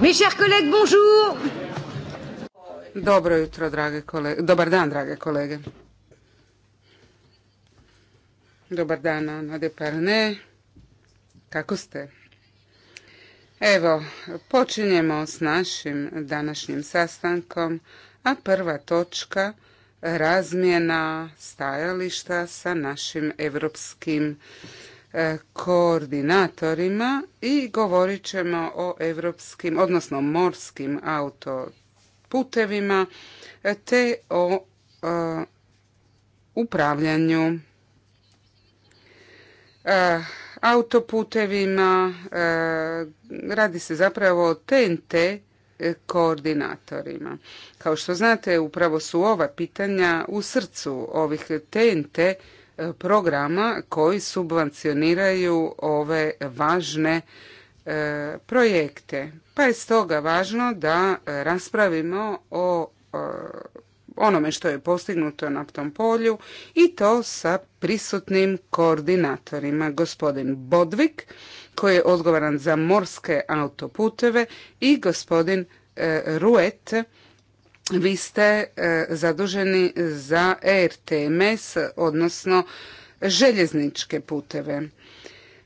Mes chers collègues, bonjour. Dobro jutro, drage kolege. Dobar dan, drage kolege. Dobar dan, Ana Parne. Kako ste? Evo, počinjemo s našim današnjim sastankom, a prva točka razmjena stajališta sa našim evropskim E, koordinatorima i govorit ćemo o europskim, odnosno morskim autoputevima te o e, upravljanju e, autoputevima. radi se zapravo o TNT koordinatorima. Kao što znate, upravo su ova pitanja u srcu ovih TNT programa koji subvencioniraju ove važne e, projekte. Pa je stoga važno da raspravimo o e, onome što je postignuto na tom polju i to sa prisutnim koordinatorima. Gospodin Bodvik koji je odgovoran za morske autoputeve i gospodin e, Ruet vi ste e, zaduženi za ERTMS, odnosno željezničke puteve.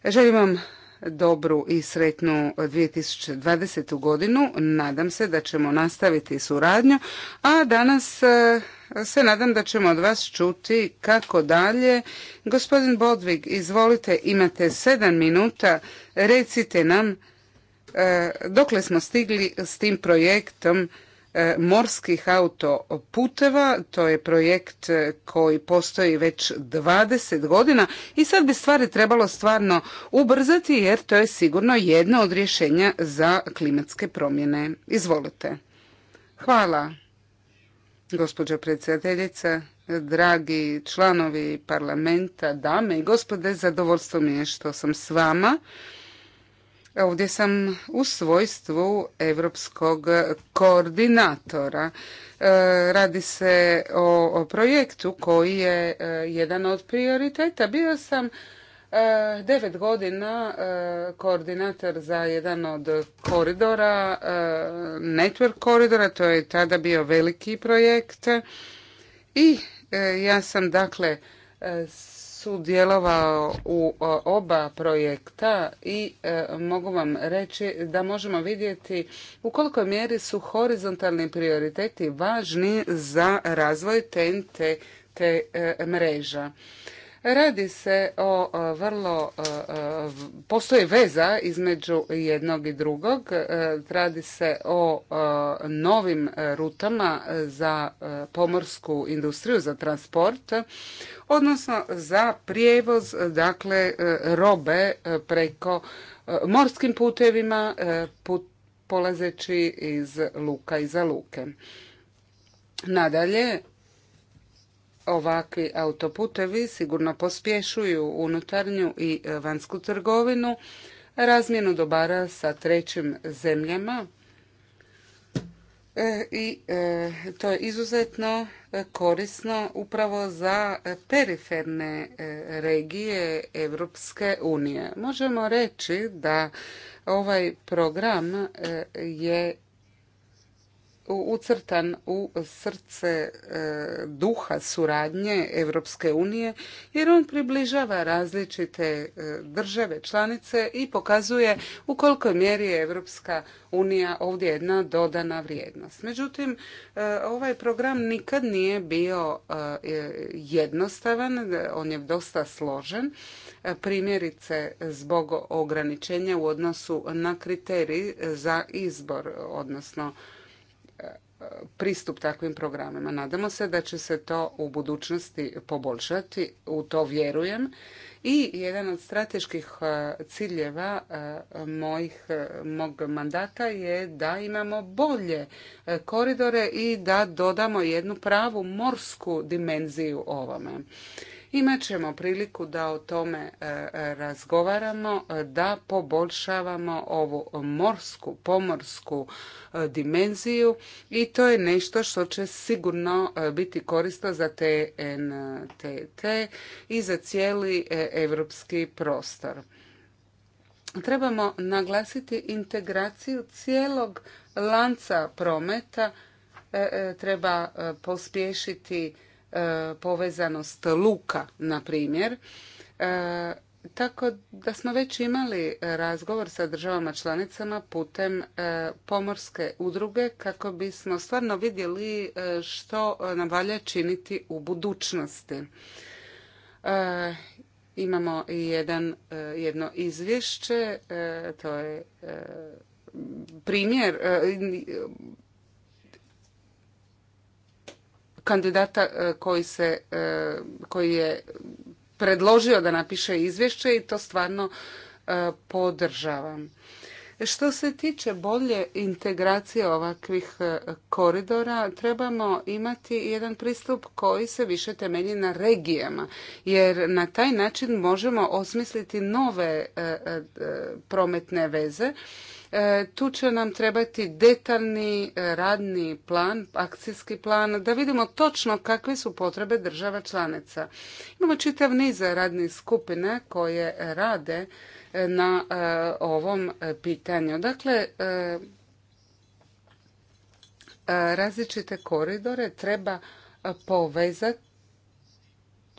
Želim vam dobru i sretnu 2020. godinu. Nadam se da ćemo nastaviti suradnju, a danas e, se nadam da ćemo od vas čuti kako dalje. Gospodin Bodvig, izvolite, imate sedam minuta, recite nam e, dokle smo stigli s tim projektom E, morskih autoputeva. To je projekt e, koji postoji već 20 godina i sad bi stvari trebalo stvarno ubrzati jer to je sigurno jedno od rješenja za klimatske promjene. Izvolite. Hvala, gospođo predsjedateljice dragi članovi parlamenta, dame i gospode, zadovoljstvo mi je što sam s vama Ovdje sam u svojstvu europskog koordinatora. E, radi se o projektu koji je e, jedan od prioriteta. Bio sam e, devet godina koordinator za jedan od koridora, network koridora, to je tada bio veliki projekt. I ja sam dakle sudjelovao u e, oba projekta i e, mogu vam reći da možemo vidjeti u kolikoj mjeri su horizontalni prioriteti važni za razvoj TNT te mreža. Radi se o vrlo, postoji veza između jednog i drugog. E, radi se o novim rutama za e, pomorsku industriju, za transport, odnosno za prijevoz, dakle, e, robe preko morskim putevima, polazeći iz luka i za luke. Nadalje, ovakvi autoputevi sigurno pospješuju unutarnju i vanjsku trgovinu, razmjenu dobara sa trećim zemljama e, i e, to je izuzetno korisno upravo za periferne e, regije Europske unije. Možemo reći da ovaj program je ucrtan u srce e, duha suradnje Europske unije jer on približava različite e, države članice i pokazuje u kolikoj mjeri je Europska unija ovdje jedna dodana vrijednost. Međutim, e, ovaj program nikad nije bio jednostavan, on je dosta složen. Primjerice, zbog ograničenja u odnosu na kriterij za izbor, odnosno pristup takvim programima. Nadamo se da će se to u budućnosti poboljšati, u to vjerujem. I jedan od strateških e, ciljeva e, mojih, e, mog mandata je da imamo bolje koridore i da dodamo jednu pravu morsku dimenziju ovome. Imat ćemo priliku da o tome e, e, razgovaramo, e, da poboljšavamo ovu morsku, pomorsku dimenziju i to je nešto što će sigurno biti korisno za TNTT i za cijeli europski prostor. Trebamo naglasiti integraciju cijelog lanca prometa, treba pospješiti E, povezanost luka, na primjer. E, tako da smo već imali razgovor sa državama članicama putem e, pomorske udruge kako bismo stvarno vidjeli što nam valja činiti u budućnosti. Imamo jedan, jedno izvješće, to je primjer kandidata e, koji, se, e, koji je predložio da napiše izvješće i to stvarno e, podržavam. Što se tiče bolje integracije ovakvih koridora, trebamo imati jedan pristup koji se više temelji na regijama, jer na taj način možemo osmisliti nove prometne veze E, tu će nam trebati detaljni e, radni plan, akcijski plan, da vidimo točno kakve su potrebe država članica. Imamo čitav niz radnih skupina koje rade e, na ovom pitanju. Dakle, različite koridore treba povezati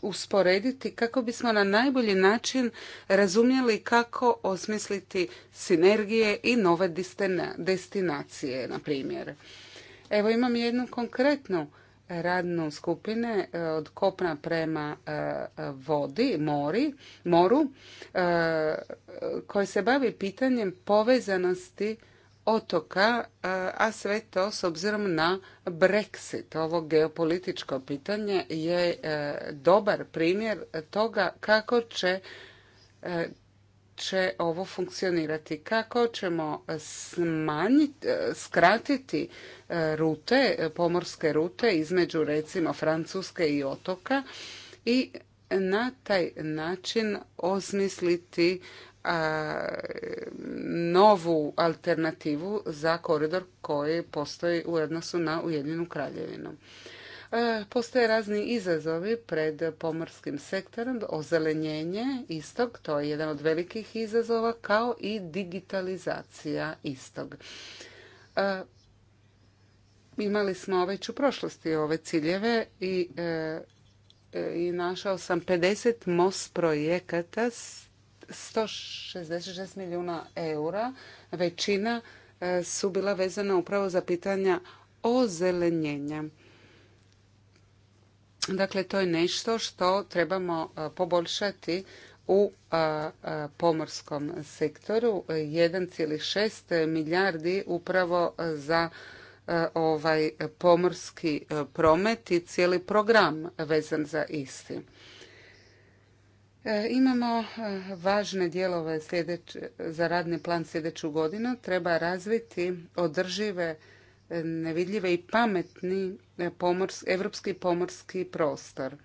usporediti kako bismo na najbolji način razumjeli kako osmisliti sinergije i nove destinacije, na primjer. Evo imam jednu konkretnu radnu skupine e, od kopna prema e, vodi, mori, moru, e, koji se bavi pitanjem povezanosti otoka, e, a sve to s obzirom na Brexit. Ovo geopolitičko pitanje je e, dobar primjer toga kako će e, će ovo funkcionirati. Kako ćemo smanjiti, skratiti rute, pomorske rute između recimo Francuske i otoka i na taj način osmisliti novu alternativu za koridor koji postoji u odnosu na Ujedinjenu kraljevinu. E, postoje razni izazovi pred pomorskim sektorom, ozelenjenje istog, to je jedan od velikih izazova, kao i digitalizacija istog. E, imali smo već u prošlosti ove ciljeve i e, i našao sam 50 most projekata 166 milijuna eura, većina e, su bila vezana upravo za pitanja ozelenjenja. Dakle, to je nešto što trebamo e, poboljšati u e, pomorskom sektoru. 1,6 milijardi upravo za ovaj pomorski promet i cijeli program vezan za isti. E, imamo e, važne dijelove za radni plan sljedeću godinu. Treba razviti održive, e, nevidljive i pametni pomorski, evropski pomorski prostor.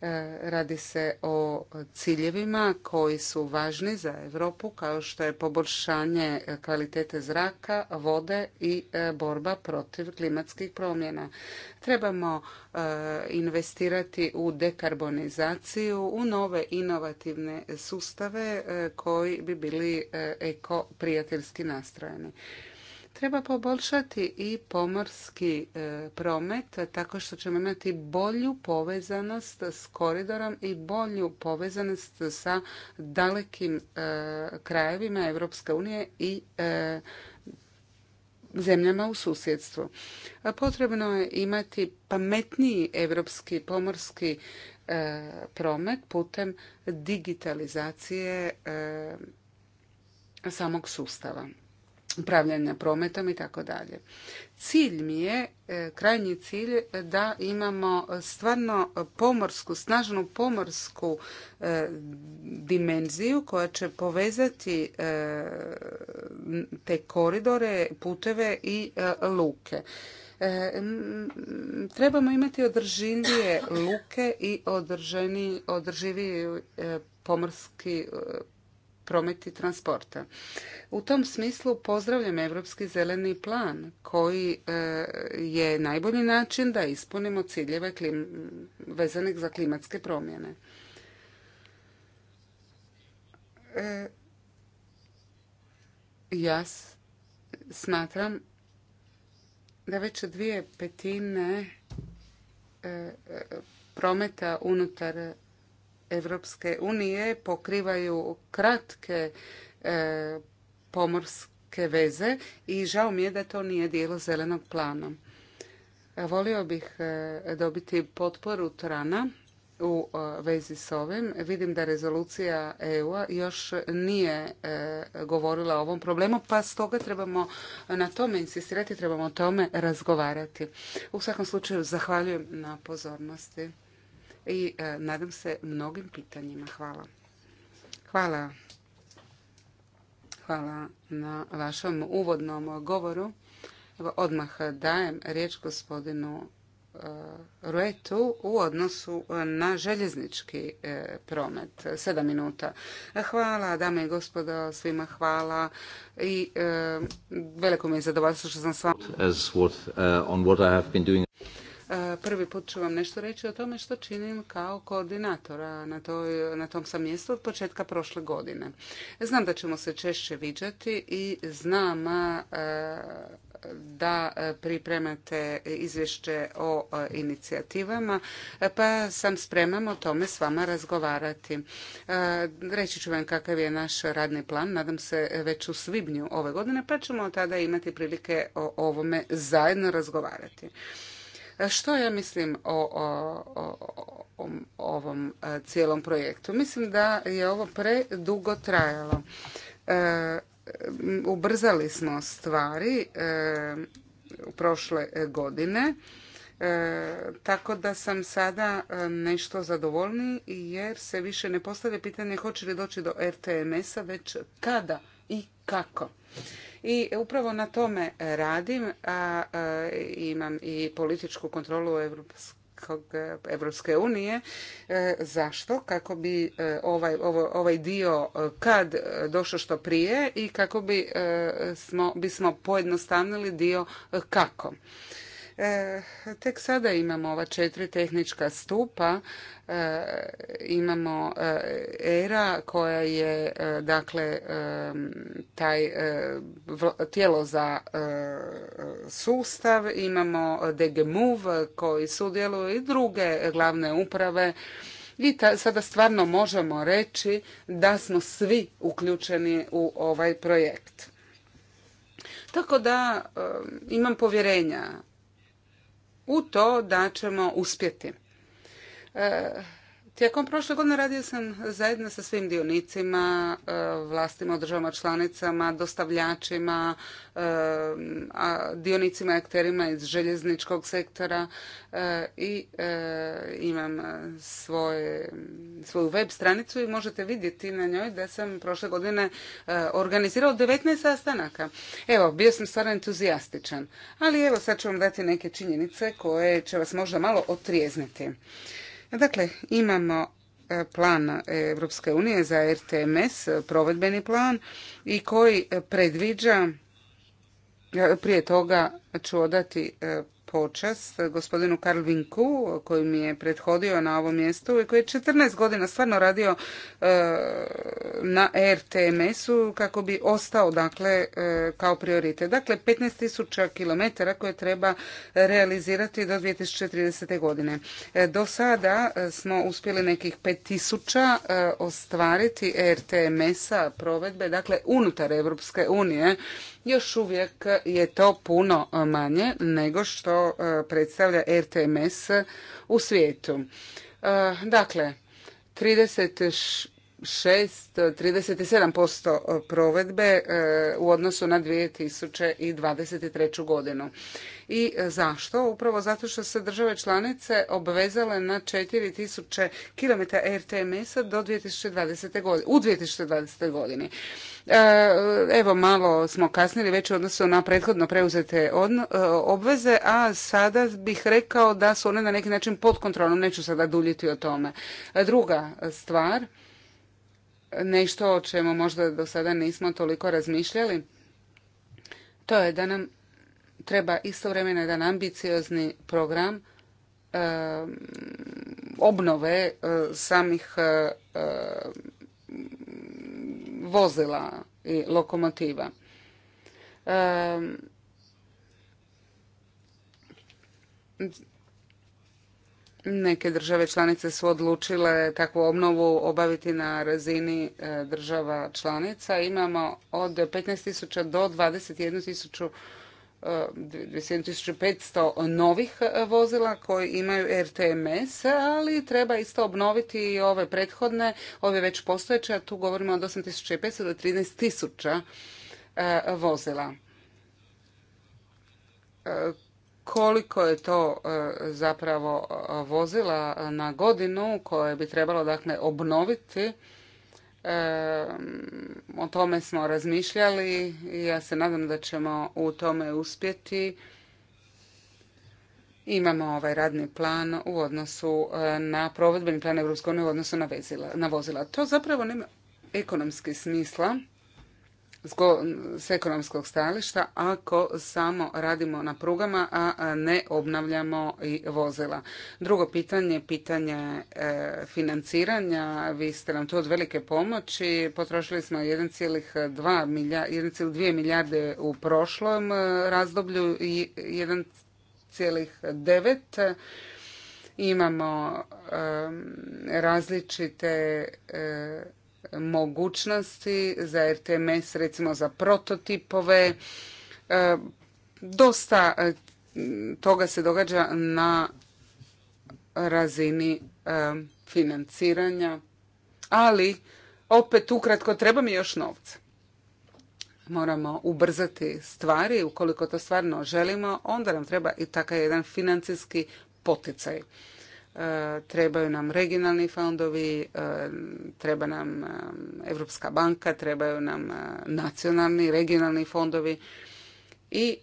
E, radi se o ciljevima koji su važni za Europu kao što je poboljšanje kvalitete zraka, vode i e, borba protiv klimatskih promjena. Trebamo e, investirati u dekarbonizaciju, u nove inovativne sustave koji bi bili ekoprijateljski nastrojeni. Treba poboljšati i pomorski e, promet tako što ćemo imati bolju povezanost s koridorom i bolju povezanost sa dalekim e, krajevima Europske unije i e, zemljama u susjedstvu. Potrebno je imati pametniji europski pomorski promet putem digitalizacije samog sustava upravljanja prometom i tako dalje. Cilj mi je, e, krajnji cilj, da imamo stvarno pomorsku, snažnu pomorsku e, dimenziju koja će povezati e, te koridore, puteve i luke. Trebamo imati održivije luke i održiviji pomorski prometi transporta. U tom smislu pozdravljam Europski zeleni plan koji e, je najbolji način da ispunimo ciljeve vezanih za klimatske promjene. E, ja smatram da već dvije petine e, prometa unutar Evropske unije pokrivaju kratke e, pomorske veze i žao mi je da to nije dijelo zelenog plana. E, volio bih e, dobiti potporu Trana u vezi s ovim. Vidim da rezolucija EU-a još nije govorila o ovom problemu, pa stoga trebamo na tome insistirati, trebamo o tome razgovarati. U svakom slučaju zahvaljujem na pozornosti i e, nadam se mnogim pitanjima. Hvala. Hvala. Hvala na vašem uvodnom govoru. odmah dajem riječ gospodinu e, Ruetu u odnosu na željeznički e, promet. Sedam minuta. Hvala, dame i gospodo, svima hvala i veliko mi je zadovoljstvo što sam s vama. Prvi put ću vam nešto reći o tome što činim kao koordinatora na, na tom sam mjestu od početka prošle godine. Znam da ćemo se češće viđati i znam da pripremate izvješće o inicijativama, pa sam spremam o tome s vama razgovarati. Reći ću vam kakav je naš radni plan, nadam se već u svibnju ove godine, pa ćemo tada imati prilike o ovome zajedno razgovarati. Što ja mislim o, o, ovom e, cijelom projektu? Mislim da je ovo predugo trajalo. E, ubrzali smo stvari e, u prošle godine. tako da sam sada nešto zadovoljni jer se više ne postavlja pitanje hoće li doći do RTMS-a, već kada i kako i upravo na tome radim, a imam i političku kontrolu Europske Evropske unije. E, zašto? Kako bi e, ovaj, ovaj, dio e, kad došao što prije i kako bi smo, bismo pojednostavnili dio kako. E, tek sada imamo ova četiri tehnička stupa, e, imamo e, era koja je dakle taj tijelo za sustav, imamo DGMUV koji sudjeluju i druge glavne uprave i sada stvarno možemo reći da smo svi uključeni u ovaj projekt. Tako da imam povjerenja u to da ćemo uspjeti. E, Tijekom prošle godine radio sam zajedno sa svim dionicima, e, vlastima u državama članicama, dostavljačima, e, dionicima i akterima iz željezničkog sektora e, i imam svoju web stranicu i možete vidjeti na njoj da sam prošle godine organizirao 19 sastanaka. Evo, bio sam stvarno entuzijastičan, ali evo sad ću vam dati neke činjenice koje će vas možda malo otrijezniti. Dakle, imamo e, plan Europske unije za RTMS, provedbeni plan i koji predviđa e, prije toga ću odati e, počast gospodinu Vinku koji mi je prethodio na ovom mjestu i koji je 14 godina stvarno radio eh, na RTMS-u kako bi ostao dakle eh, kao prioritet. Dakle 15.000 km koje treba realizirati do 2030. godine. Eh, do sada smo uspjeli nekih 5.000 ostvariti RTMS-a provedbe dakle unutar Europske unije još uvijek je to puno manje nego što e, predstavlja RTMS u svijetu. E, dakle, 30 37% e, provedbe e, u odnosu na 2023. godinu. I e, zašto? Upravo zato što se države članice obvezale na 4000 km RTMS-a do 2020. godine, u 2020. godini. Evo, malo smo kasnili već u odnosu na prethodno preuzete obveze, a sada bih rekao da su one na neki način pod kontrolom. Neću sada duljiti o tome. Druga stvar, nešto o čemu možda do sada nismo toliko razmišljali, to je da nam treba istovremeno jedan ambiciozni program e, obnove e, samih e, vozila i lokomotiva. Neke države članice su odlučile takvu obnovu obaviti na razini e, država članica. Imamo od 15.000 do 21.500 e, novih vozila koji imaju RTMS, ali treba isto obnoviti i ove prethodne, ove već postojeće, a tu govorimo od 8500 do 13000 e, vozila koliko je to e, zapravo e, vozila na godinu koje bi trebalo dakle obnoviti. E, o tome smo razmišljali i ja se nadam da ćemo u tome uspjeti. Imamo ovaj radni plan u odnosu na provedbeni plan unije u odnosu na, na vozila. To zapravo nema ekonomski smisla s ekonomskog stajališta ako samo radimo na prugama, a ne obnavljamo i vozila. Drugo pitanje, pitanje e, financiranja. Vi ste nam tu od velike pomoći. Potrošili smo 1,2 milijarde, milijarde u prošlom e, razdoblju i 1,9 imamo e, različite mogućnosti za RTMS, recimo za prototipove. E, dosta e, toga se događa na razini e, financiranja, ali opet ukratko treba mi još novca. Moramo ubrzati stvari, ukoliko to stvarno želimo, onda nam treba i takav jedan financijski poticaj. E, trebaju nam regionalni fondovi, e, treba nam Europska banka, trebaju nam e, nacionalni, regionalni fondovi i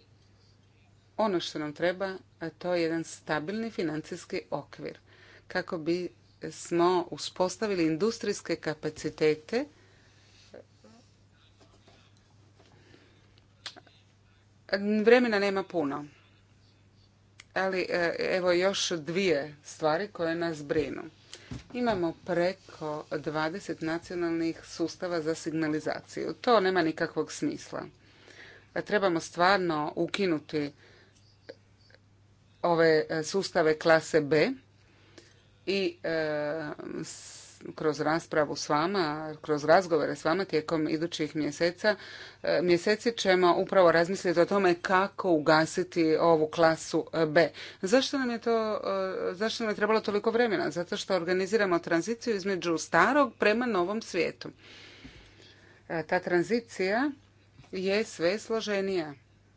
ono što nam treba to je jedan stabilni financijski okvir kako bi smo uspostavili industrijske kapacitete Vremena nema puno ali e, evo još dvije stvari koje nas brinu. Imamo preko 20 nacionalnih sustava za signalizaciju. To nema nikakvog smisla. E, trebamo stvarno ukinuti ove e, sustave klase B i kroz raspravu s vama, kroz razgovore s vama tijekom idućih mjeseca, e, mjeseci ćemo upravo razmisliti o tome kako ugasiti ovu klasu e, B. Zašto nam je to, e, zašto nam je trebalo toliko vremena? Zato što organiziramo tranziciju između starog prema novom svijetu. Ta tranzicija je sve složenija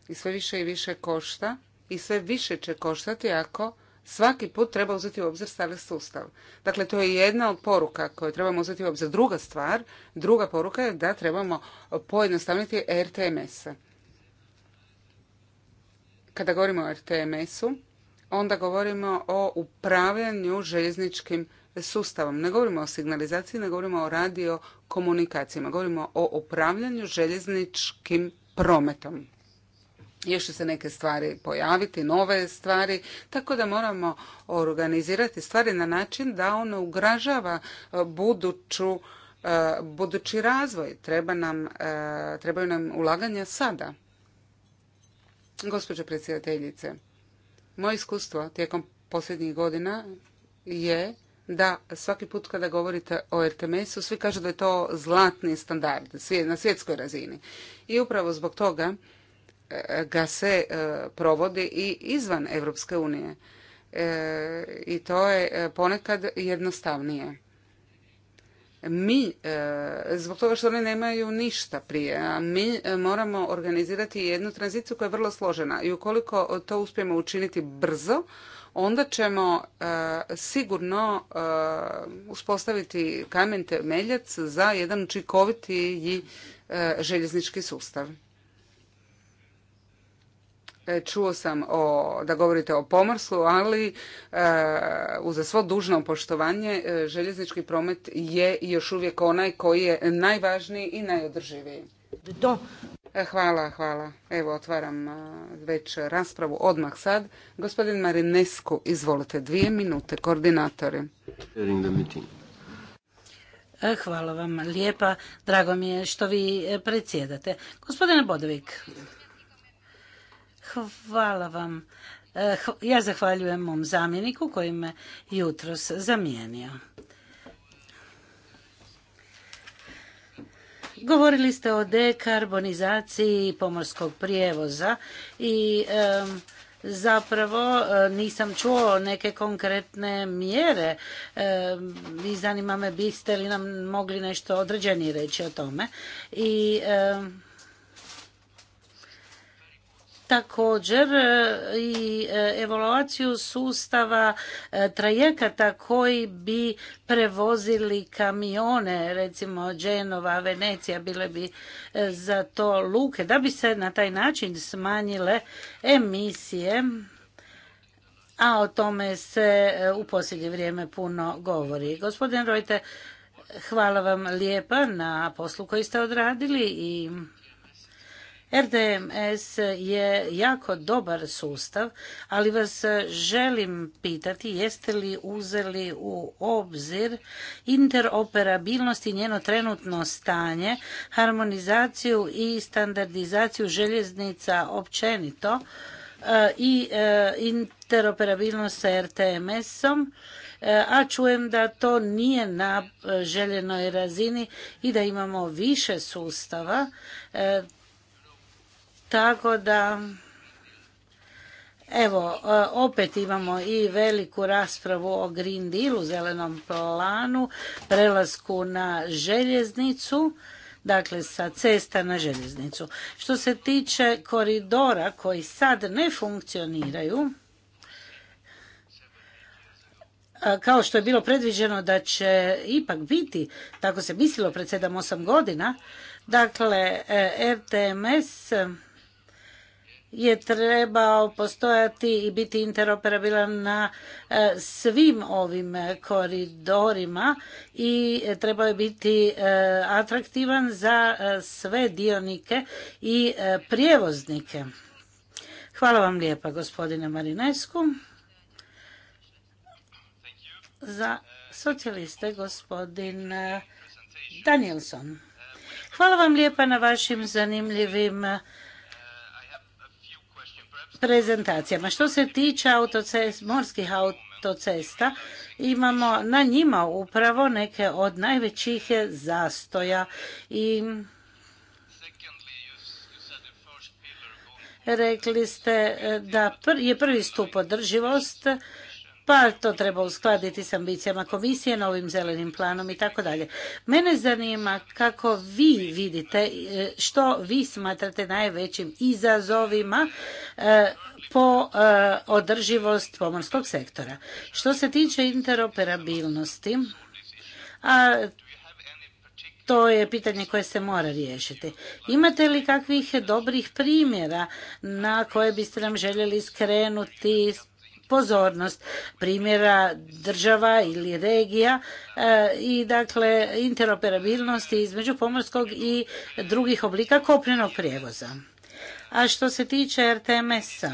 i sve više i više košta i sve više će koštati ako svaki put treba uzeti u obzir stari sustav. Dakle, to je jedna od poruka koju trebamo uzeti u obzir. Druga stvar, druga poruka je da trebamo pojednostaviti rtms a Kada govorimo o RTMS-u, onda govorimo o upravljanju željezničkim sustavom. Ne govorimo o signalizaciji, ne govorimo o radio komunikacijama. Govorimo o upravljanju željezničkim prometom još će se neke stvari pojaviti, nove stvari, tako da moramo organizirati stvari na način da ono ugražava e, buduću, e, budući razvoj. Treba nam, e, trebaju nam ulaganja sada. Gospođo predsjedateljice, moje iskustvo tijekom posljednjih godina je da svaki put kada govorite o RTMS-u, svi kažu da je to zlatni standard na svjetskoj razini. I upravo zbog toga ga se e, provodi i izvan Europske unije. E, I to je e, ponekad jednostavnije. Mi, zbog toga što oni nemaju ništa prije, a mi moramo organizirati jednu tranziciju koja je vrlo složena i ukoliko to uspijemo učiniti brzo, onda ćemo sigurno uspostaviti kamen temeljac za jedan učinkoviti i željeznički sustav. E, čuo sam o, da govorite o pomorstvu, ali e, uz svo dužno poštovanje e, željeznički promet je još uvijek onaj koji je najvažniji i najodrživiji. Do. Hvala, hvala. Evo, otvaram već raspravu odmah sad. Gospodin Marinescu, izvolite, dvije minute, koordinatore. Hvala vam lijepa. Drago mi je što vi predsjedate. Gospodine Bodovik. Hvala vam. E, ja zahvaljujem mom zamjeniku koji me jutros zamijenio. Govorili ste o dekarbonizaciji pomorskog prijevoza i zapravo e, nisam čuo neke konkretne mjere e, zanima me biste li nam mogli nešto određenije reći o tome. I također e, i e, evaluaciju sustava e, trajekata koji bi prevozili kamione, recimo Genova, Venecija, bile bi za to luke, da bi se na taj način smanjile emisije a o tome se u posljednje vrijeme puno govori. Gospodin Rojte, hvala vam lijepa na poslu koji ste odradili i RDMS je jako dobar sustav, ali vas želim pitati jeste li uzeli u obzir interoperabilnost i njeno trenutno stanje, harmonizaciju i standardizaciju željeznica općenito eh, i eh, interoperabilnost sa RTMS-om eh, a čujem da to nije na željenoj razini i da imamo više sustava tako da, evo, e, opet imamo i veliku raspravu o Green Dealu, zelenom planu, prelasku na željeznicu, dakle sa cesta na željeznicu. Što se tiče koridora koji sad ne funkcioniraju, e, kao što je bilo predviđeno da će ipak biti, tako se mislilo pred 7-8 godina, dakle e, RTMS je trebao postojati i biti interoperabilan na e, svim ovim koridorima i trebao je biti e, atraktivan za e, sve dionike i prijevoznike. Hvala vam lijepa gospodine Marinesku. Za socijaliste gospodin Danielson. Hvala vam lijepa na vašim zanimljivim prezentacijama. Što se tiče autocest, morskih autocesta, imamo na njima upravo neke od najvećih zastoja i rekli ste da je prvi stup održivost pa to treba uskladiti s ambicijama komisije, novim zelenim planom i tako dalje. Mene zanima kako vi vidite, e, što vi smatrate najvećim izazovima e, po e, održivost pomorskog sektora. Što se tiče interoperabilnosti, a to je pitanje koje se mora riješiti. Imate li kakvih dobrih primjera na koje biste nam željeli skrenuti pozornost primjera država ili regija e, i dakle interoperabilnosti između pomorskog i drugih oblika kopnenog prijevoza. A što se tiče RTMS-a,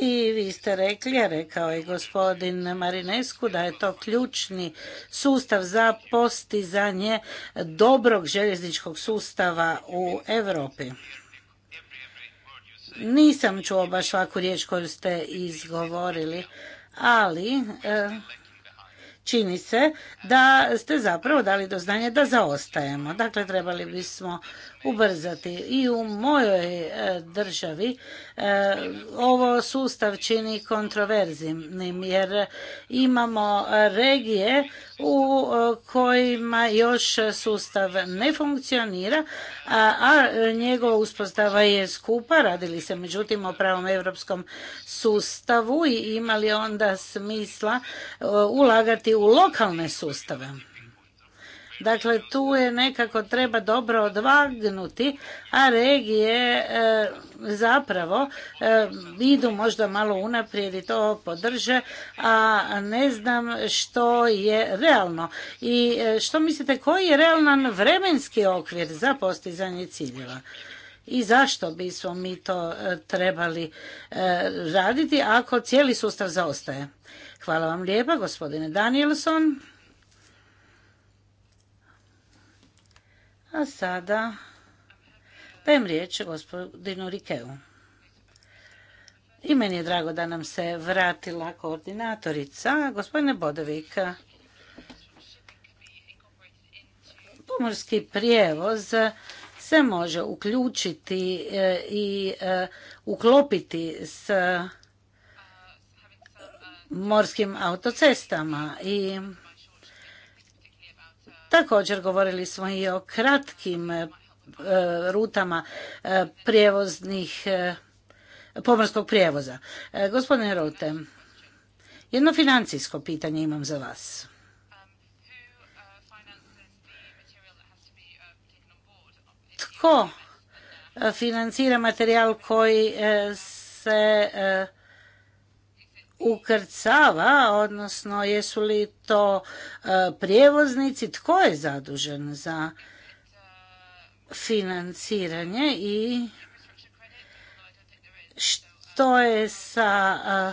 i vi ste rekli, a rekao je gospodin Marinescu, da je to ključni sustav za postizanje dobrog željezničkog sustava u Europi. Nisam čuo baš svaku riječ koju ste izgovorili, ali e, čini se da ste zapravo dali do znanja da zaostajemo. Dakle, trebali bismo ubrzati. I u mojoj e, državi e, ovo sustav čini kontroverznim jer imamo regije u e, kojima još sustav ne funkcionira, a njegova uspostava je skupa, radili se međutim o pravom europskom sustavu i imali onda smisla ulagati u lokalne sustave. Dakle, tu je nekako treba dobro odvagnuti, a regije e, zapravo e, idu možda malo unaprijed i to podrže, a ne znam što je realno. I e, što mislite, koji je realan vremenski okvir za postizanje ciljeva? i zašto bismo mi to trebali raditi ako cijeli sustav zaostaje. Hvala vam lijepa, gospodine Danielson. A sada dajem riječ gospodinu Rikeu. I meni je drago da nam se vratila koordinatorica, gospodine Bodovik. Pomorski prijevoz se može uključiti e, i e, uklopiti s morskim autocestama i Također govorili smo i o kratkim e, rutama e, prijevoznih e, pomorskog prijevoza. Gospodine Rote, jedno financijsko pitanje imam za vas. Tko financira materijal koji se ukrcava, odnosno jesu li to e, prijevoznici, tko je zadužen za financiranje i što je sa e,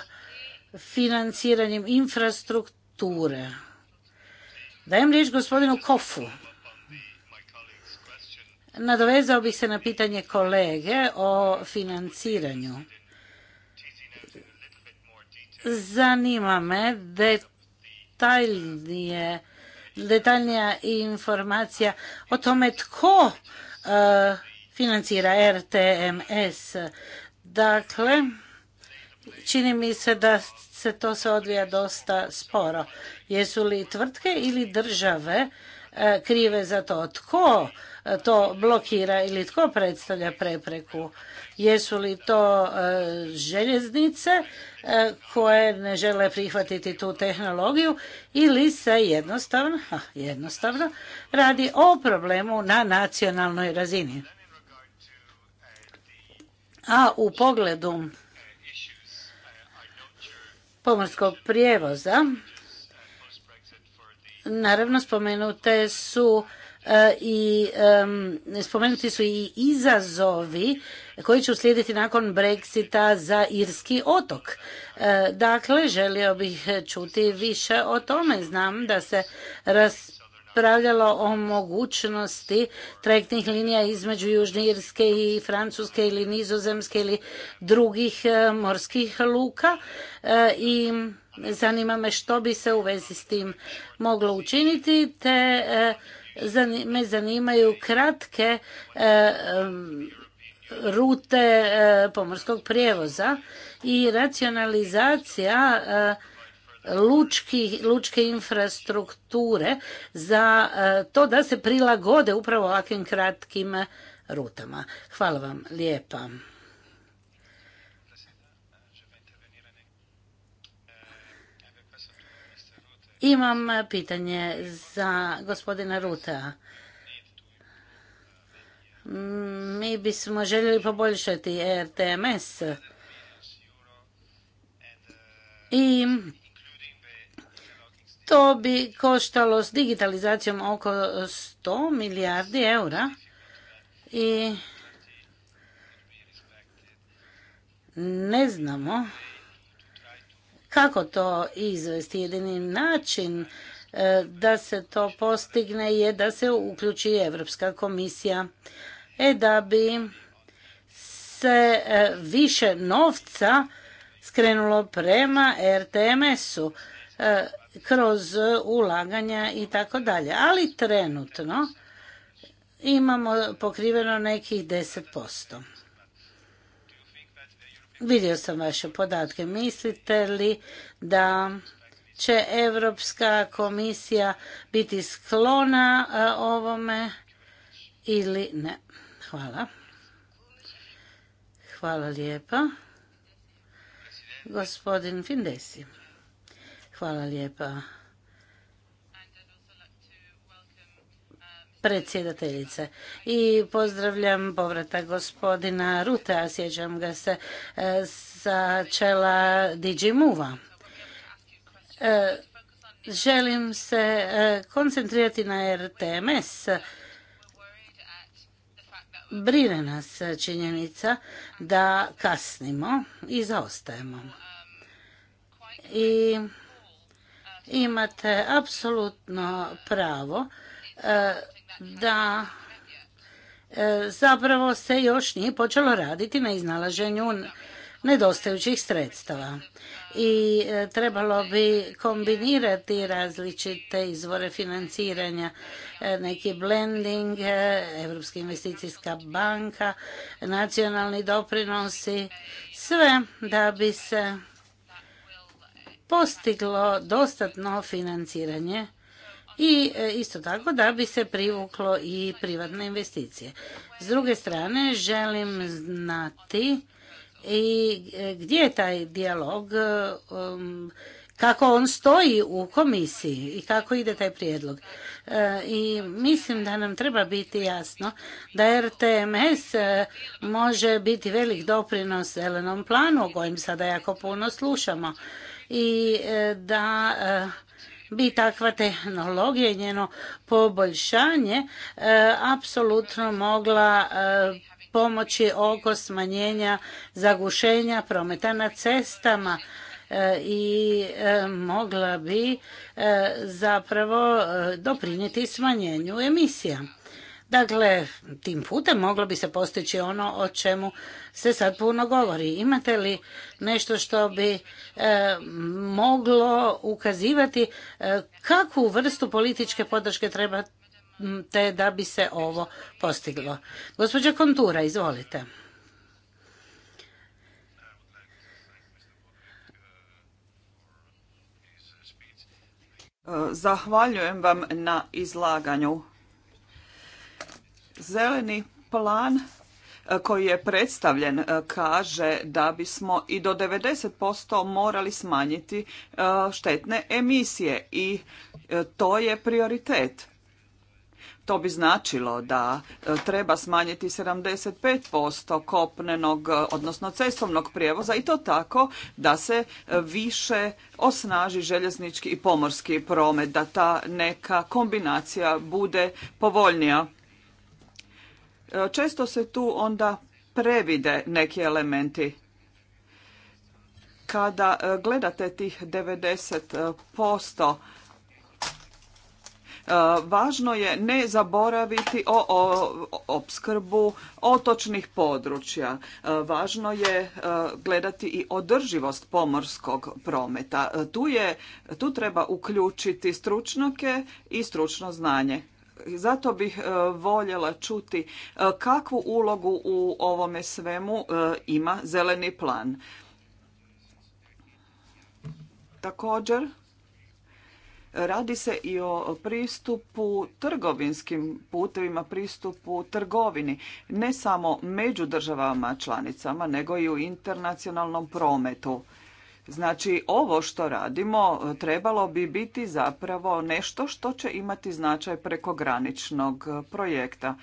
financiranjem infrastrukture. Dajem riječ gospodinu Kofu. Nadovezao bih se na pitanje kolege o financiranju. Zanima me detaljnije, detaljnija informacija o tome tko e, financira RTMS. Dakle, čini mi se da se to se odvija dosta sporo. Jesu li tvrtke ili države e, krive za to? Tko to blokira ili tko predstavlja prepreku? Jesu li to e, željeznice e, koje ne žele prihvatiti tu tehnologiju ili se jednostavno, ha, jednostavno radi o problemu na nacionalnoj razini? A u pogledu pomorskog prijevoza, naravno spomenute su E, i spomenuti su i izazovi koji će uslijediti nakon Brexita za Irski otok. E, dakle, želio bih čuti više o tome. Znam da se raspravljalo o mogućnosti trajektnih linija između Južne Irske i Francuske ili Nizozemske ili drugih e, morskih luka i zanima me što bi se u vezi s tim moglo učiniti te me zanimaju kratke e, rute e, pomorskog prijevoza i racionalizacija e, lučke infrastrukture za to da se prilagode upravo ovakvim kratkim rutama. Hvala vam lijepa. Imam pitanje za gospodina Ruta. Mi bismo željeli poboljšati RTMS i to bi koštalo s digitalizacijom oko 100 milijardi eura i ne znamo kako to izvesti? Jedini način e, da se to postigne je da se uključi Evropska komisija. E da bi se e, više novca skrenulo prema RTMS-u e, kroz ulaganja i tako dalje. Ali trenutno imamo pokriveno nekih 10%. Vidio sam vaše podatke. Mislite li da će Europska komisija biti sklona e, ovome ili ne? Hvala. Hvala lijepa. Gospodin Findesi. Hvala lijepa predsjedateljice i pozdravljam povrata gospodina Ruta, sjećam ga se e, sa čela Digimuva. E, želim se e, koncentrirati na RTMS. Brine nas činjenica da kasnimo i zaostajemo. I imate apsolutno pravo da e, zapravo se još nije počelo raditi na iznalaženju nedostajućih sredstava i e, trebalo bi kombinirati različite izvore financiranja, e, neki blending, Europska investicijska banka, nacionalni doprinosi, sve da bi se postiglo dostatno financiranje i e, isto tako da bi se privuklo i privatne investicije. S druge strane, želim znati i e, gdje je taj dijalog, e, um, kako on stoji u komisiji i kako ide taj prijedlog. I mislim da nam treba biti jasno da RTMS može biti velik doprinos zelenom planu o kojem sada jako puno slušamo i da bi takva tehnologija i njeno poboljšanje e, apsolutno mogla e, pomoći oko smanjenja zagušenja prometa na cestama e, i mogla bi zapravo doprinijeti smanjenju emisija. Dakle, tim putem moglo bi se postići ono o čemu se sad puno govori. Imate li nešto što bi e, moglo ukazivati e, kakvu vrstu političke podrške trebate da bi se ovo postiglo? Gospođa Kontura, izvolite. Zahvaljujem vam na izlaganju. Zeleni plan e, koji je predstavljen e, kaže da bismo i do 90% morali smanjiti e, štetne emisije i to je prioritet. To bi značilo da treba smanjiti 75% kopnenog, odnosno cestovnog prijevoza i to tako da se više osnaži željeznički i pomorski promet, da ta neka kombinacija bude povoljnija. E, često se tu onda previde neki elementi. Kada e, gledate tih 90%, e, važno je ne zaboraviti o opskrbu otočnih područja. Važno je gledati i održivost pomorskog prometa. Tu, je, tu treba uključiti stručnjake i stručno znanje zato bih e, voljela čuti e, kakvu ulogu u ovome svemu e, ima zeleni plan. Također, radi se i o pristupu trgovinskim putevima, pristupu trgovini, ne samo među državama članicama, nego i u internacionalnom prometu. Znači, ovo što radimo e, trebalo bi biti zapravo nešto što će imati značaj prekograničnog e, projekta.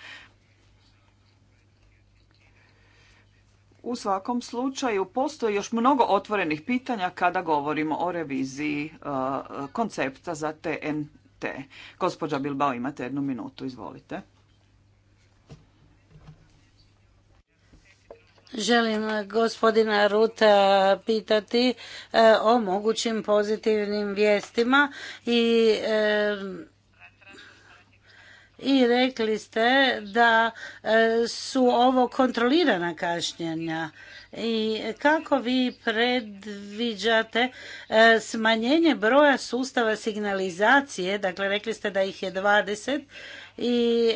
U svakom slučaju postoji još mnogo otvorenih pitanja kada govorimo o reviziji e, koncepta za TNT. Gospođa Bilbao, imate jednu minutu, izvolite. Želim gospodina Ruta pitati e, o mogućim pozitivnim vijestima i e, i rekli ste da e, su ovo kontrolirana kašnjenja i kako vi predviđate smanjenje broja sustava signalizacije, dakle rekli ste da ih je 20 i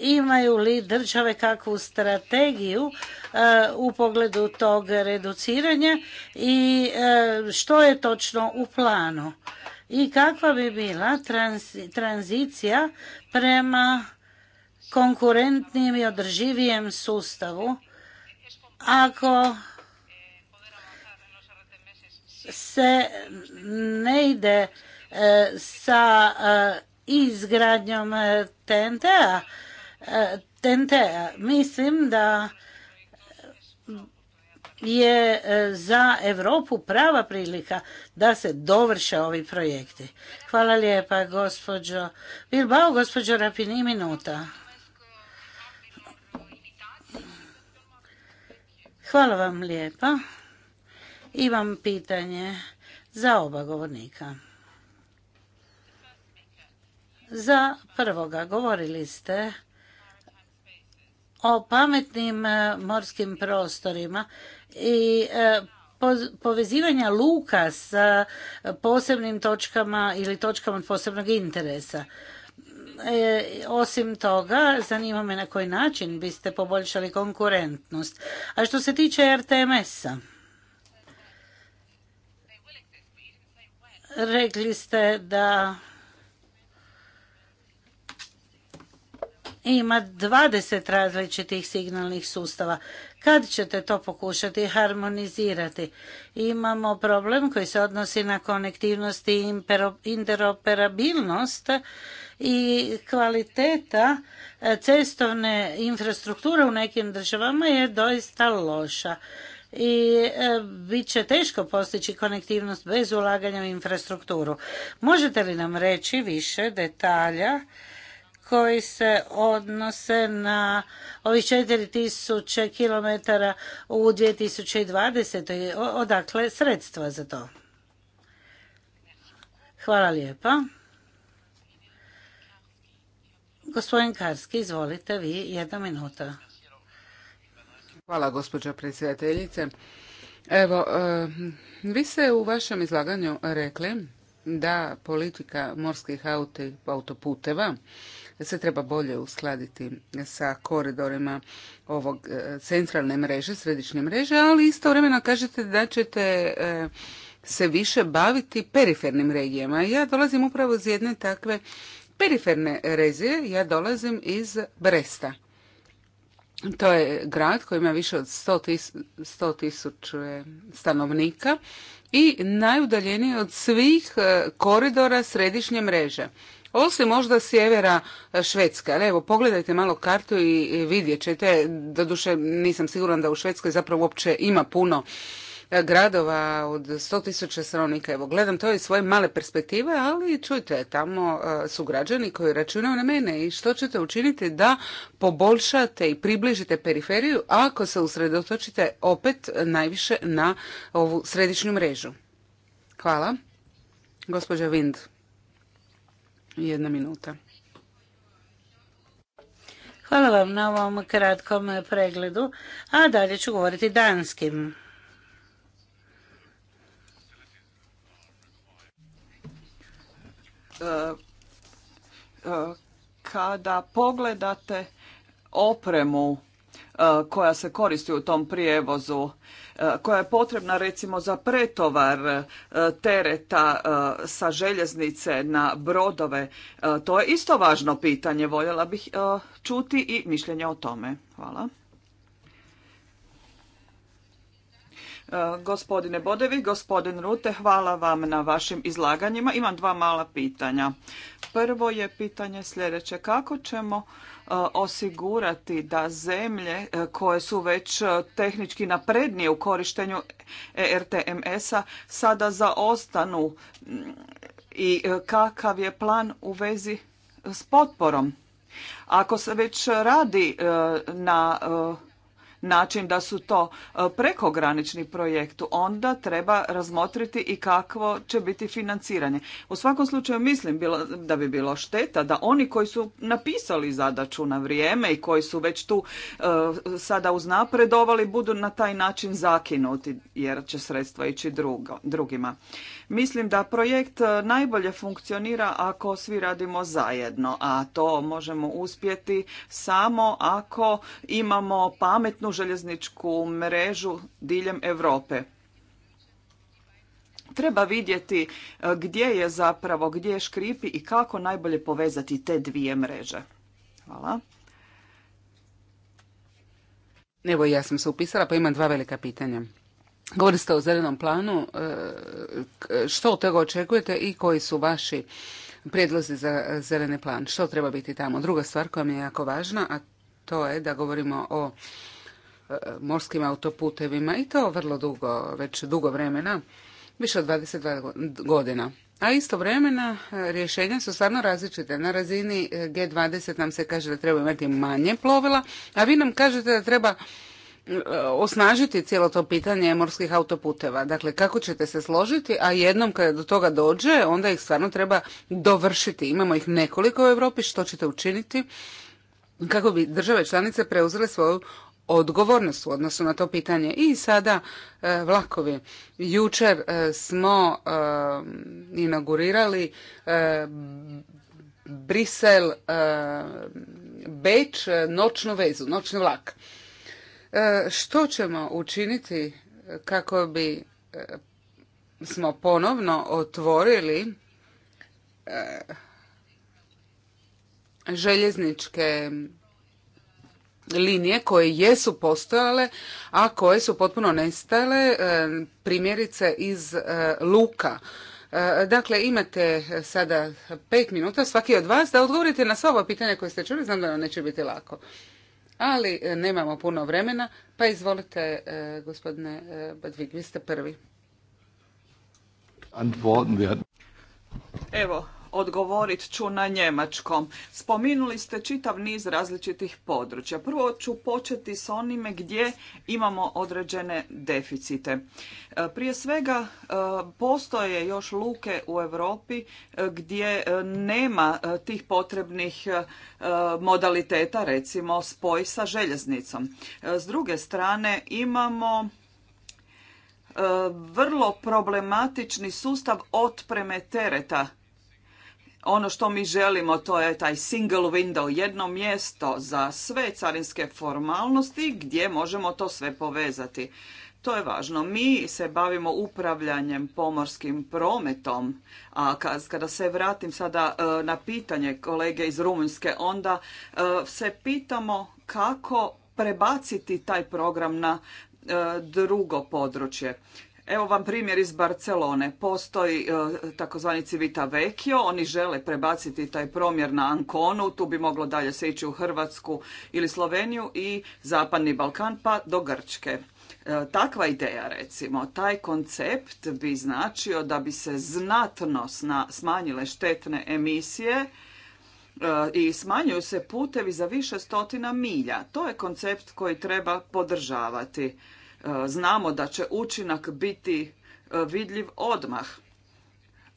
imaju li države kakvu strategiju e, u pogledu tog reduciranja i e, što je točno u planu i kakva bi bila tranzicija prema konkurentnijem i održivijem sustavu ako se ne ide e, sa izgradnjom TNT-a tnt Mislim da je e, za Europu prava prilika da se dovrše ovi projekti. Hvala lijepa, gospođo Bilbao, gospođo Rapini, minuta. Hvala vam lijepa. Imam pitanje za oba govornika. Za prvoga govorili ste o pametnim e, morskim prostorima i e, povezivanja luka sa posebnim točkama ili točkama od posebnog interesa. E, osim toga, zanima me na koji način biste poboljšali konkurentnost. A što se tiče RTMS-a, rekli ste da ima 20 različitih signalnih sustava. Kad ćete to pokušati harmonizirati? Imamo problem koji se odnosi na konektivnost i interoperabilnost i kvaliteta e, cestovne infrastrukture u nekim državama je doista loša i e, bit će teško postići konektivnost bez ulaganja u infrastrukturu. Možete li nam reći više detalja koji se odnose na ovih 4000 km u 2020. Odakle sredstva za to? Hvala lijepa. Gospodin Karski, izvolite vi, jedna minuta. Hvala gospođa predsjedateljice. Evo, eh, vi ste u vašem izlaganju rekli da politika morskih autoputeva se treba bolje uskladiti sa koridorima ovog e, centralne mreže, središnje mreže, ali istovremeno kažete da ćete e, se više baviti perifernim regijama. Ja dolazim upravo iz jedne takve periferne rezije, ja dolazim iz Bresta. To je grad koji ima više od 100 tisuća stanovnika i najudaljeniji od svih e, koridora središnje mreže. Osim možda sjevera e, Švedska. ali evo pogledajte malo kartu i vidjet ćete, doduše nisam siguran da u Švedskoj zapravo uopće ima puno gradova od 100.000 stanovnika. Evo, gledam to iz svoje male perspektive, ali čujte, tamo e, su građani koji računaju na mene i što ćete učiniti da poboljšate i približite periferiju ako se usredotočite opet najviše na ovu središnju mrežu. Hvala. Gospođa Vind, jedna minuta. Hvala vam na ovom kratkom pregledu, a dalje ću govoriti danskim. kada pogledate opremu e, koja se koristi u tom prijevozu, e, koja je potrebna recimo za pretovar e, tereta sa željeznice na brodove, to je isto važno pitanje. Voljela bih čuti i mišljenje o tome. Hvala. E, gospodine Bodevi, gospodin Rute, hvala vam na vašim izlaganjima. Imam dva mala pitanja. Prvo je pitanje sljedeće. Kako ćemo e, osigurati da zemlje e, koje su već tehnički naprednije u korištenju ERTMS-a sada zaostanu i kakav je plan u vezi s potporom? Ako se već radi na način da su to e, prekogranični projekti, onda treba razmotriti i kakvo će biti financiranje. U svakom slučaju mislim da bi bilo šteta da oni koji su napisali zadaću na vrijeme i koji su već tu e, sada uznapredovali budu na taj način zakinuti jer će sredstva ići drugima. Mislim da projekt e, najbolje funkcionira ako svi radimo zajedno, a to možemo uspjeti samo ako imamo pametnu željezničku mrežu diljem Europe. Treba vidjeti e, gdje je zapravo, gdje škripi i kako najbolje povezati te dvije mreže. Hvala. Evo ja sam se upisala pa imam dva velika pitanja. Govorili ste o zelenom planu, e, što od toga očekujete i koji su vaši prijedlozi za zeleni plan, što treba biti tamo. Druga stvar koja mi je jako važna, a to je da govorimo o e, morskim autoputevima i to vrlo dugo, već dugo vremena, više od 22 godina. A isto vremena e, rješenja su stvarno različite. Na razini G20 nam se kaže da treba imati manje plovila, a vi nam kažete da treba osnažiti cijelo to pitanje morskih autoputeva. Dakle, kako ćete se složiti, a jednom kada do toga dođe, onda ih stvarno treba dovršiti. Imamo ih nekoliko u Europi, što ćete učiniti kako bi države članice preuzele svoju odgovornost u odnosu na to pitanje. I sada e, vlakovi. Jučer e, smo e, inaugurirali Brisel Beč noćnu vezu, noćni vlak. E, što ćemo učiniti kako bi e, smo ponovno otvorili e, željezničke linije koje jesu postojale, a koje su potpuno nestale, primjerice iz luka. Dakle, imate sada pet minuta svaki od vas da odgovorite na sva ova pitanja koje ste čuli. Znam da vam neće biti lako ali e, nemamo puno vremena, pa izvolite e, gospodine e, Badvig, vi ste prvi. Evo, Odgovorit ću na njemačkom. Spominuli ste čitav niz različitih područja. Prvo ću početi s onime gdje imamo određene deficite. E, prije svega e, postoje još luke u Europi e, gdje nema tih potrebnih modaliteta, recimo spoj sa željeznicom. S druge strane imamo vrlo problematični sustav otpreme tereta ono što mi želimo to je taj single window, jedno mjesto za sve carinske formalnosti gdje možemo to sve povezati. To je važno. Mi se bavimo upravljanjem pomorskim prometom, a kada se vratim sada e, na pitanje kolege iz Rumunjske, onda e, se pitamo kako prebaciti taj program na e, drugo područje. Evo vam primjer iz Barcelone. Postoji e, takozvani Civita Vecchio, oni žele prebaciti taj promjer na Ankonu, tu bi moglo dalje se ići u Hrvatsku ili Sloveniju i Zapadni Balkan pa do Grčke. E, takva ideja recimo, taj koncept bi značio da bi se znatno smanjile štetne emisije e, i smanjuju se putevi za više stotina milja. To je koncept koji treba podržavati. E, znamo da će učinak biti e, vidljiv odmah.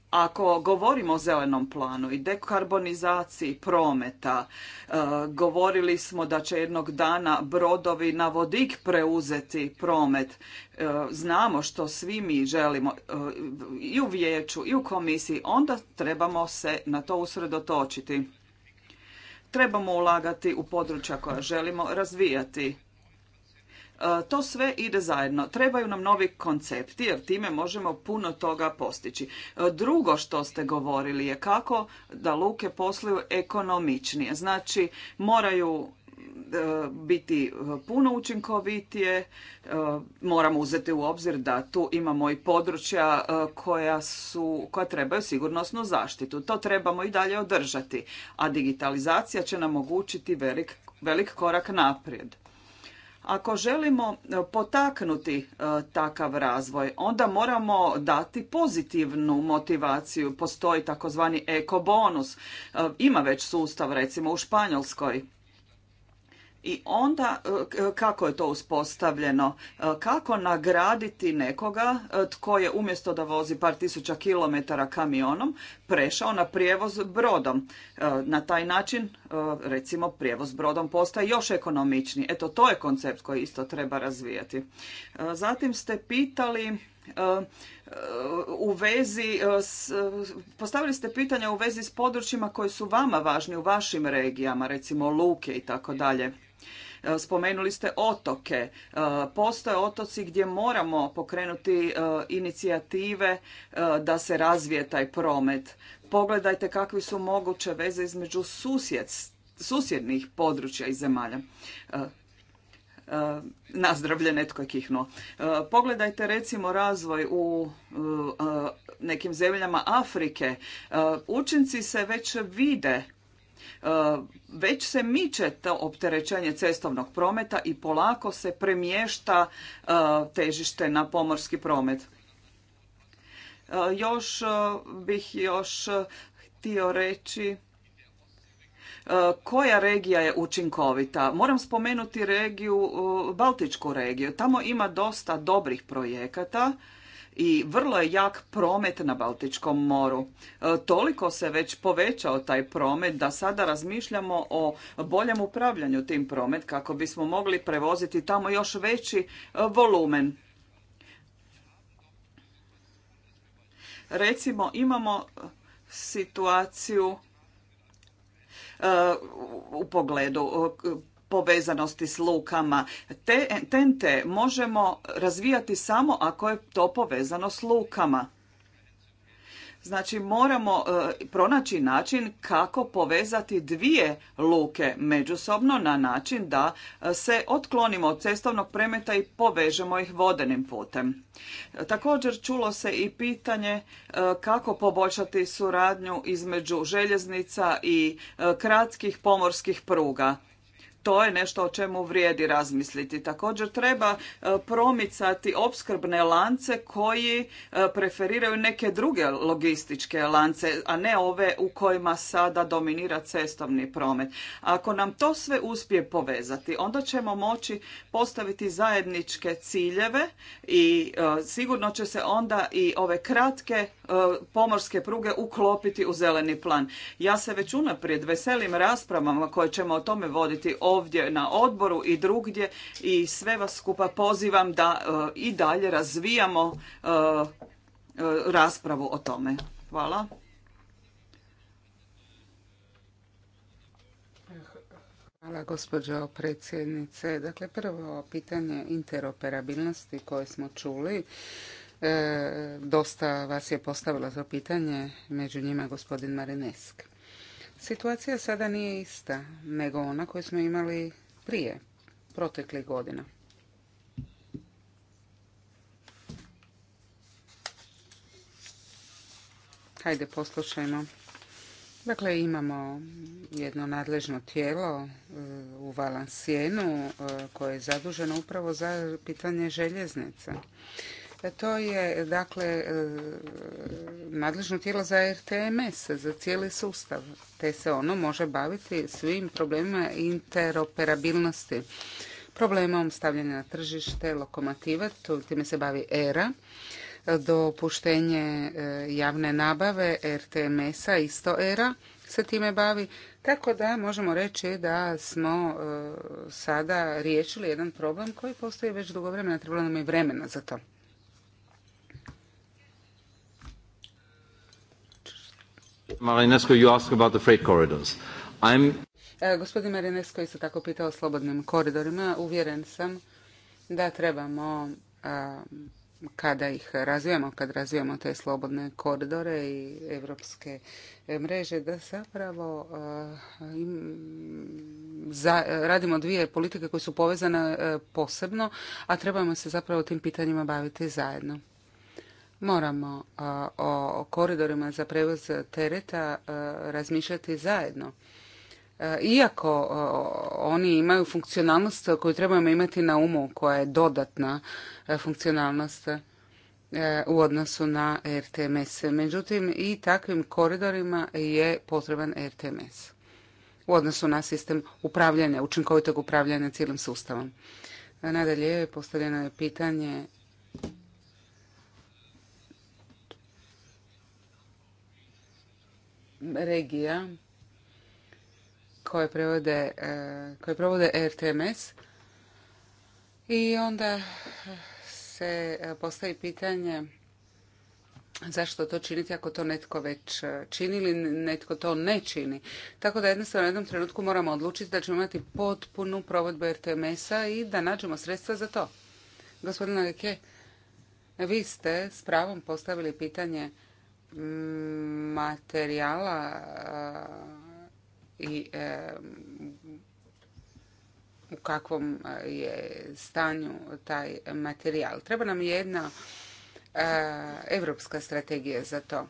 Ako govorimo o zelenom planu i dekarbonizaciji prometa, e, govorili smo da će jednog dana brodovi na vodik preuzeti promet. Znamo što svi mi želimo i u vijeću i u komisiji, onda trebamo se na to usredotočiti. Trebamo ulagati u područja koja želimo razvijati E, to sve ide zajedno. Trebaju nam novi koncepti jer time možemo puno toga postići. E, drugo što ste govorili je kako da luke posluju ekonomičnije. Znači moraju e, biti puno učinkovitije. Moramo uzeti u obzir da tu imamo i područja koja, su, koja trebaju sigurnosnu zaštitu. To trebamo i dalje održati. A digitalizacija će nam omogućiti velik, velik korak naprijed. Ako želimo e, potaknuti e, takav razvoj, onda moramo dati pozitivnu motivaciju. Postoji takozvani eko e, Ima već sustav recimo u Španjolskoj i onda e, e, kako je to uspostavljeno? E, kako nagraditi nekoga tko je umjesto da vozi par tisuća kilometara kamionom prešao na prijevoz brodom? Na taj način recimo prijevoz brodom postaje još ekonomičniji. Eto to je koncept koji isto treba razvijati. Zatim ste pitali u vezi, s, postavili ste pitanja u vezi s područjima koji su vama važni u vašim regijama, recimo luke i tako dalje. E, spomenuli ste otoke. E, postoje otoci gdje moramo pokrenuti e, inicijative da se razvije taj promet. Pogledajte kakvi su moguće veze između susjed, susjednih područja i zemalja. Nazdravlje, netko je kihnuo. Pogledajte recimo razvoj u nekim zemljama Afrike. Učinci se već vide E, već se miče to opterećenje cestovnog prometa i polako se premješta e, težište na pomorski promet. E, još bih još htio reći koja regija je učinkovita. Moram spomenuti regiju, Baltičku regiju. Tamo ima dosta dobrih projekata i vrlo je jak promet na Baltičkom moru. E, toliko se već povećao taj promet da sada razmišljamo o boljem upravljanju tim promet kako bismo mogli prevoziti tamo još veći e, volumen. Recimo imamo e, situaciju u pogledu povezanosti s lukama. Te, tente možemo razvijati samo ako je to povezano s lukama. Znači moramo e, pronaći način kako povezati dvije luke međusobno na način da e, se otklonimo od cestovnog premeta i povežemo ih vodenim putem. Također čulo se i pitanje e, kako poboljšati suradnju između željeznica i kratkih pomorskih pruga to je nešto o čemu vrijedi razmisliti. Također treba e, promicati opskrbne lance koji e, preferiraju neke druge logističke lance, a ne ove u kojima sada dominira cestovni promet. Ako nam to sve uspije povezati, onda ćemo moći postaviti zajedničke ciljeve i e, sigurno će se onda i ove kratke pomorske pruge uklopiti u zeleni plan. Ja se već unaprijed veselim raspravama koje ćemo o tome voditi ovdje na odboru i drugdje i sve vas skupa pozivam da e, i dalje razvijamo e, e, raspravu o tome. Hvala. Hvala gospođo predsjednice. Dakle, prvo pitanje interoperabilnosti koje smo čuli. dosta vas je postavilo za pitanje, među njima gospodin Marinesk. Situacija sada nije ista nego ona koju smo imali prije, proteklih godina. Hajde, poslušajmo. Dakle, imamo jedno nadležno tijelo e, u Valansijenu e, koje je zaduženo upravo za pitanje željeznica. E, to je, dakle, e, nadležno tijelo za RTMS, za cijeli sustav, te se ono može baviti svim problemima interoperabilnosti. Problemom stavljanja na tržište lokomotiva, time se bavi ERA, dopuštenje e, javne nabave RTMS-a, isto ERA, se time bavi. Tako da možemo reći da smo sada riješili jedan problem koji postoji već dugo vremena, trebalo nam je vremena za to. Marinesko, you ask about the freight e, gospodin Marinesko isto tako pitao o slobodnim koridorima. Uvjeren sam da trebamo kada ih razvijamo, kad razvijamo te slobodne koridore i evropske mreže, da zapravo radimo dvije politike koje su povezane e, posebno, a trebamo se zapravo tim pitanjima baviti zajedno moramo o koridorima za prevoz tereta razmišljati zajedno. Iako oni imaju funkcionalnost koju trebamo imati na umu, koja je dodatna e, funkcionalnost e, u odnosu na RTMS. Međutim, i takvim koridorima je potreban RTMS u odnosu na sistem upravljanja, učinkovitog upravljanja cijelim sustavom. Nadalje, postavljeno je pitanje regija koje, e, koje provode RTMS i onda se e, postavi pitanje zašto to činiti ako to netko već e, čini ili netko to ne čini. Tako da jednostavno u jednom trenutku moramo odlučiti da ćemo imati potpunu provodbu RTMS-a i da nađemo sredstva za to. Gospodine Leke, vi ste s pravom postavili pitanje materijala e, i e, u kakvom je stanju taj materijal. Treba nam jedna europska strategija za to.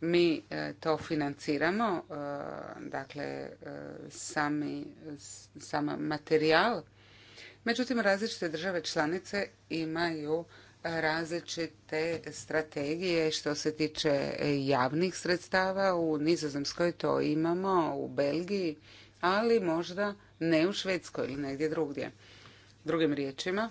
Mi e, to financiramo, dakle sami, sam materijal. Međutim, različite države članice imaju različite strategije što se tiče javnih sredstava. U Nizozemskoj to imamo, u Belgiji, ali možda ne u Švedskoj ili negdje drugdje. Drugim riječima,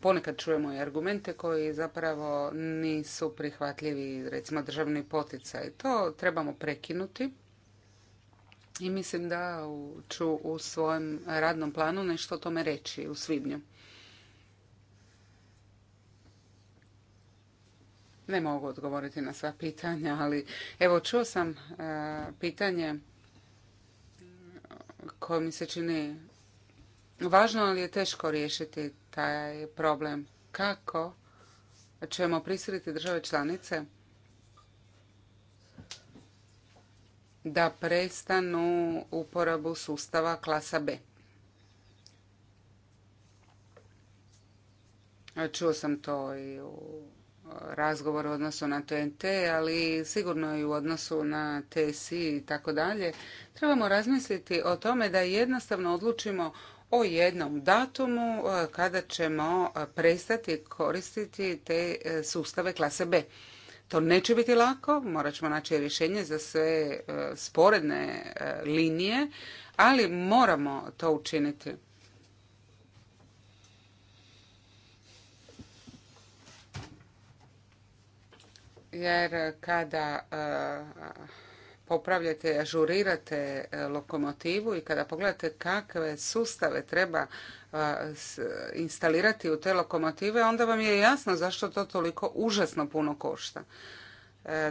ponekad čujemo i argumente koji zapravo nisu prihvatljivi, recimo državni poticaj. To trebamo prekinuti i mislim da ću u svojem radnom planu nešto o tome reći u svibnju. Ne mogu odgovoriti na sva pitanja, ali evo čuo sam e, pitanje koje mi se čini važno, ali je teško riješiti taj problem. Kako ćemo prisiliti države članice da prestanu uporabu sustava klasa B? Čuo sam to i u razgovor u odnosu na TNT, ali sigurno i u odnosu na TSI i tako dalje, trebamo razmisliti o tome da jednostavno odlučimo o jednom datumu e, kada ćemo e, prestati koristiti te e, sustave klase B. To neće biti lako, morat ćemo naći rješenje za sve sporedne linije, ali moramo to učiniti. jer kada eh, popravljate i ažurirate eh, lokomotivu i kada pogledate kakve sustave treba eh, instalirati u te lokomotive, onda vam je jasno zašto to toliko užasno puno košta.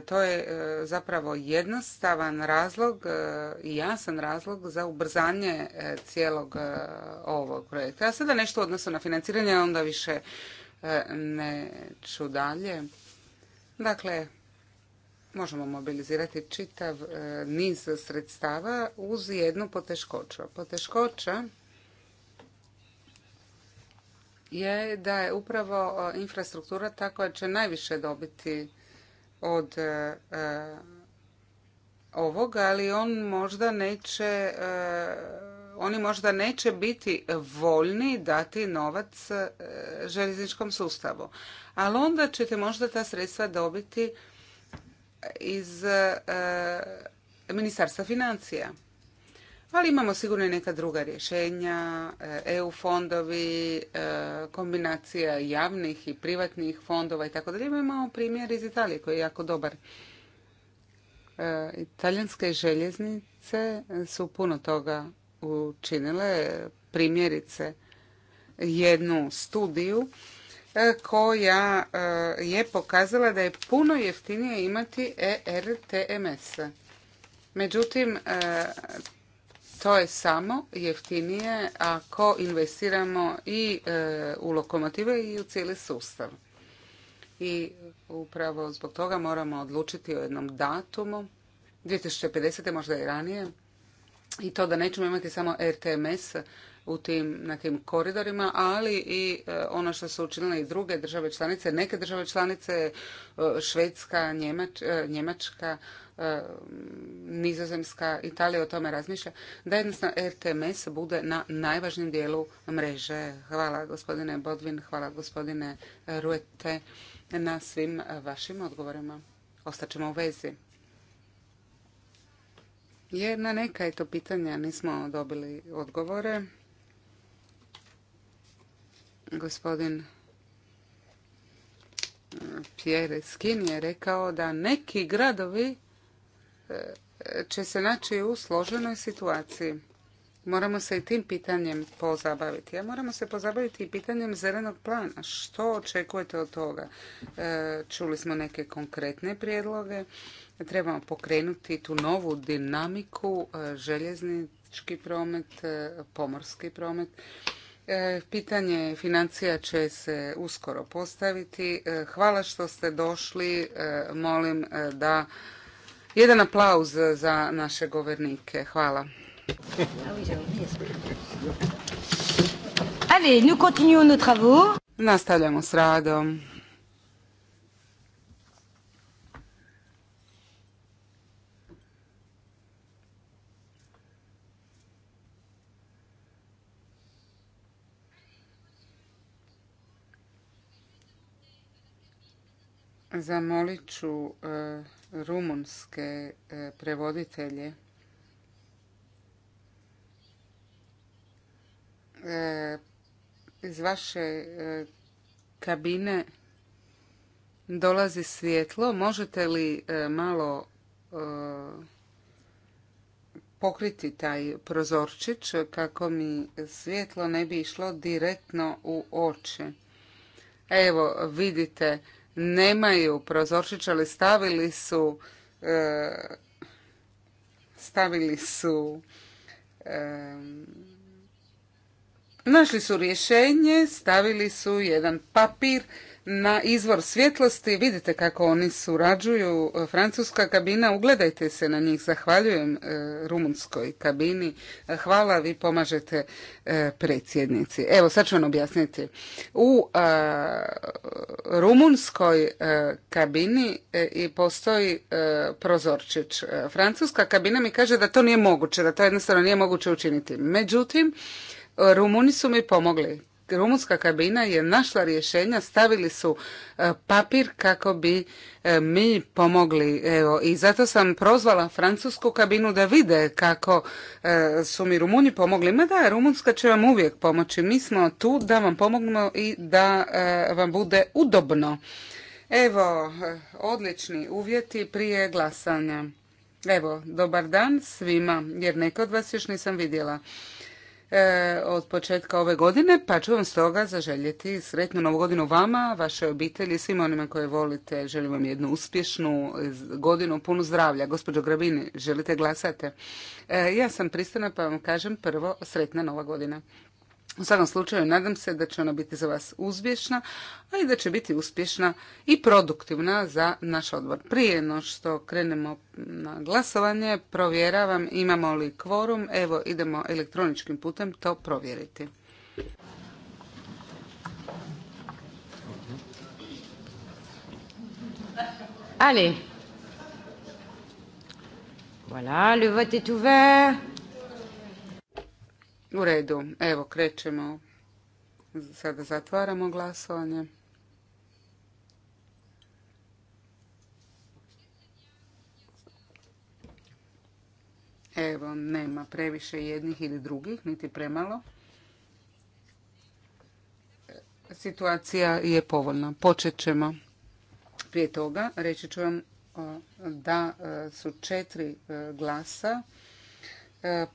To je zapravo jednostavan razlog i jasan razlog za ubrzanje cijelog ovog projekta. A sada nešto u odnosu na financiranje, onda više neću dalje. Dakle, možemo mobilizirati čitav e, niz sredstava uz jednu poteškoću. Poteškoća je da je upravo e, infrastruktura ta koja će najviše dobiti od e, ovoga, ali on možda neće oni možda neće biti voljni dati novac e, željezničkom sustavu. Ali onda ćete možda ta sredstva dobiti iz e, Ministarstva financija. Ali imamo sigurno i neka druga rješenja, EU e fondovi, kombinacija javnih i privatnih fondova i tako dalje. Imamo primjer iz Italije koji je jako dobar. Italijanske željeznice su puno toga učinile primjerice jednu studiju e, koja e, je pokazala da je puno jeftinije imati ERTMS. Međutim, e, to je samo jeftinije ako investiramo i u lokomotive i u cijeli sustav. I upravo zbog toga moramo odlučiti o jednom datumu, 2050. možda i ranije, i to da nećemo imati samo RTMS u tim nekim koridorima, ali i e, ono što su učinile i druge države članice, neke države članice, e, Švedska, e, Njemačka, Nizozemska, Italija o tome razmišlja, da jednostavno RTMS bude na najvažnijem dijelu mreže. Hvala gospodine Bodvin, hvala gospodine Ruete na svim vašim odgovorima. Ostaćemo u vezi jer na neka je to pitanja nismo dobili odgovore. Gospodin eh, Pierre Skin je rekao da neki gradovi eh, će se naći u složenoj situaciji. Moramo se i tim pitanjem pozabaviti. A moramo se pozabaviti i pitanjem zelenog plana. Što očekujete od toga? Eh, čuli smo neke konkretne prijedloge Trebamo pokrenuti tu novu dinamiku e, željeznički promet, e, pomorski promet. E, pitanje financija će se uskoro postaviti. Hvala što ste došli. Molim da jedan aplauz za naše governike. Hvala. Allez, nous continuons Nastavljamo s radom. Zamolit ću e, rumunske e, prevoditelje e, iz vaše kabine dolazi svjetlo. Možete li malo pokriti taj prozorčić kako mi svjetlo ne bi išlo direktno u oči. Evo, vidite, nemaju ali, stavili su e, stavili su e, našli su rješenje stavili su jedan papir na izvor svjetlosti. Vidite kako oni surađuju. Francuska kabina, ugledajte se na njih. Zahvaljujem e, rumunskoj kabini. Hvala, vi pomažete e, predsjednici. Evo, sad ću vam objasniti. U e, rumunskoj kabini i postoji prozorčić. Francuska kabina mi kaže da to nije moguće, da to jednostavno nije moguće učiniti. Međutim, Rumuni su mi pomogli rumunska kabina je našla rješenja, stavili su e, papir kako bi e, mi pomogli. Evo, I zato sam prozvala francusku kabinu da vide kako e, su mi Rumunji pomogli. Ma da, Rumunska će vam uvijek pomoći. Mi smo tu da vam pomognemo i da vam bude udobno. Evo, odlični uvjeti prije glasanja. Evo, dobar dan svima, jer neka od vas još nisam vidjela. E, od početka ove godine, pa ću vam stoga zaželjeti sretnu novu godinu vama, vaše obitelji svima onima koje volite. Želim vam jednu uspješnu godinu punu zdravlja. Gospođo Grabini, želite glasate? E, ja sam pristana pa vam kažem prvo sretna nova godina. U svakom slučaju nadam se da će ona biti za vas uspješna, a i da će biti uspješna i produktivna za naš odbor. Prije no što krenemo na glasovanje, provjeravam imamo li kvorum. Evo idemo elektroničkim putem to provjeriti. Allez. Voilà, le vote est ouvert. U redu, evo krećemo. Sada zatvaramo glasovanje. Evo, nema previše jednih ili drugih, niti premalo. Situacija je povoljna. Počet ćemo prije toga. Reći ću vam da e, su četiri e, glasa e,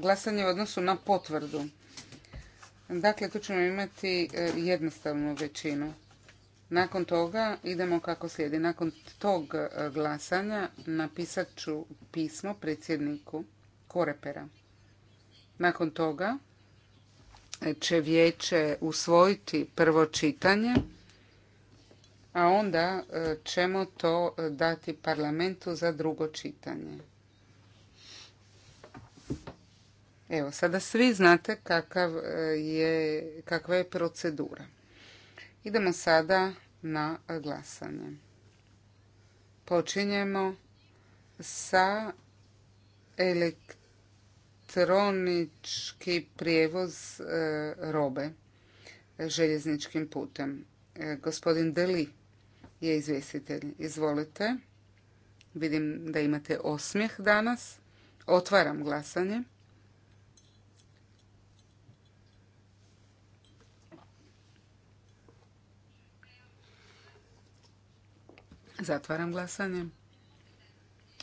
glasanje u odnosu na potvrdu. Dakle, tu ćemo imati e, jednostavnu većinu. Nakon toga idemo kako slijedi. Nakon tog e, glasanja napisat ću pismo predsjedniku Korepera. Nakon toga e, će vijeće usvojiti prvo čitanje, a onda ćemo to dati parlamentu za drugo čitanje. Evo, sada svi znate kakav e, je, kakva je procedura. Idemo sada na glasanje. Počinjemo sa elektronički prijevoz e, robe željezničkim putem. E, gospodin Deli je izvjestitelj. Izvolite. Vidim da imate osmijeh danas. Otvaram glasanje. Zatvaram glasanje.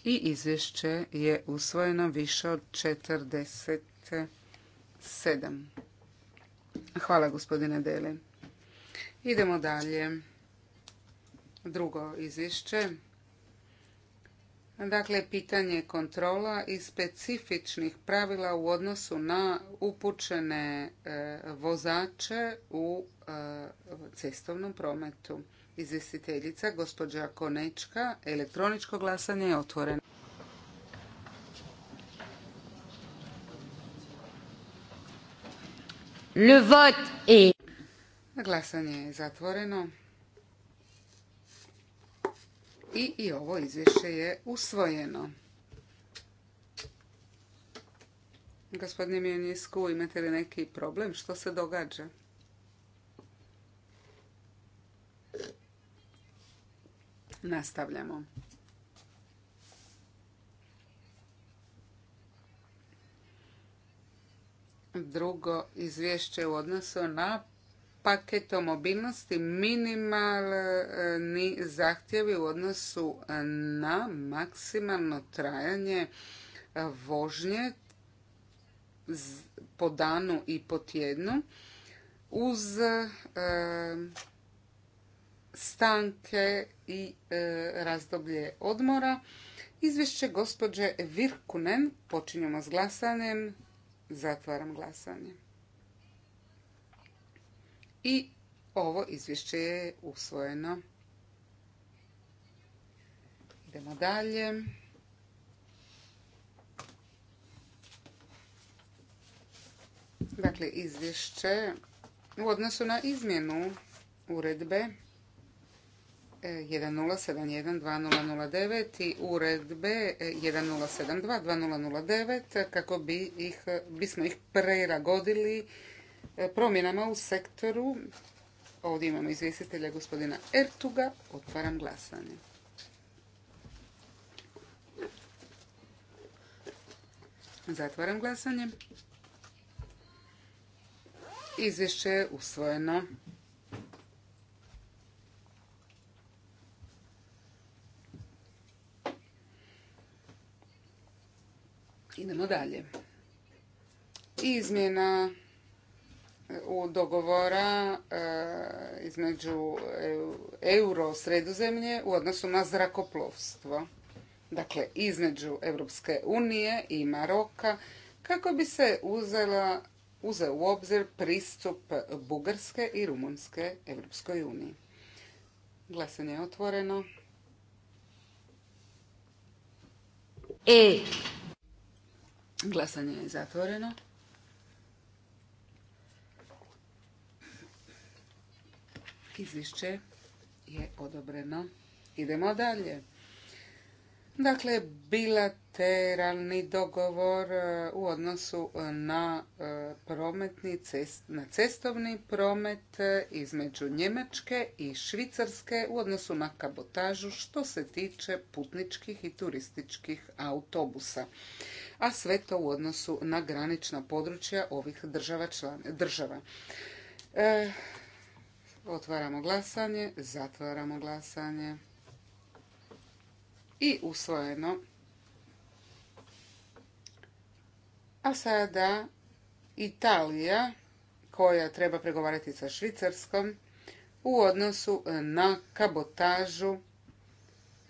I izvješće je usvojeno više od 47. Hvala gospodine Dele. Idemo dalje. Drugo izvješće. Dakle, pitanje kontrola i specifičnih pravila u odnosu na upućene e, vozače u e, cestovnom prometu. Izvjestiteljica, gospođa Konečka, elektroničko glasanje je otvoreno. Le vote est... Glasanje je zatvoreno. I, I ovo izvješće je usvojeno. Gospodine Mijenjesku, imate li neki problem? Što se događa? Nastavljamo. Drugo izvješće u odnosu na paket o mobilnosti minimalni zahtjevi u odnosu na maksimalno trajanje vožnje po danu i po tjednu uz e, stanke i e, razdoblje odmora. Izvješće gospođe Virkunen. Počinjemo s glasanjem. Zatvaram glasanje. I ovo izvješće je usvojeno. Idemo dalje. Dakle, izvješće u odnosu na izmjenu uredbe 1071-2009 e, i uredbe 1072-2009 e, kako bi ih, bismo ih preragodili e, promjenama u sektoru. Ovdje imamo izvjestitelja gospodina Ertuga. Otvaram glasanje. Zatvaram glasanje. Izvješće je usvojeno. Idemo dalje. Izmjena e, u dogovora e, između euro sredozemlje u odnosu na zrakoplovstvo. Dakle, između Europske unije i Maroka kako bi se uzela, uzeo u obzir pristup Bugarske i Rumunske Europskoj uniji. Glasanje je otvoreno. E, Glasanje je zatvoreno. Izvišće je odobreno. Idemo dalje. Dakle, bilateralni dogovor e, u odnosu e, na e, prometni na cestovni promet između Njemačke i Švicarske u odnosu na kabotažu što se tiče putničkih i turističkih autobusa a sve to u odnosu na granična područja ovih država. država. E, otvaramo glasanje, zatvaramo glasanje i usvojeno. A sada Italija koja treba pregovarati sa Švicarskom u odnosu na kabotažu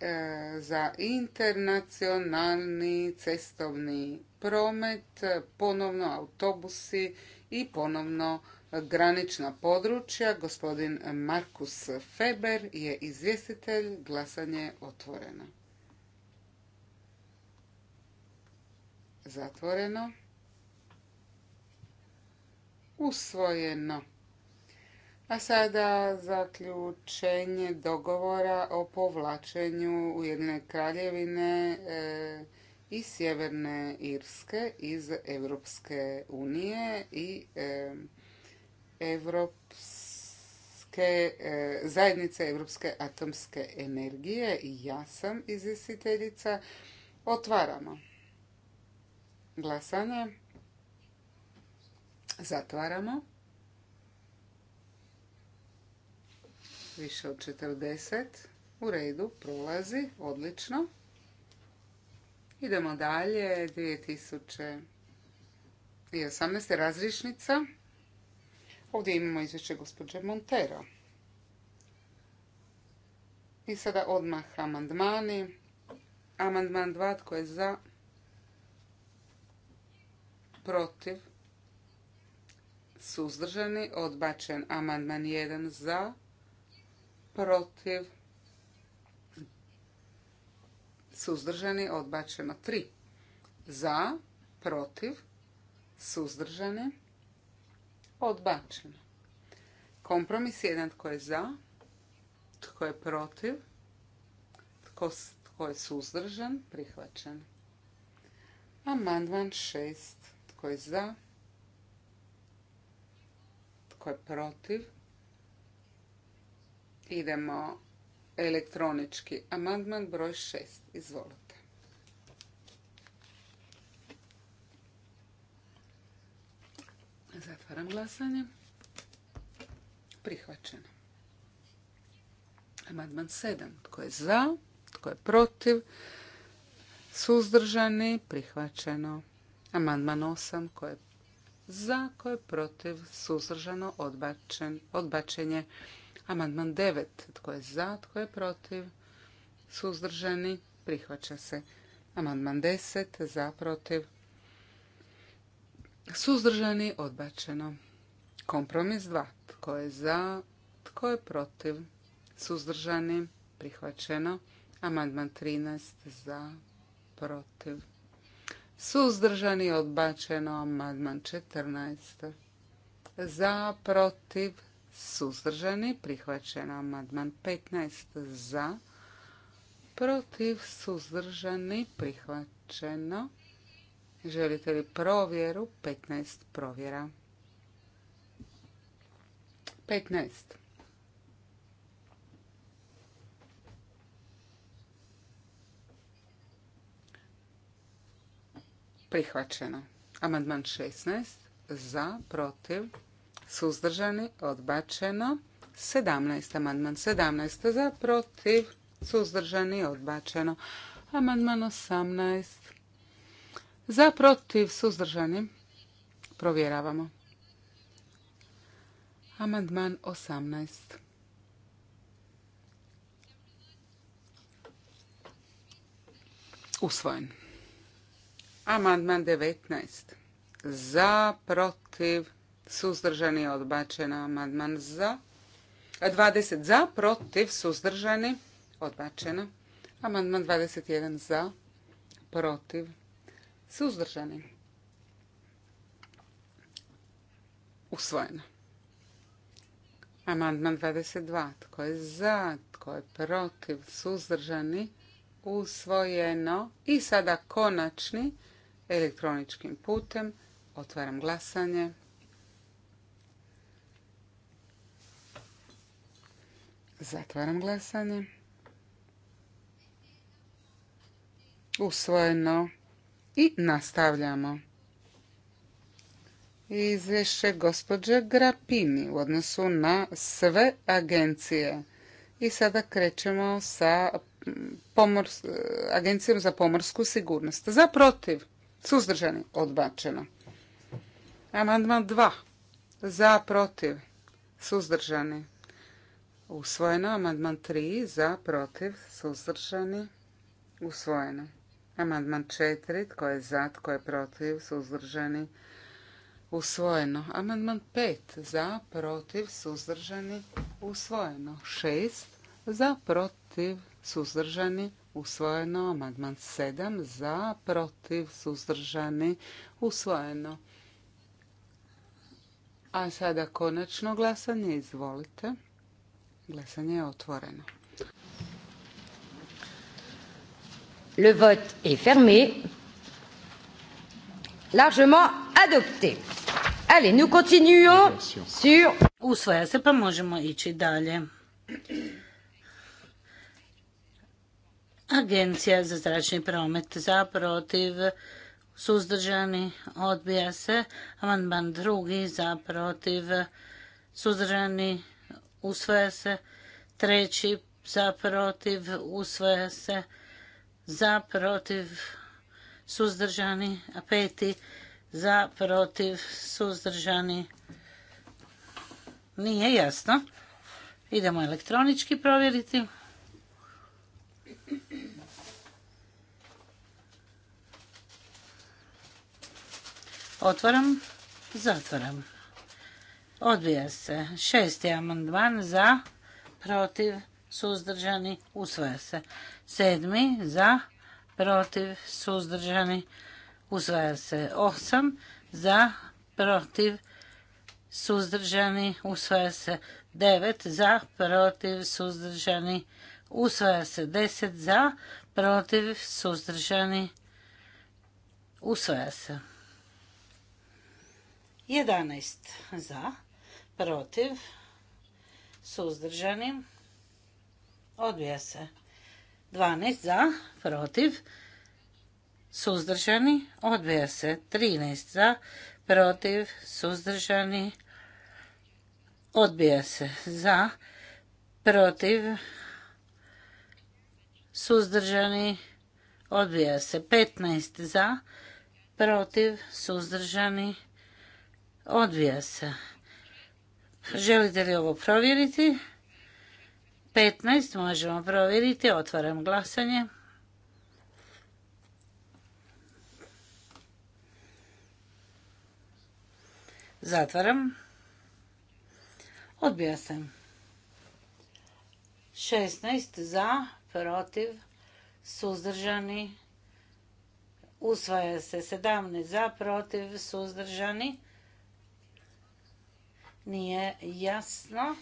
E, za internacionalni cestovni promet, ponovno autobusi i ponovno granična područja. Gospodin Markus Feber je izvjestitelj, glasanje otvoreno. Zatvoreno. Usvojeno. A sada zaključenje dogovora o povlačenju Ujedine kraljevine eh, i Sjeverne Irske iz Europske unije i eh, Evropske, eh, zajednice Europske atomske energije i ja sam izvjestiteljica. Otvaramo glasanje. Zatvaramo. više od 40. U redu, prolazi, odlično. Idemo dalje, 2018. razrišnica. Ovdje imamo izvješće gospođe Montero. I sada odmah amandmani. Amandman 2, tko je za? Protiv? Suzdržani, odbačen. Amandman 1, za? protiv, suzdržani, odbačeno Tri. Za, protiv, suzdržani, odbačeno. Kompromis jedan, tko je za, tko je protiv, tko, tko je suzdržan, prihvaćen. Amandman šest, tko je za, tko je protiv, Idemo elektronički. Amandman broj 6. Izvolite. Zatvaram glasanje. Prihvaćeno. Amandman 7. Tko je za? Tko je protiv? Suzdržani? Prihvaćeno. Amandman 8. Tko je za? Tko je protiv? Suzdržano? Odbačen. je Amandman 9. Tko je za? Tko je protiv? Suzdržani? Prihvaća se. Amandman 10. Za? Protiv? Suzdržani? Odbačeno. Kompromis 2. Tko je za? Tko je protiv? Suzdržani? Prihvaćeno. Amandman 13. Za? Protiv? Suzdržani? Odbačeno. Amandman 14. Za? Protiv? suzdržani, prihvaćen amandman 15 za, protiv, suzdržani, prihvaćeno. Želite li provjeru? 15 provjera. 15. Prihvaćeno. Amandman 16. Za, protiv, suzdržani, odbačeno. 17. Amandman 17. Za, protiv, suzdržani, odbačeno. Amandman 18. Za, protiv, suzdržani. Provjeravamo. Amandman 18. Usvojen. Amandman 19. Za, protiv, suzdržani odbačeno amandman za 20 za protiv suzdržani odbačeno amandman 21 za protiv suzdržani usvojeno amandman 22 tko je za tko je protiv suzdržani usvojeno i sada konačni elektroničkim putem otvaram glasanje Zatvaram glasanje. Usvojeno. I nastavljamo. Izvješće gospođe Grapini u odnosu na sve agencije. I sada krećemo sa Agencijom za pomorsku sigurnost. Za protiv. Suzdržani. Odbačeno. Amandman 2. Za protiv. Suzdržani. Usvojeno. Amandman 3 za, protiv, suzdržani. Usvojeno. Amandman 4. Tko je za, tko je protiv, suzdržani. Usvojeno. Amandman 5. Za, protiv, suzdržani. Usvojeno. 6. Za, protiv, suzdržani. Usvojeno. Amandman 7. Za, protiv, suzdržani. Usvojeno. A sada konačno glasanje. Izvolite. Glasanje je otvoreno. Le vote est fermé. Largement adopté. Allez, nous continuons sur... Usvaja se, pa možemo ići dalje. Agencija za zračni promet za protiv suzdržani odbija se. Amandman drugi za protiv suzdržani usvaja se. Treći za protiv usvaja se. Za protiv suzdržani. A peti za protiv suzdržani. Nije jasno. Idemo elektronički provjeriti. Otvaram, zatvaram. Odvija se. Šesti amandman za, protiv, suzdržani, usvaja se. Sedmi za, protiv, suzdržani, usvaja se. Osam za, protiv, suzdržani, usvaja se. Devet za, protiv, suzdržani, usvaja se. Deset za, protiv, suzdržani, usvaja se. 11 za, protiv, suzdržani, odbija se. 12 za, protiv, suzdržani, odbija se. 13 za, protiv, suzdržani, odbija se. Za, protiv, suzdržani, odbija se. 15 za, protiv, suzdržani, odbija se. Želite li ovo provjeriti? 15 možemo provjeriti. Otvaram glasanje. Zatvaram. Odbija se. 16 za, protiv, suzdržani. Usvaja se 17 za, protiv, suzdržani. Nije jasno.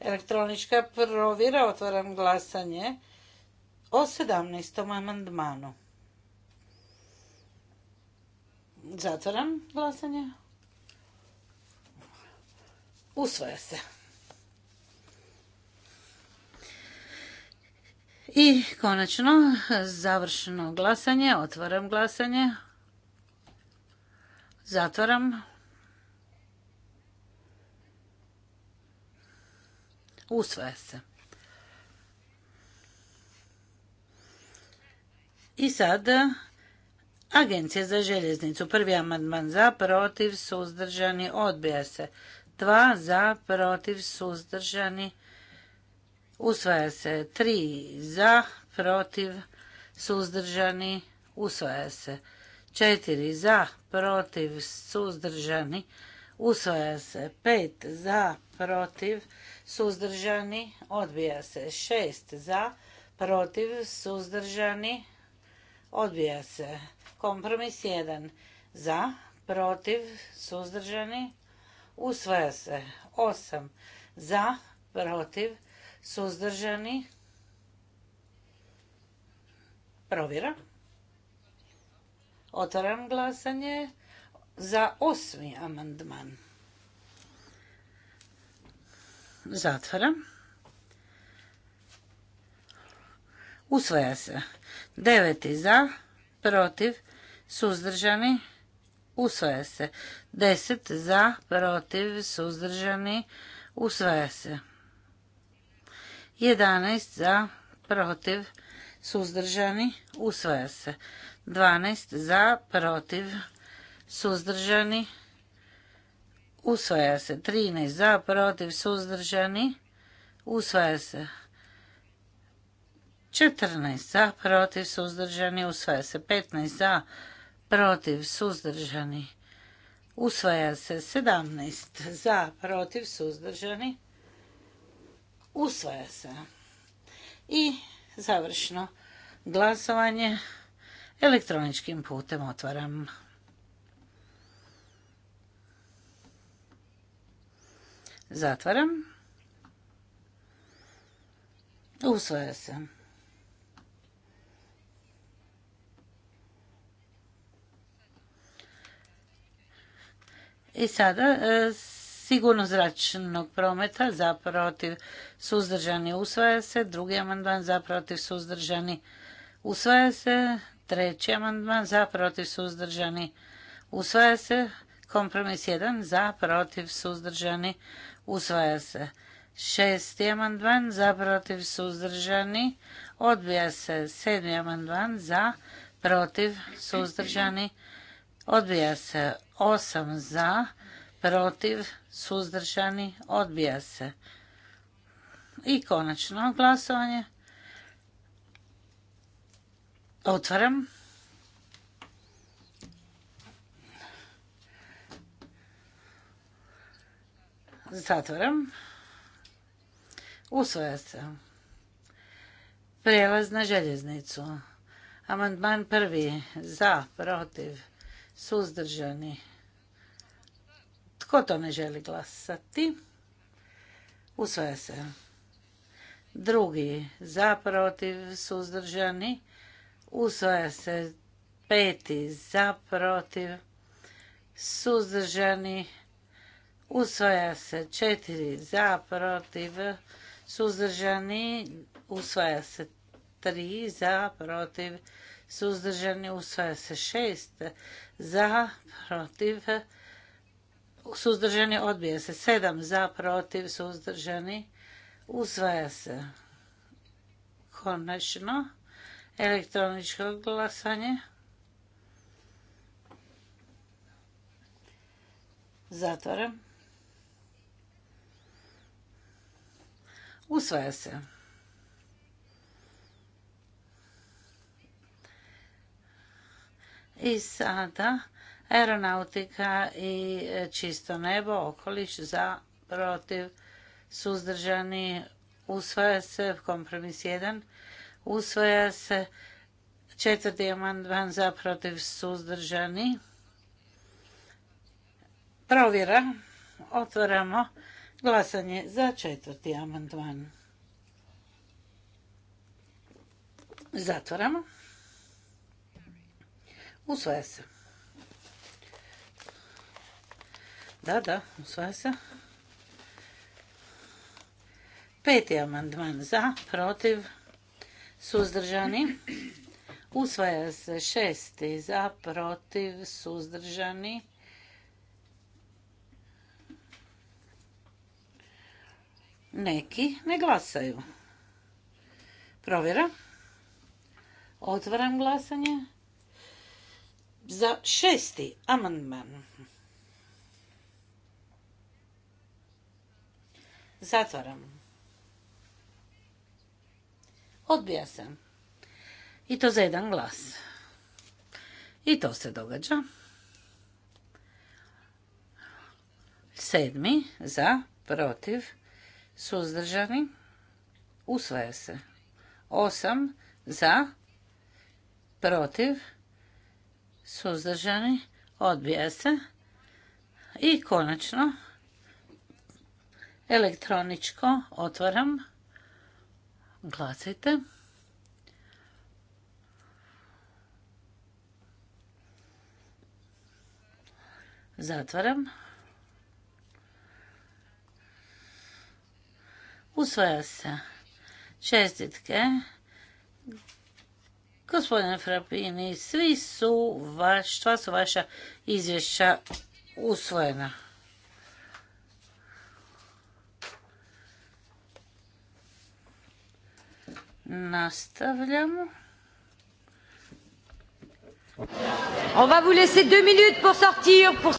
Elektronička provjera. Otvaram glasanje o 17. amandmanu. Zatvaram glasanje. Usvoja se. I konačno završeno glasanje. Otvaram glasanje. Zatvaram Usvaja se. I sad, Agencija za željeznicu. Prvi amandman za, protiv, suzdržani, odbija se. Dva za, protiv, suzdržani, usvaja se. Tri za, protiv, suzdržani, usvaja se. Četiri za, protiv, suzdržani, usvaja se. Pet za, protiv, suzdržani, odbija se. 6 za, protiv, suzdržani, odbija se. Kompromis 1 za, protiv, suzdržani, usvaja se. 8 za, protiv, suzdržani, provjera. Otvaram glasanje za osmi amandman. Zatvaram. Usvaja se. Deveti za, protiv, suzdržani. Usvaja se. Deset za, protiv, suzdržani. Usvaja se. Jedanaest za, protiv, suzdržani. Usvaja se. Dvanaest za, protiv, suzdržani. Usvaja se 13 za, protiv, suzdržani. Usvaja se 14 za, protiv, suzdržani. Usvaja se 15 za, protiv, suzdržani. Usvaja se 17 za, protiv, suzdržani. Usvaja se. I završno glasovanje elektroničkim putem otvaram. Zatvaram. Usvaja se. I sada e, sigurno zračnog prometa za protiv suzdržani usvaja se. Drugi amandman za protiv suzdržani usvaja se. Treći amandman za protiv suzdržani usvaja se. Kompromis 1 za protiv suzdržani usvaja se. Šesti amandman za protiv suzdržani, odbija se. Sedmi amandman za protiv suzdržani, odbija se. Osam za protiv suzdržani, odbija se. I konačno glasovanje. Otvaram. Zatvaram. Usvoja se. Prijelaz na željeznicu. Amandman prvi. Za, protiv, suzdržani. Tko to ne želi glasati? Usvaja se. Drugi. Za, protiv, suzdržani. Usvaja se. Peti. Za, protiv, suzdržani. Usvaja se četiri, za, protiv, suzdržani. Usvaja se tri, za, protiv, suzdržani. Usvaja se šest, za, protiv, suzdržani. Odbija se sedam, za, protiv, suzdržani. Usvaja se konačno elektroničko glasanje. Zatvaram. Usvaja se. I sada aeronautika i čisto nebo, okoliš za protiv suzdržani usvaja se kompromis 1 usvaja se četvrti amandman za protiv suzdržani provjera otvaramo Glasanje za četvrti amandman. Zatvoramo. Usvaja se. Da, da, usvaja se. Peti amandman za, protiv, suzdržani. Usvaja se šesti za, protiv, suzdržani. Neki ne glasaju. Provjera. Otvaram glasanje. Za šesti amandman. Zatvaram. Odbija se. I to za jedan glas. I to se događa. Sedmi za protiv suzdržani, usvaja se. Osam za, protiv, suzdržani, odbija se. I konačno, elektroničko otvaram, glasajte. Zatvaram. Usvaja se. Čestitke. Gospodine Frapini, svi su vaš, sva su vaša izvješća usvojena. Nastavljamo. On va vous laisser deux minutes pour sortir. Pour...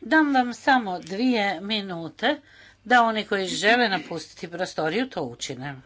Dam vam samo dvije minute da oni koji žele napustiti prostoriju to učine.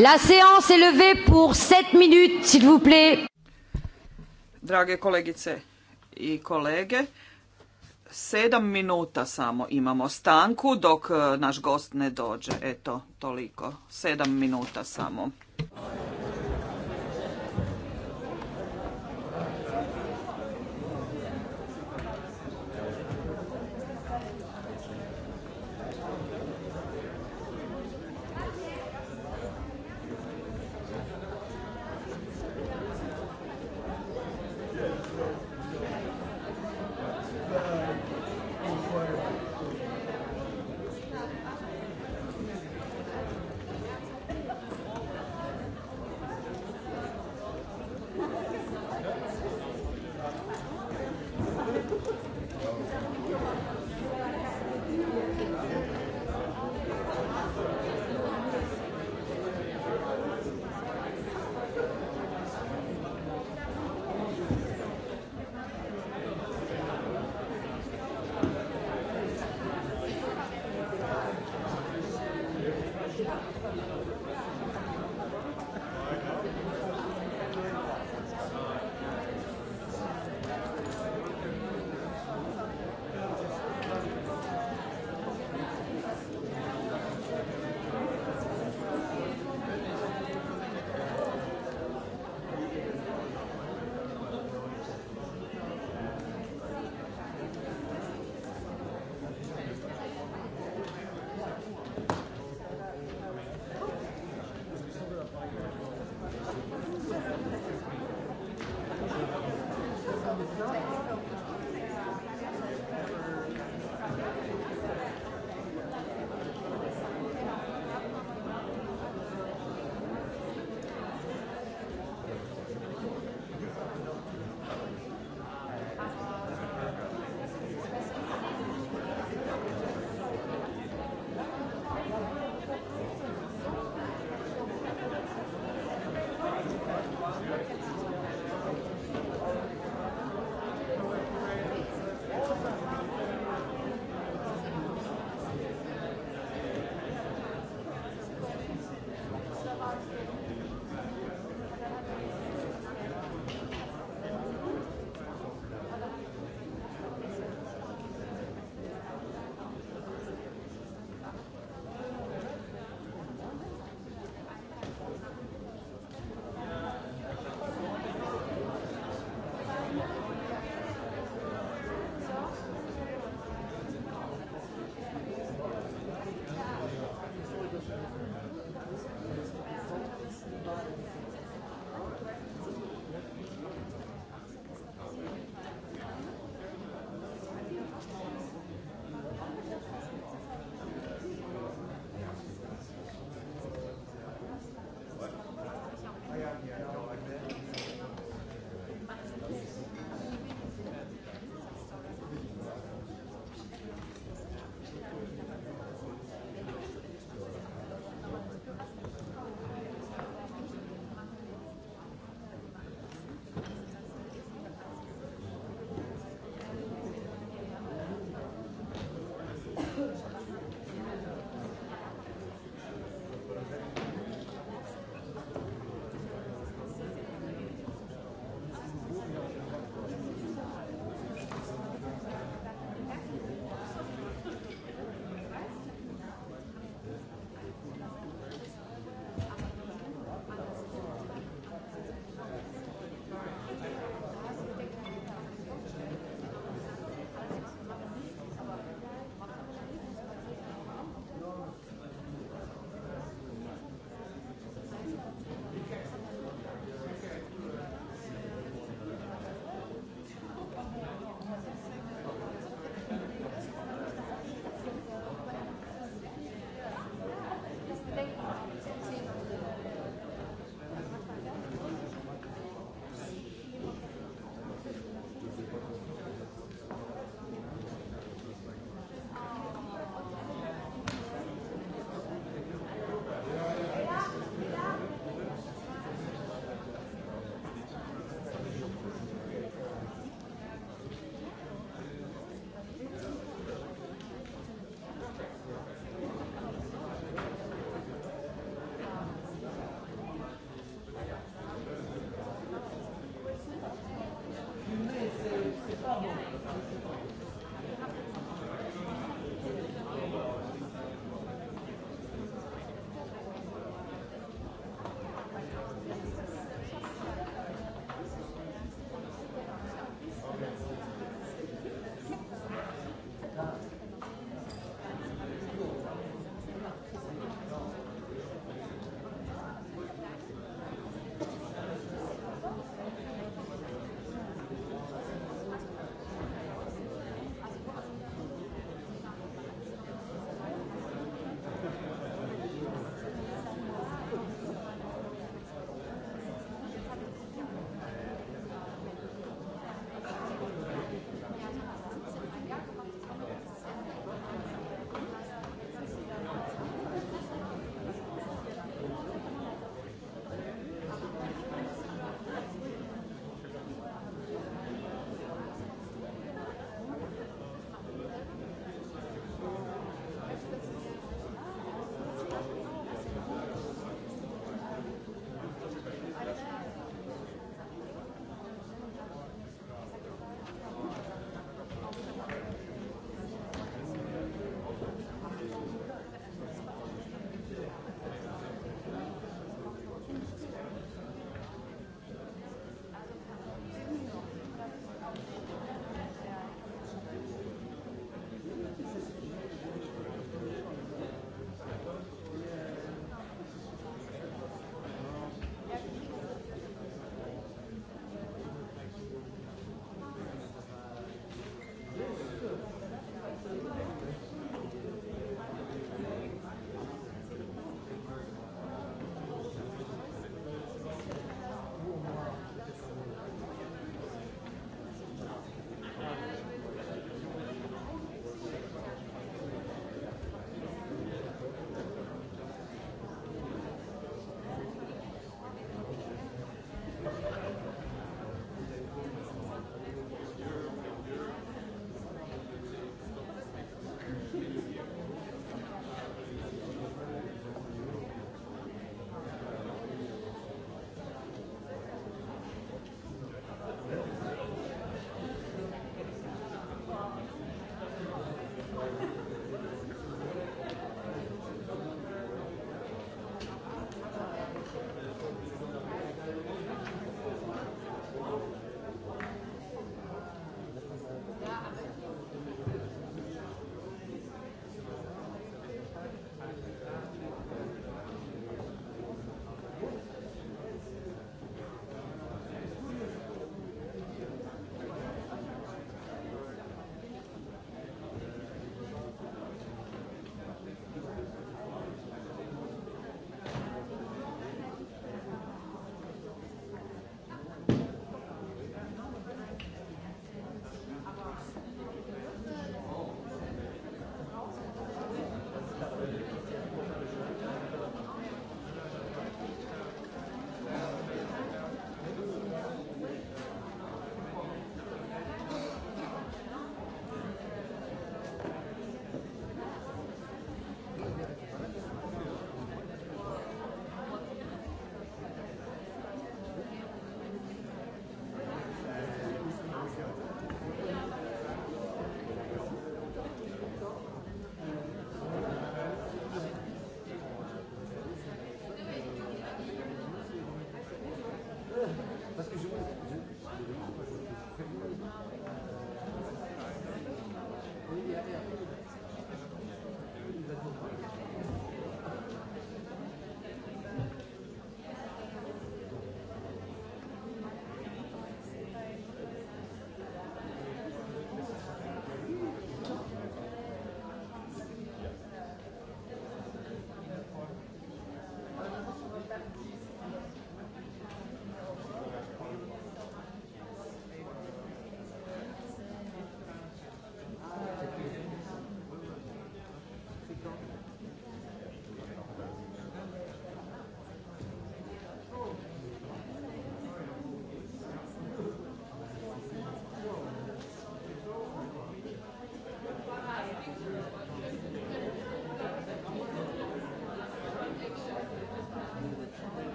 La séance est levée pour 7 minutes, s'il vous plaît. Drage kolegice i kolege, sedam minuta samo imamo stanku dok e, naš gost ne dođe. Eto, toliko. Sedam minuta samo.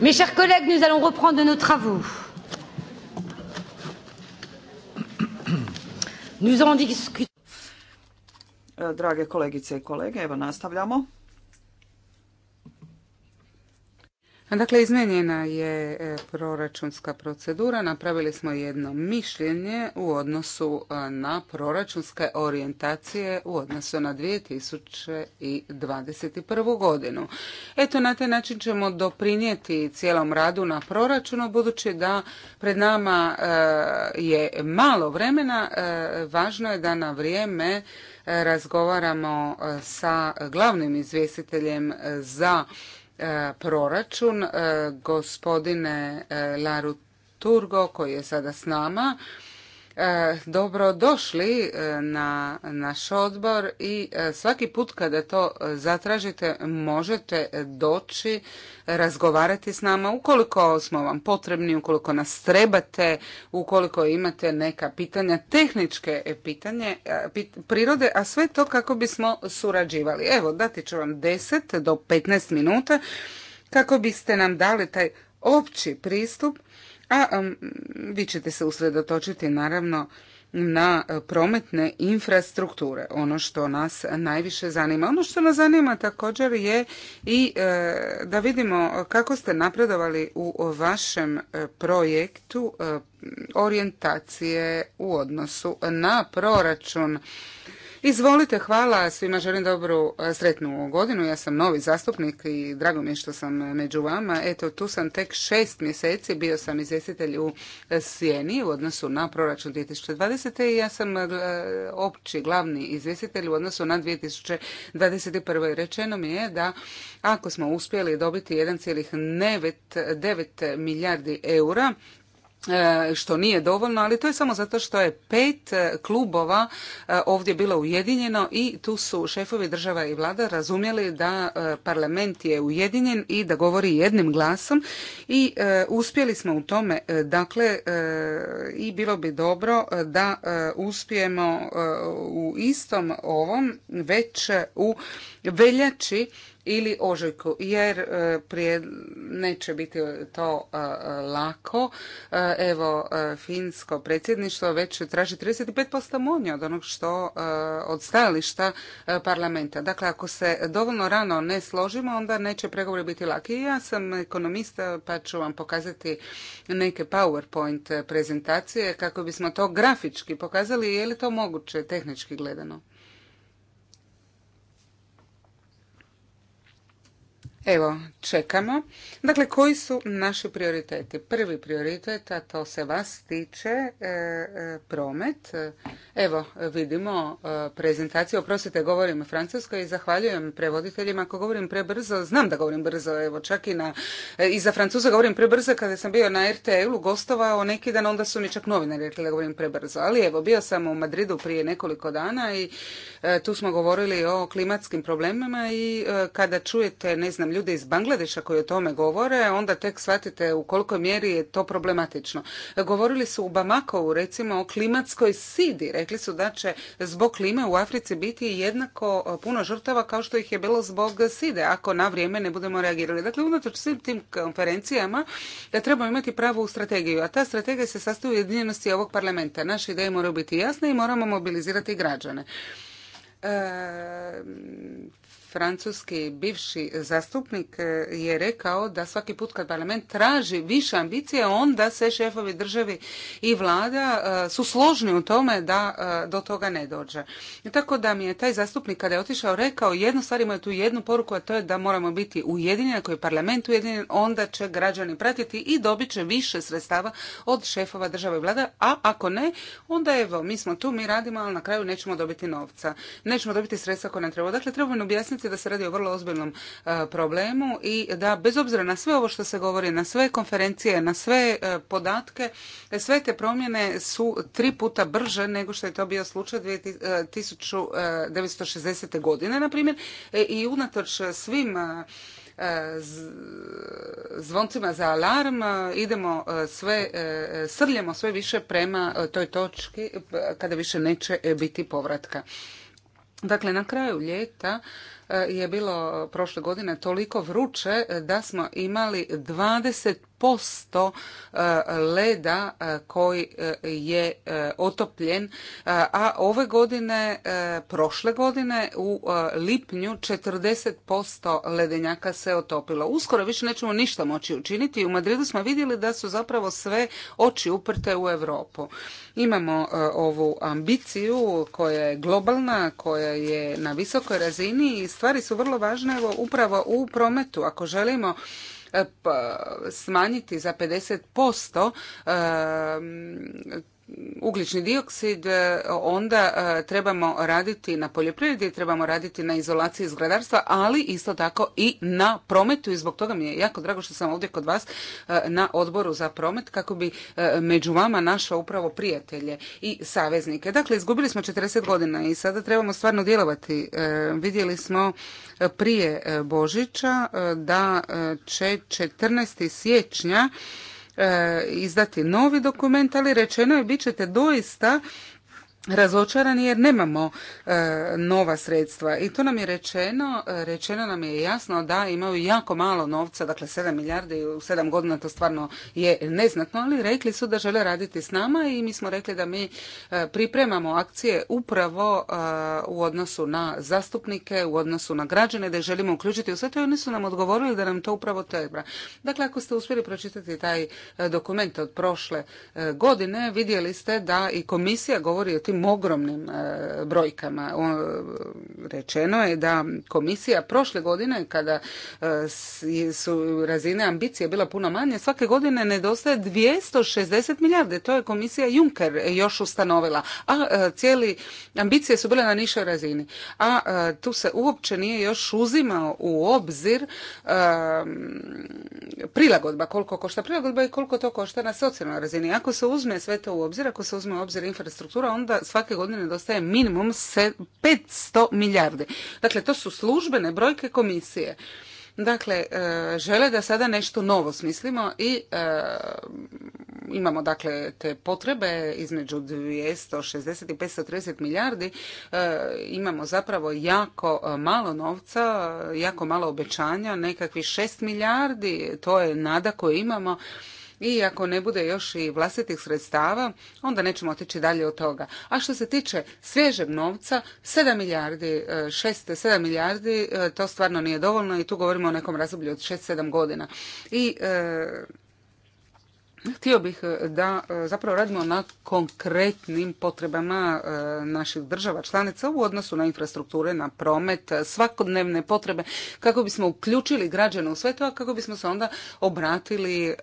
Mes chers collègues, nous allons reprendre nos travaux. Nous allons discuter. Drage kolegice i kolege, evo nastavljamo. Dakle, izmenjena je e, proračunska procedura, napravili smo jedno mišljenje u odnosu e, na proračunske orijentacije u odnosu na 2021. godinu. Eto, na taj način ćemo doprinijeti cijelom radu na proračunu, budući da pred nama e, je malo vremena, važno je da na vrijeme razgovaramo sa glavnim izvjestiteljem za E, proračun. E, gospodine e, Laru Turgo koji je sada s nama E, dobro došli e, na naš odbor i e, svaki put kada to zatražite možete doći razgovarati s nama ukoliko smo vam potrebni, ukoliko nas trebate, ukoliko imate neka pitanja, tehničke pitanje prirode, a sve to kako bismo surađivali. Evo, dati ću vam 10 do 15 minuta kako biste nam dali taj opći pristup a vi ćete se usredotočiti naravno na e, prometne infrastrukture. Ono što nas najviše zanima. Ono što nas zanima također je i e, da vidimo kako ste napredovali u vašem e, projektu orijentacije u odnosu na proračun. Izvolite, hvala svima, želim dobru e, sretnu godinu. Ja sam novi zastupnik i drago mi je što sam među vama. Eto, tu sam tek šest mjeseci, bio sam izvjestitelj u e, Sjeni u odnosu na proračun 2020. i ja sam e, opći glavni izvjestitelj u odnosu na 2021. Rečeno mi je da ako smo uspjeli dobiti 1,9 milijardi eura, E, što nije dovoljno, ali to je samo zato što je pet e, klubova e, ovdje bilo ujedinjeno i tu su šefovi država i vlada razumjeli da parlament je ujedinjen i da govori jednim glasom i uspjeli smo u tome. Dakle, i bilo bi dobro da uspijemo u istom ovom već u veljači ili ožujku jer e, prije neće biti to e, lako. E, evo, finsko predsjedništvo već traži 35% manje od onog što od stajališta parlamenta. Dakle, ako se dovoljno rano ne složimo, onda neće pregovori biti laki. Ja sam ekonomista pa ću vam pokazati neke PowerPoint prezentacije kako bismo to grafički pokazali je li to moguće tehnički gledano. Evo, čekamo. Dakle, koji su naši prioriteti? Prvi prioritet, a to se vas tiče, e, e, promet. Evo, vidimo e, prezentaciju. Oprostite, govorim francuskoj i zahvaljujem prevoditeljima. Ako govorim prebrzo, znam da govorim brzo, evo, čak i na... I za francuza govorim prebrzo. Kada sam bio na RTL-u, gostovao neki dan, onda su mi čak novinari rekli da govorim prebrzo. Ali evo, bio sam u Madridu prije nekoliko dana i tu smo govorili o klimatskim problemima i kada čujete, ne znam, ljude iz Bangladeša koji o tome govore, onda tek shvatite u kolikoj mjeri je to problematično. Govorili su u Bamakovu recimo o klimatskoj sidi. Rekli su da će zbog klime u Africi biti jednako e, puno žrtava kao što ih je bilo zbog side ako na vrijeme ne budemo reagirali. Dakle, unatoč svim tim konferencijama da e, trebamo imati pravu strategiju, a ta strategija se sastoji u jedinjenosti ovog parlamenta. Naše ideje moraju biti jasne i moramo mobilizirati građane. E, francuski bivši zastupnik e, je rekao da svaki put kad parlament traži više ambicije, onda se šefovi državi i vlada e, su složni u tome da e, do toga ne dođe. Tako da mi je taj zastupnik kada je otišao rekao jednu stvar, ima tu jednu poruku, a to je da moramo biti ujedinjeni, ako je parlament ujedinjen, onda će građani pratiti i dobit će više sredstava od šefova države i vlada, a ako ne, onda evo, mi smo tu, mi radimo, ali na kraju nećemo dobiti novca. Nećemo dobiti sredstva koje nam treba. Dakle, trebamo objasniti činjenici da se radi o vrlo ozbiljnom e, problemu i da bez obzira na sve ovo što se govori, na sve konferencije, na sve e, podatke, sve te promjene su tri puta brže nego što je to bio slučaj 1960. E, godine, na primjer, i unatoč svim zvoncima za alarm idemo sve, srljamo sve više prema toj točki kada više neće biti povratka. Dakle, na kraju ljeta e, je bilo prošle godine toliko vruće e, da smo imali 20 posto e, leda e, koji e, je otopljen, a ove godine, prošle godine u lipnju 40% ledenjaka se otopilo. Uskoro više nećemo ništa moći učiniti. U Madridu smo vidjeli da su zapravo sve oči uprte u Europu. Imamo ovu ambiciju koja je globalna, koja je na visokoj razini i stvari su vrlo važne upravo u prometu. Ako želimo E, pa, smanjiti za 50% ugljični dioksid, e, onda e, trebamo raditi na poljoprivredi, trebamo raditi na izolaciji zgradarstva, ali isto tako i na prometu i zbog toga mi je jako drago što sam ovdje kod vas e, na odboru za promet kako bi među vama našao upravo prijatelje i saveznike. Dakle, izgubili smo 40 godina i sada trebamo stvarno djelovati. Vidjeli smo prije Božića da će 14. siječnja E, izdati novi dokument, ali rečeno je bit ćete doista razočarani jer nemamo e, nova sredstva i to nam je rečeno rečeno nam je jasno da imaju jako malo novca dakle 7 milijardi u 7 godina to stvarno je neznatno ali rekli su da žele raditi s nama i mi smo rekli da mi e, pripremamo akcije upravo e, u odnosu na zastupnike u odnosu na građane da ih želimo uključiti u sve to i oni su nam odgovorili da nam to upravo treba dakle ako ste uspjeli pročitati taj dokument od prošle godine vidjeli ste da i komisija govori o tim ogromnim e, brojkama. Rečeno je da komisija prošle godine kada e, su razine ambicije bila puno manje, svake godine nedostaje 260 milijarde. To je komisija Juncker još ustanovila. A e, cijeli ambicije su bile na nišoj razini. A tu se uopće nije još uzimao u obzir prilagodba, koliko košta prilagodba i koliko to košta na socijalnoj razini. Ako se uzme sve to u obzir, ako se uzme u obzir infrastruktura, onda svake godine dostaje minimum 500 milijardi. Dakle, to su službene brojke komisije. Dakle, e, žele da sada nešto novo smislimo i e, imamo dakle te potrebe između 260 i 530 milijardi. E, imamo zapravo jako malo novca, jako malo obećanja, nekakvih 6 milijardi. To je nada koju imamo i ako ne bude još i vlastitih sredstava, onda nećemo otići dalje od toga. A što se tiče svježeg novca, 7 milijardi, 6-7 e, milijardi, e, to stvarno nije dovoljno i tu govorimo o nekom razdoblju od 6-7 godina. I e, Htio bih e, da e, zapravo radimo na konkretnim potrebama e, naših država članica u odnosu na infrastrukture, na promet, svakodnevne potrebe, kako bismo uključili građane u sve to, a kako bismo se onda obratili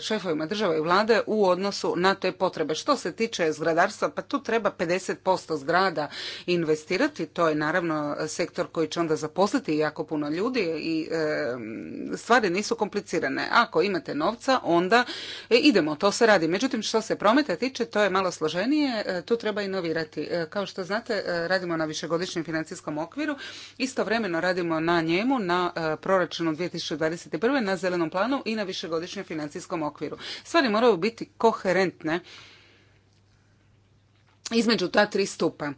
šefovima država i vlade u odnosu na te potrebe. Što se tiče zgradarstva, pa tu treba 50% zgrada investirati, to je naravno sektor koji će onda zaposliti jako puno ljudi i stvari nisu komplicirane. Ako imate novca, onda E, idemo, to se radi. Međutim, što se prometa tiče, to je malo složenije, e, tu treba inovirati. E, kao što znate, radimo na višegodišnjem financijskom okviru, istovremeno radimo na njemu, na proračunu 2021. na zelenom planu i na višegodišnjem financijskom okviru. Stvari moraju biti koherentne između ta tri stupa.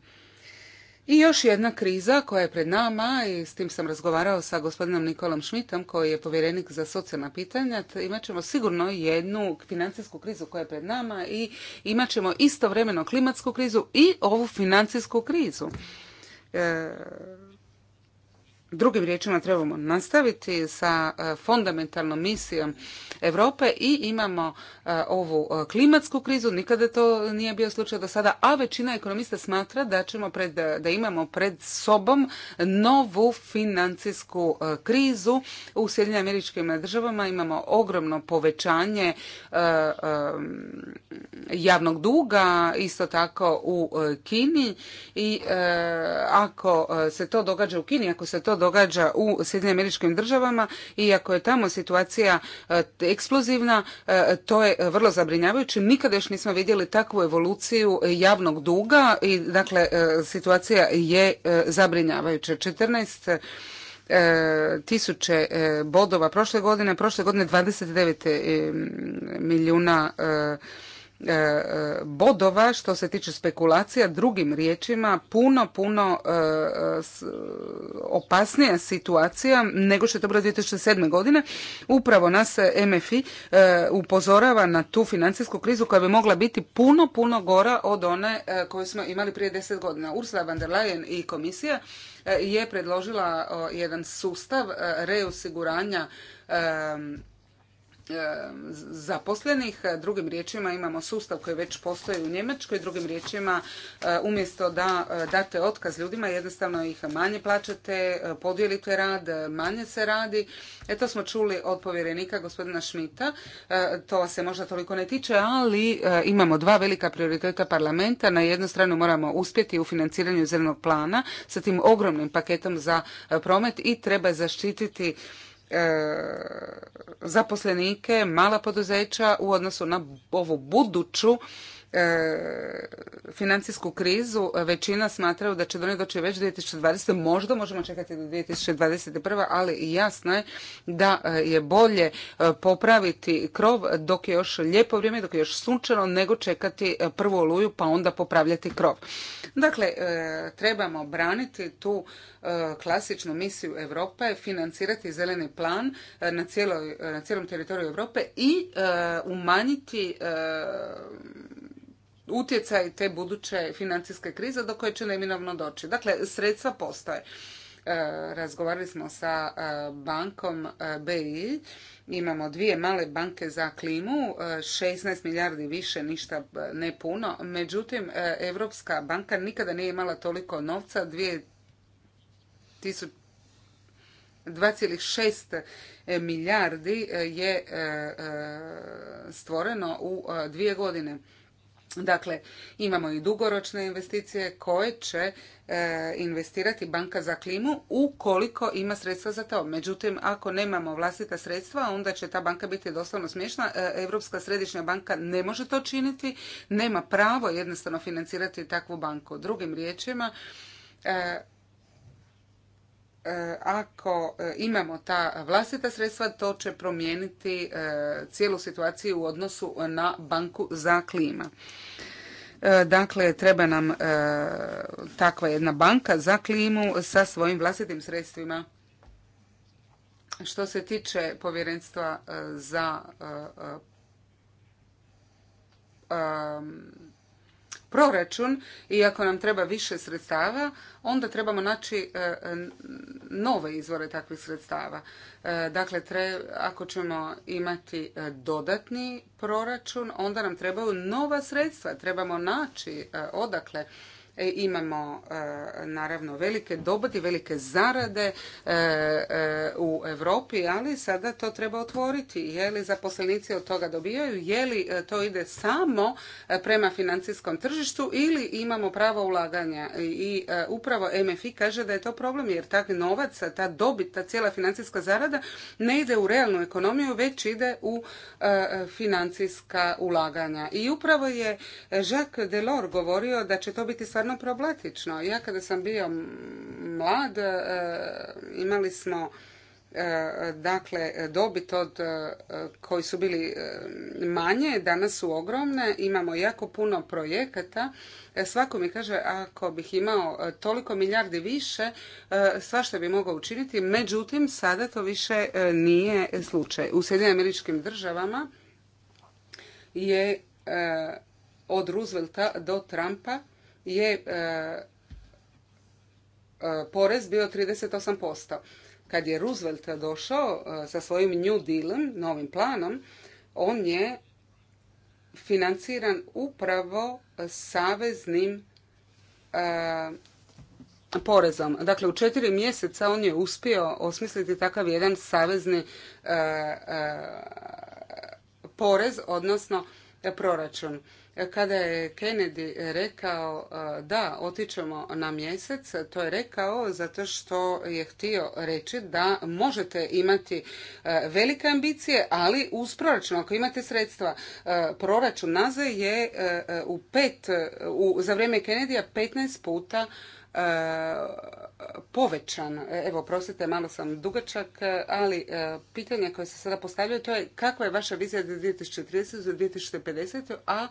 I još jedna kriza koja je pred nama i s tim sam razgovarao sa gospodinom Nikolom Šmitom koji je povjerenik za socijalna pitanja. Imat ćemo sigurno jednu financijsku krizu koja je pred nama i imat ćemo istovremeno klimatsku krizu i ovu financijsku krizu. E, Drugim riječima trebamo nastaviti sa e, fundamentalnom misijom Europe i imamo e, ovu e, klimatsku krizu, nikada to nije bio slučaj do sada, a većina ekonomista smatra da ćemo pred, da imamo pred sobom novu financijsku krizu. U Sjedinjenim američkim državama imamo ogromno povećanje javnog duga, isto tako u Kini i ako se to događa u Kini, ako se to događa u Sjedinim američkim državama i ako je tamo situacija e, eksplozivna, e, to je vrlo zabrinjavajuće. Nikada još nismo vidjeli takvu evoluciju javnog duga i dakle e, situacija je zabrinjavajuća. 14 tisuće bodova prošle godine, prošle godine 29 milijuna E, bodova što se tiče spekulacija, drugim riječima puno, puno e, opasnija situacija nego što je to bilo 2007. godine. Upravo nas MFI e, upozorava na tu financijsku krizu koja bi mogla biti puno, puno gora od one koju smo imali prije deset godina. Ursula van der Leyen i komisija je predložila jedan sustav reosiguranja E, zaposlenih. Drugim riječima imamo sustav koji već postoji u Njemačkoj. Drugim riječima e, umjesto da e, date otkaz ljudima jednostavno ih manje plaćate, podijelite rad, manje se radi. Eto smo čuli od povjerenika gospodina Šmita. To se možda toliko ne tiče, ali imamo dva velika prioriteta parlamenta. Na jednu stranu moramo uspjeti u financiranju zelenog plana sa tim ogromnim paketom za promet i treba zaštititi E, zaposlenike, mala poduzeća u odnosu na ovu buduću E, financijsku krizu većina smatraju da će do nje doći već 2020. Možda možemo čekati do 2021. ali jasno je da e, je bolje e, popraviti krov dok je još lijepo vrijeme, dok je još sunčano, nego čekati prvu oluju pa onda popravljati krov. Dakle, trebamo braniti tu klasičnu misiju Europe, financirati zeleni plan na, na cijelom teritoriju Europe i umanjiti utjecaj te buduće financijske krize do koje će neminovno doći. Dakle, sredstva postoje. E, razgovarali smo sa e, bankom e, BI, imamo dvije male banke za klimu, 16 milijardi više, ništa ne puno. Međutim, Europska banka nikada nije imala toliko novca, 2,6 milijardi je stvoreno u dvije godine. Dakle, imamo i dugoročne investicije koje će e, investirati banka za klimu ukoliko ima sredstva za to. Međutim, ako nemamo vlastita sredstva, onda će ta banka biti doslovno smiješna. E, Europska središnja banka ne može to činiti, nema pravo jednostavno financirati takvu banku. Drugim riječima, e, E, ako e, imamo ta vlastita sredstva, to će promijeniti e, cijelu situaciju u odnosu na banku za klima. Dakle, treba nam takva jedna banka za klimu sa svojim vlastitim sredstvima. Što se tiče povjerenstva za proračun i ako nam treba više sredstava, onda trebamo naći e, nove izvore takvih sredstava. E, dakle, ako ćemo imati e, dodatni proračun, onda nam trebaju nova sredstva. Trebamo naći odakle E, imamo e, naravno velike dobiti, velike zarade e, u Europi, ali sada to treba otvoriti. Je li zaposlenici od toga dobijaju, je li to ide samo prema financijskom tržištu ili imamo pravo ulaganja i upravo MFI kaže da je to problem jer takvi novac, ta dobit, ta cijela financijska zarada ne ide u realnu ekonomiju već ide u financijska ulaganja. I upravo je Jacques Delors govorio da će to biti stvar stvarno problematično. Ja kada sam bio mlad, e, imali smo e, dakle dobit od e, koji su bili manje, danas su ogromne, imamo jako puno projekata. Svako mi kaže ako bih imao toliko milijardi više, svašta bi mogao učiniti, međutim sada to više nije slučaj. U Sjedinim američkim državama je od Roosevelta do Trumpa je e, e, porez bio 38%. Kad je Roosevelt došao e, sa svojim New Dealom, novim planom, on je financiran upravo saveznim porezom. Dakle, u četiri mjeseca on je uspio osmisliti takav jedan savezni porez, odnosno proračun. Kada je Kennedy rekao e, da otičemo na mjesec, to je rekao zato što je htio reći da možete imati e, velike ambicije, ali uz proračun, ako imate sredstva. E, proračun NAZE je u pet, u, za vrijeme Kennedyja 15 puta povećan. Evo, prosite, malo sam dugačak, ali pitanje koje se sada postavljaju to je kakva je vaša vizija za 2030. za 2050. a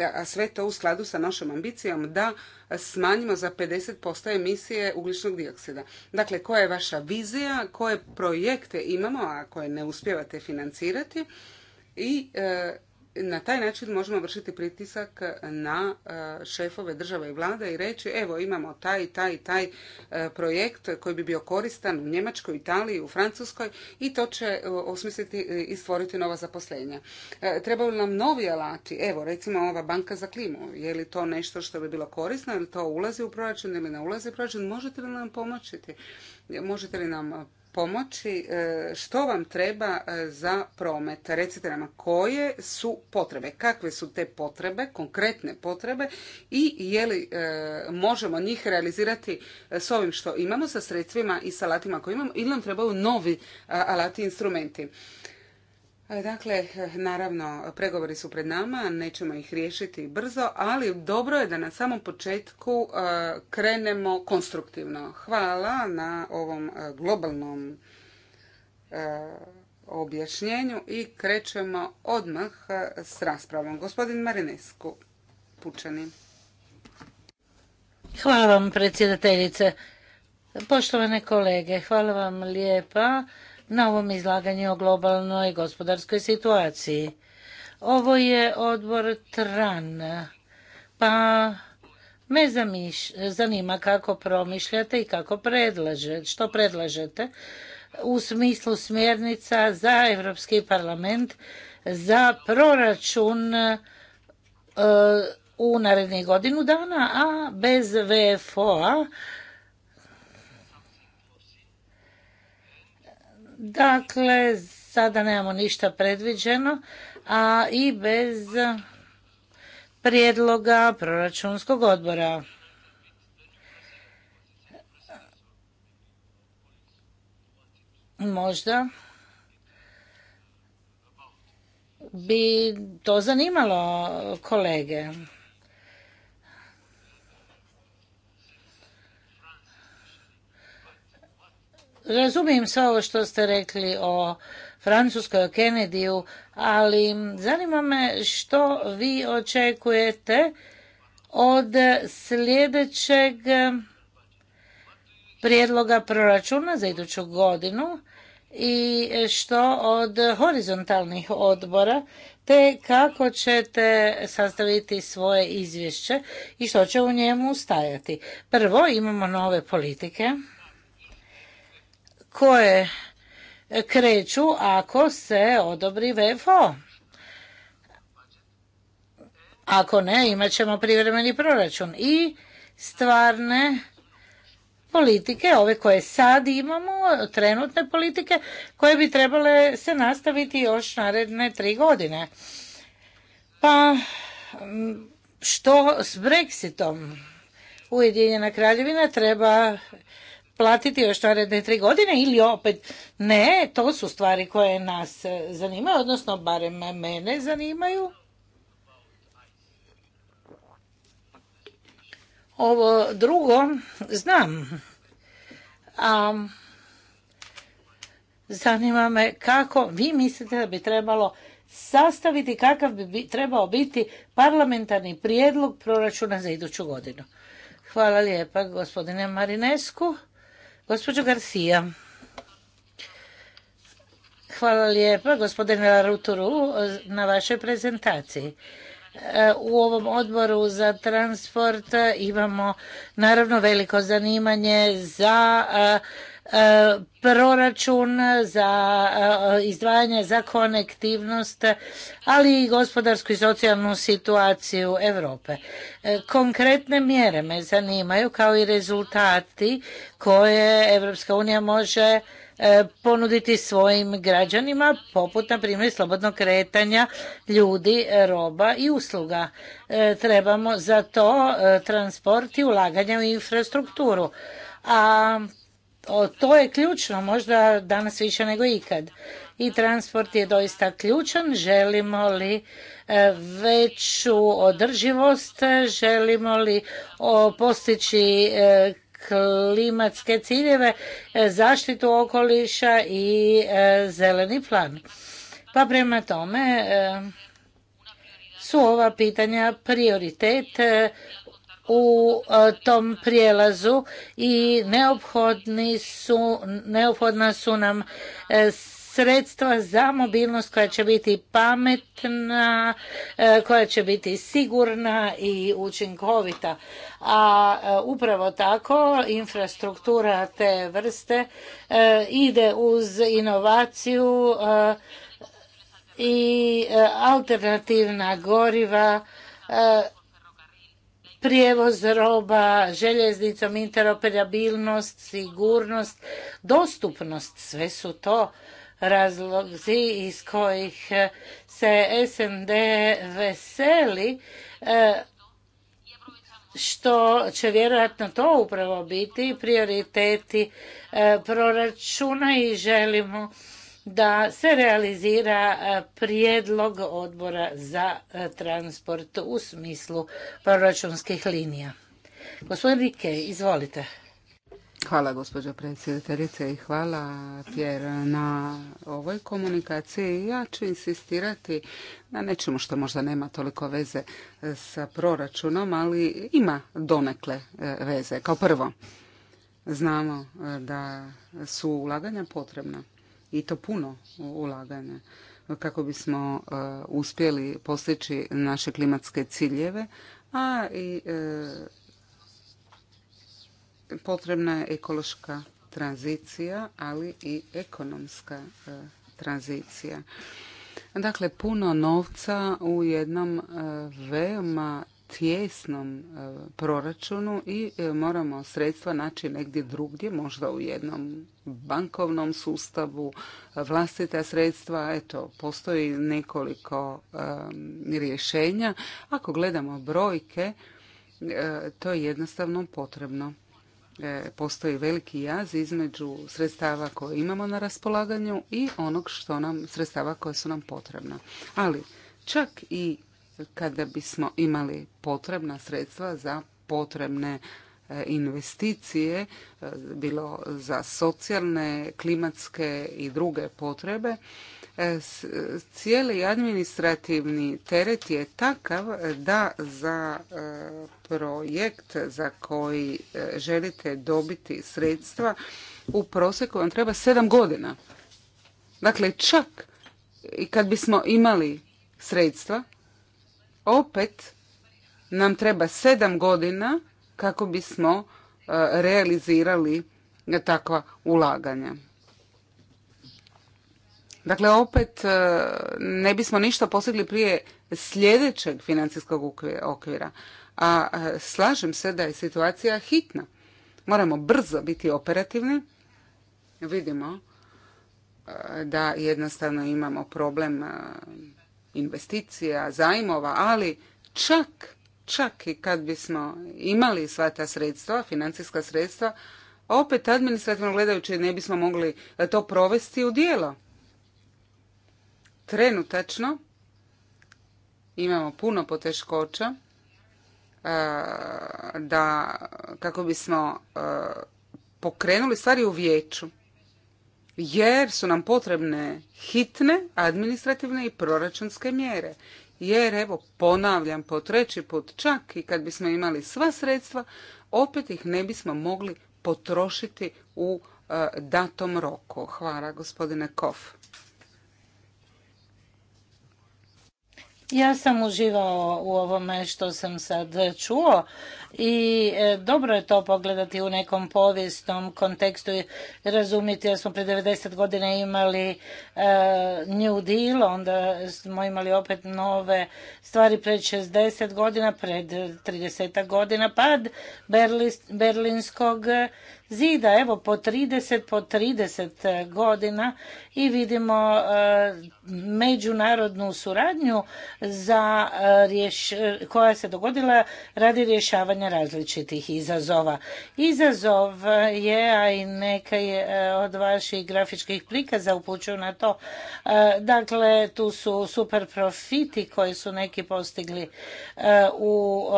a sve to u skladu sa našom ambicijom da smanjimo za 50% emisije ugljičnog dioksida. Dakle, koja je vaša vizija, koje projekte imamo, a koje ne uspijevate financirati i e, na taj način možemo vršiti pritisak na e, šefove države i vlade i reći evo imamo taj, taj, taj e, projekt koji bi bio koristan u Njemačkoj, Italiji, u Francuskoj i to će e, osmisliti i stvoriti nova zaposlenja. Trebaju li nam novi alati? Evo recimo ova banka za klimu. Je li to nešto što bi bilo korisno? Je li to ulazi u proračun ili ne ulazi u proračun? Možete li nam pomoći? Možete li nam pomoći e, što vam treba e, za promet. Recite nam koje su potrebe, kakve su te potrebe, konkretne potrebe i je li e, možemo njih realizirati s ovim što imamo, sa sredstvima i sa alatima koje imamo ili nam trebaju novi alati i instrumenti. E, dakle, naravno, pregovori su pred nama, nećemo ih riješiti brzo, ali dobro je da na samom početku e, krenemo konstruktivno. Hvala na ovom e, globalnom objašnjenju i krećemo odmah s raspravom. Gospodin Marinescu, Pučani. Hvala vam, predsjedateljice. Poštovane kolege, hvala vam lijepa na ovom izlaganju o globalnoj gospodarskoj situaciji. Ovo je odbor TRAN, pa me zanima kako promišljate i kako predlažete, što predlažete u smislu smjernica za Europski parlament za proračun e, u narednih godinu dana, a bez VFO-a Dakle, sada nemamo ništa predviđeno, a i bez prijedloga proračunskog odbora. Možda bi to zanimalo kolege. Razumijem sve ovo što ste rekli o Francuskoj, o Kennedyju, ali zanima me što vi očekujete od sljedećeg prijedloga proračuna za iduću godinu i što od horizontalnih odbora, te kako ćete sastaviti svoje izvješće i što će u njemu stajati. Prvo imamo nove politike koje kreću ako se odobri VFO. Ako ne, imat ćemo privremeni proračun. I stvarne politike, ove koje sad imamo, trenutne politike, koje bi trebale se nastaviti još naredne tri godine. Pa, što s Brexitom? Ujedinjena kraljevina treba platiti još naredne tri godine ili opet ne, to su stvari koje nas eh, zanimaju, odnosno barem mene zanimaju. Ovo drugo znam. A, zanima me kako vi mislite da bi trebalo sastaviti kakav bi trebao biti parlamentarni prijedlog proračuna za iduću godinu. Hvala lijepa gospodine Marinesku. Gospođo Garcia, hvala lijepa gospodine Ruturu na vašoj prezentaciji e, u ovom odboru za transport imamo naravno veliko zanimanje za e, proračun za eh, izdvajanje za konektivnost, ali i gospodarsku i socijalnu situaciju Europe. Eh, konkretne mjere me zanimaju kao i rezultati koje Europska unija može eh, ponuditi svojim građanima, poput na primjer slobodnog kretanja ljudi, roba i usluga. Trebamo za to transport i ulaganje u infrastrukturu. A o, to je ključno, možda danas više nego ikad. I transport je doista ključan, želimo li e, veću održivost, želimo li postići e, klimatske ciljeve, e, zaštitu okoliša i zeleni plan. Pa prema tome su ova pitanja prioritet u e, tom prijelazu i su, neophodna su nam e, sredstva za mobilnost koja će biti pametna, e, koja će biti sigurna i učinkovita. A upravo tako infrastruktura te vrste ide uz inovaciju i alternativna goriva prijevoz roba, željeznicom, interoperabilnost, sigurnost, dostupnost, sve su to razlozi iz kojih se SND veseli e, što će vjerojatno to upravo biti prioriteti e, proračuna i želimo da se realizira e, prijedlog odbora za e, transport u smislu proračunskih linija. Gospodin Rike, izvolite. Hvala gospođo predsjedateljice i hvala Pjer na ovoj komunikaciji. Ja ću insistirati na nečemu što možda nema toliko veze e, sa proračunom, ali ima donekle veze. Kao prvo, znamo da su ulaganja potrebna i to puno ulaganja kako bismo e, uspjeli postići naše klimatske ciljeve, a i e, potrebna je ekološka tranzicija, ali i ekonomska e, tranzicija. Dakle, puno novca u jednom veoma tjesnom e, proračunu i e, moramo sredstva naći negdje drugdje, možda u jednom bankovnom sustavu, vlastita sredstva, eto, postoji nekoliko e, rješenja. Ako gledamo brojke, to je jednostavno potrebno. Postoji veliki jaz između sredstava koje imamo na raspolaganju i onog što nam, sredstava koje su nam potrebna. Ali čak i kada bismo imali potrebna sredstva za potrebne e, investicije, e, bilo za socijalne, klimatske i druge potrebe, e, cijeli administrativni teret je takav da za projekt za koji želite dobiti sredstva u proseku vam treba sedam godina. Dakle, čak i kad bismo imali sredstva, opet nam treba sedam godina kako bismo e, realizirali takva ulaganja. Dakle, opet e, ne bismo ništa postigli prije sljedećeg financijskog okvira. A e, slažem se da je situacija hitna. Moramo brzo biti operativni. Vidimo da jednostavno imamo problem investicija, zajmova, ali čak, čak i kad bismo imali sva ta sredstva, financijska sredstva, opet administrativno gledajući ne bismo mogli to provesti u djelo. Trenutačno imamo puno poteškoća da kako bismo pokrenuli stvari u vijeću jer su nam potrebne hitne administrativne i proračunske mjere. Jer, evo, ponavljam po treći put, čak i kad bismo imali sva sredstva, opet ih ne bismo mogli potrošiti u e, datom roku. Hvala, gospodine Kof. Ja sam uživao u ovome što sam sad čuo i e, dobro je to pogledati u nekom povijesnom kontekstu i razumjeti jer smo pre 90 godina imali e, New Deal, onda smo imali opet nove stvari pred 60 godina, pred 30 godina, pad Berlinskog zida, evo po 30, po 30 godina i vidimo e, međunarodnu suradnju za, rješ, koja se dogodila radi rješavanja različitih izazova. Izazov je, a i neka e, od vaših grafičkih prikaza upućuju na to. E, dakle, tu su super profiti koji su neki postigli e, u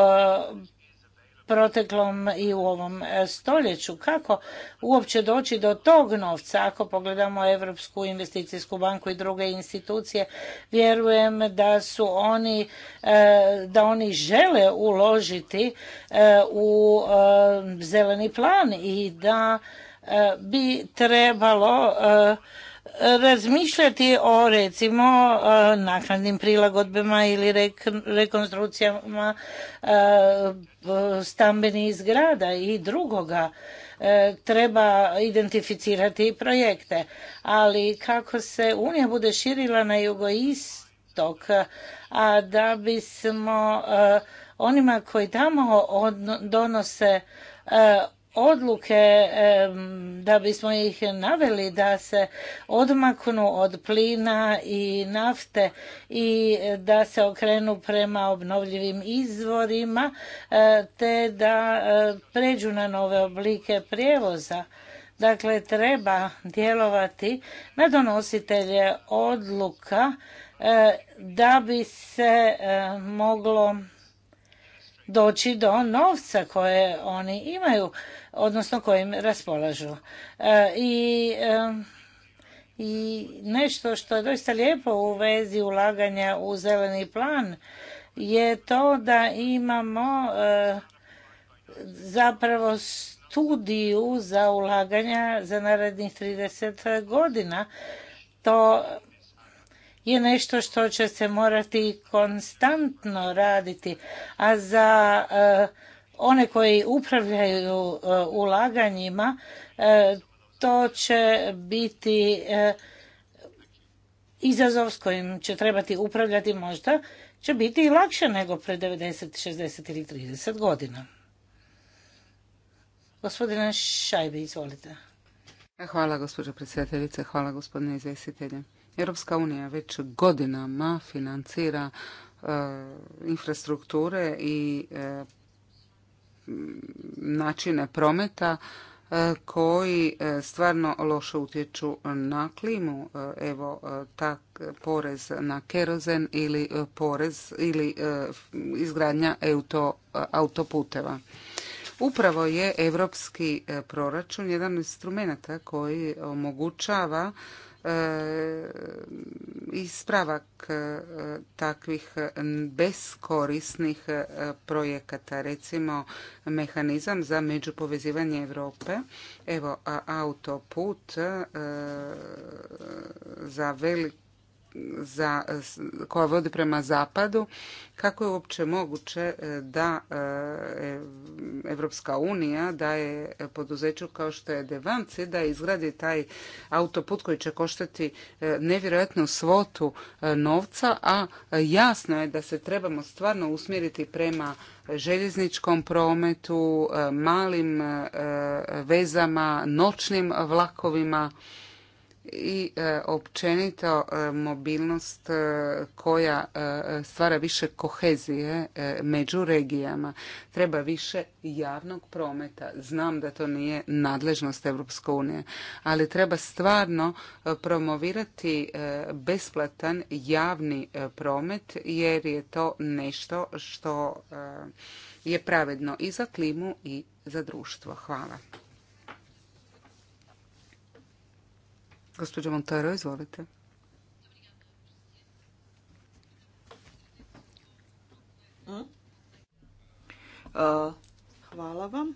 proteklom i u ovom e, stoljeću. Kako uopće doći do tog novca ako pogledamo Europsku investicijsku banku i druge institucije? Vjerujem da su oni, e, da oni žele uložiti e, u zeleni plan i da bi trebalo razmišljati o recimo e, naknadnim prilagodbama ili rekonstrukcijama e, stambenih zgrada i drugoga e, treba identificirati projekte ali kako se unija bude širila na jugoistok a da bismo onima koji tamo donose odluke da bismo ih naveli da se odmaknu od plina i nafte i da se okrenu prema obnovljivim izvorima e, te da e, pređu na nove oblike prijevoza. Dakle, treba djelovati na donositelje odluka e, da bi se moglo doći do novca koje oni imaju odnosno kojim raspolažu. E, I e, i nešto što je doista lijepo u vezi ulaganja u zeleni plan je to da imamo e, zapravo studiju za ulaganja za narednih 30 godina. To je nešto što će se morati konstantno raditi. A za one koji upravljaju e, ulaganjima, e, to će biti e, izazov s kojim će trebati upravljati možda će biti i lakše nego pre 90, 60 ili 30 godina. Gospodine Šajbi, izvolite. Hvala gospođo predsjedateljice, hvala gospodine izvjestitelje. Europska unija već godinama financira infrastrukture i načine prometa e, koji e, stvarno loše utječu na klimu. E, evo, tak porez na kerozen ili porez ili izgradnja auto, autoputeva. Upravo je europski proračun jedan od instrumenta koji omogućava E, ispravak e, takvih beskorisnih e, projekata, recimo mehanizam za međupovezivanje Europe. Evo, autoput za velik za, koja vodi prema zapadu, kako je uopće moguće e, da e, Evropska unija daje poduzeću kao što je Devanci da izgradi taj autoput koji će koštati e, nevjerojatnu svotu novca, a jasno je da se trebamo stvarno usmjeriti prema željezničkom prometu, malim vezama, noćnim vlakovima i e, općenito e, mobilnost e, koja stvara više kohezije među regijama. Treba više javnog prometa. Znam da to nije nadležnost Europske unije, ali treba stvarno promovirati besplatan javni promet jer je to nešto što je pravedno i za klimu i za društvo. Hvala. Gospođo Montero, izvolite. Hvala vam.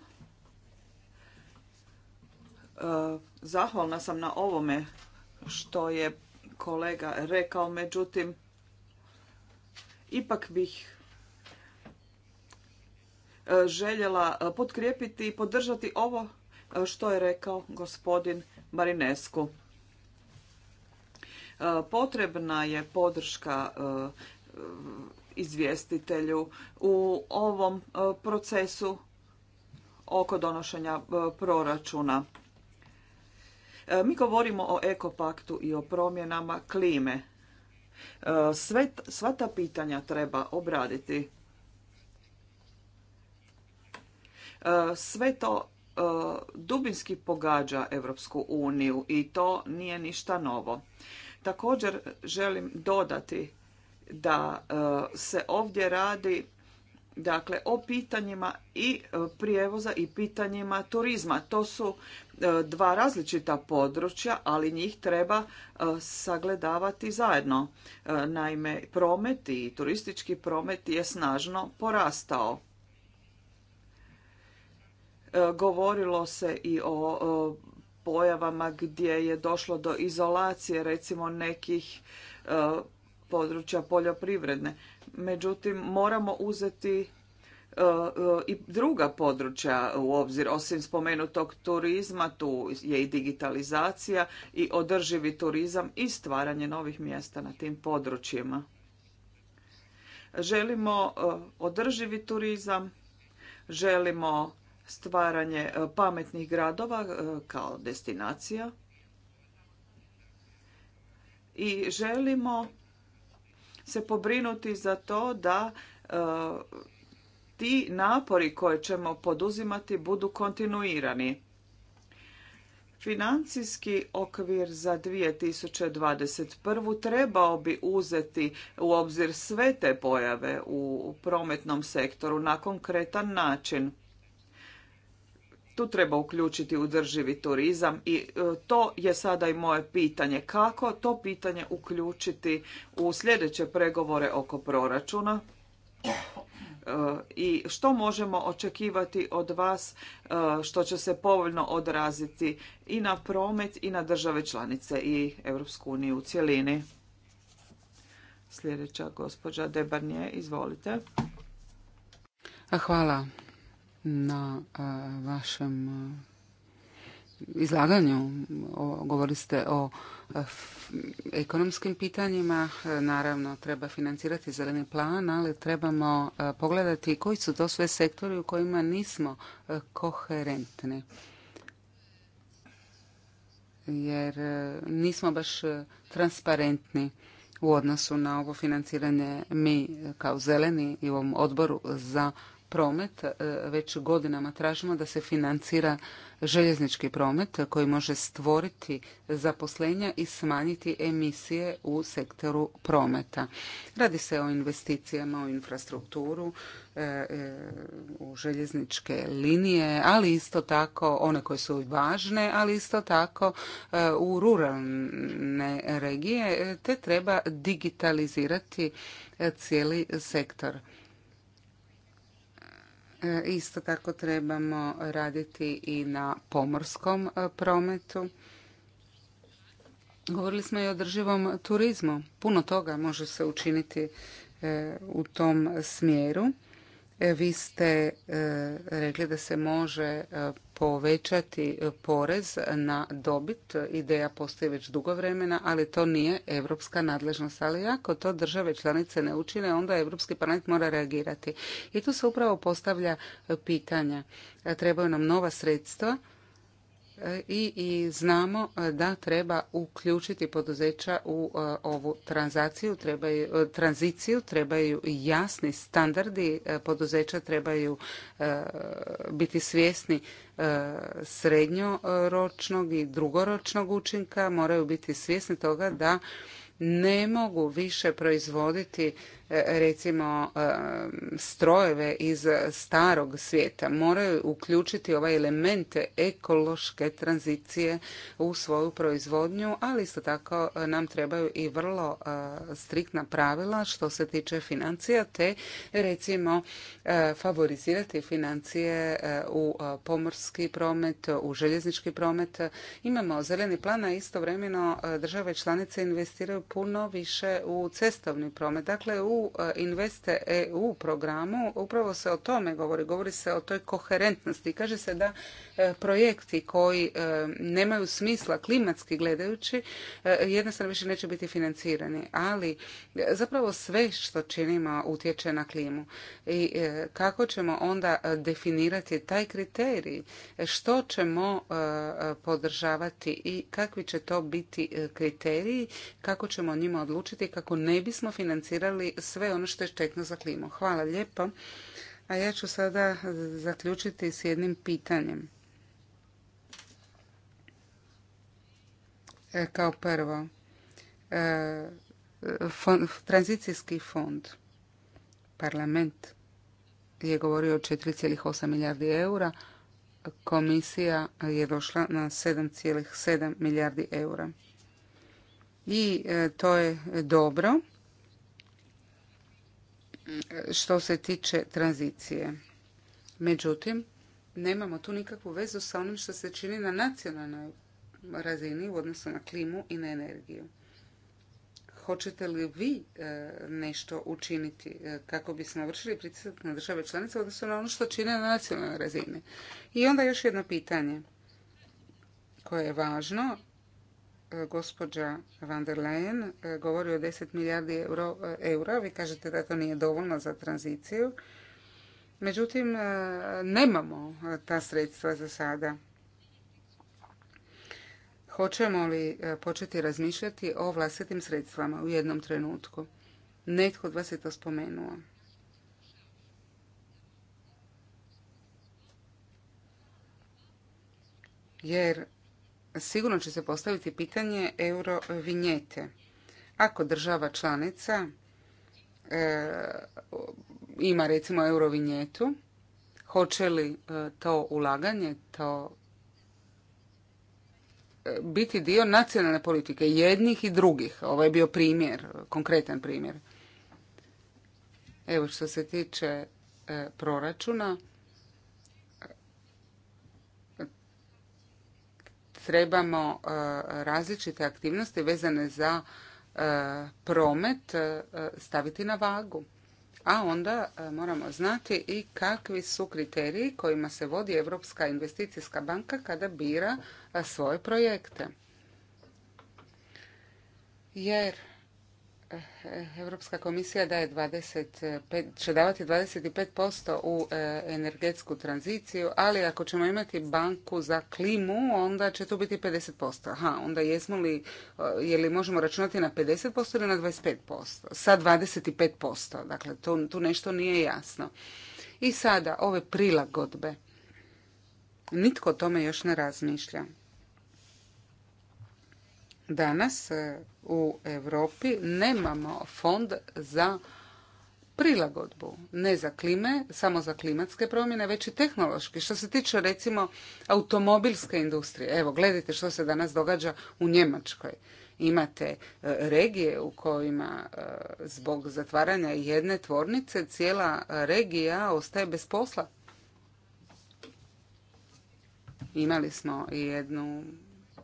Zahvalna sam na ovome što je kolega rekao, međutim, ipak bih e, željela e, potkrijepiti i podržati ovo e, što je rekao gospodin Marinesku. Potrebna je podrška e, izvjestitelju u ovom e, procesu oko donošenja e, proračuna. Mi govorimo o ekopaktu i o promjenama klime. Sve, sva ta pitanja treba obraditi. Sve to dubinski pogađa Europsku uniju i to nije ništa novo. Također želim dodati da e, se ovdje radi dakle o pitanjima i e, prijevoza i pitanjima turizma. To su e, dva različita područja, ali njih treba sagledavati zajedno. Naime, promet i turistički promet je snažno porastao. Govorilo se i o pojavama gdje je došlo do izolacije recimo nekih e, područja poljoprivredne. Međutim, moramo uzeti e, e, i druga područja u obzir. Osim spomenutog turizma, tu je i digitalizacija i održivi turizam i stvaranje novih mjesta na tim područjima. Želimo održivi turizam, želimo stvaranje e, pametnih gradova e, kao destinacija i želimo se pobrinuti za to da e, ti napori koje ćemo poduzimati budu kontinuirani. Financijski okvir za 2021. trebao bi uzeti u obzir sve te pojave u prometnom sektoru na konkretan način tu treba uključiti udrživi turizam i e, to je sada i moje pitanje. Kako to pitanje uključiti u sljedeće pregovore oko proračuna? E, I što možemo očekivati od vas e, što će se povoljno odraziti i na promet i na države članice i Europsku uniju u cjelini? Sljedeća gospođa Debarnije, izvolite. Hvala na vašem izlaganju. Govorili ste o ekonomskim pitanjima. E, naravno, treba financirati zeleni plan, ali trebamo pogledati koji su to sve sektori u kojima nismo koherentni. Jer e, nismo baš e, transparentni u odnosu na ovo financiranje mi kao zeleni i u ovom odboru za promet. E, već godinama tražimo da se financira željeznički promet koji može stvoriti zaposlenja i smanjiti emisije u sektoru prometa. Radi se o investicijama u infrastrukturu, e, e, u željezničke linije, ali isto tako one koje su važne, ali isto tako u ruralne regije, te treba digitalizirati cijeli sektor E, isto tako trebamo raditi i na pomorskom e, prometu. Govorili smo i o drživom turizmu. Puno toga može se učiniti e, u tom smjeru. E, vi ste e, rekli da se može e, povećati porez na dobit. Ideja postoji već dugo vremena, ali to nije evropska nadležnost. Ali ako to države članice ne učine, onda Evropski parlament mora reagirati. I tu se upravo postavlja pitanja. Trebaju nam nova sredstva i, i znamo e, da treba uključiti poduzeća u e, ovu tranzaciju, trebaju, tranziciju, trebaju e, jasni standardi, poduzeća trebaju biti svjesni srednjoročnog i drugoročnog učinka, moraju biti svjesni toga da ne mogu više proizvoditi recimo e, strojeve iz starog svijeta moraju uključiti ovaj element ekološke tranzicije u svoju proizvodnju, ali isto tako e, nam trebaju i vrlo e, striktna pravila što se tiče financija te recimo favorizirati financije u pomorski promet, u željeznički promet. Imamo zeleni plan, a istovremeno države članice investiraju puno više u cestovni promet. Dakle, u E, e u EU programu upravo se o tome govori. Govori se o toj koherentnosti. Kaže se da e, projekti koji nemaju smisla klimatski gledajući jednostavno više neće biti financirani. Ali zapravo sve što činimo utječe na klimu. I kako ćemo onda definirati taj kriterij? Što ćemo podržavati i kakvi će to biti kriteriji? Kako ćemo o njima odlučiti kako ne bismo financirali sve ono što je štetno za klimu. Hvala lijepo. A ja ću sada zaključiti s jednim pitanjem. E, kao prvo, e, tranzicijski fond, parlament je govorio o 4,8 milijardi eura, komisija je došla na 7,7 milijardi eura. I e, to je dobro što se tiče tranzicije. Međutim, nemamo tu nikakvu vezu sa onim što se čini na nacionalnoj razini u odnosu na klimu i na energiju. Hoćete li vi e, nešto učiniti e, kako bismo vršili pritisak na države članice odnosu na ono što čine na nacionalnoj razini? I onda još jedno pitanje koje je važno gospođa van der Leyen e, govori o 10 milijardi e, eura. Vi kažete da to nije dovoljno za tranziciju. Međutim, e, nemamo ta sredstva za sada. Hoćemo li početi razmišljati o vlastitim sredstvama u jednom trenutku? Netko od vas je to spomenuo. Jer sigurno će se postaviti pitanje eurovinjete. Ako država članica e, ima recimo eurovinjetu, hoće li e, to ulaganje, to e, biti dio nacionalne politike jednih i drugih. Ovo je bio primjer, konkretan primjer. Evo što se tiče proračuna, trebamo e, različite aktivnosti vezane za e, promet e, staviti na vagu. A onda moramo znati i kakvi su kriteriji kojima se vodi Europska investicijska banka kada bira svoje projekte. Jer Europska komisija daje 25, će davati 25% u e, energetsku tranziciju, ali ako ćemo imati banku za klimu, onda će to biti 50%. Aha, onda jesmo li, e, je li možemo računati na 50% ili na 25%? Sa 25%, dakle tu, tu nešto nije jasno. I sada ove prilagodbe. Nitko o tome još ne razmišlja danas e, u Europi nemamo fond za prilagodbu, ne za klime, samo za klimatske promjene, već i tehnološki. Što se tiče recimo automobilske industrije, evo gledajte što se danas događa u Njemačkoj. Imate e, regije u kojima e, zbog zatvaranja jedne tvornice cijela regija ostaje bez posla. Imali smo jednu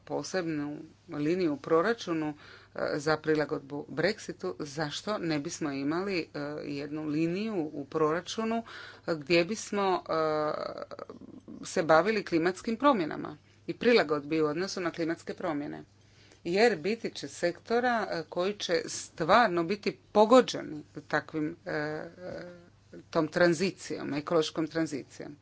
posebnu liniju u proračunu e, za prilagodbu Brexitu, zašto ne bismo imali e, jednu liniju u proračunu e, gdje bismo se bavili klimatskim promjenama i prilagodbi u odnosu na klimatske promjene. Jer biti će sektora koji će stvarno biti pogođeni takvim tom tranzicijom, ekološkom tranzicijom.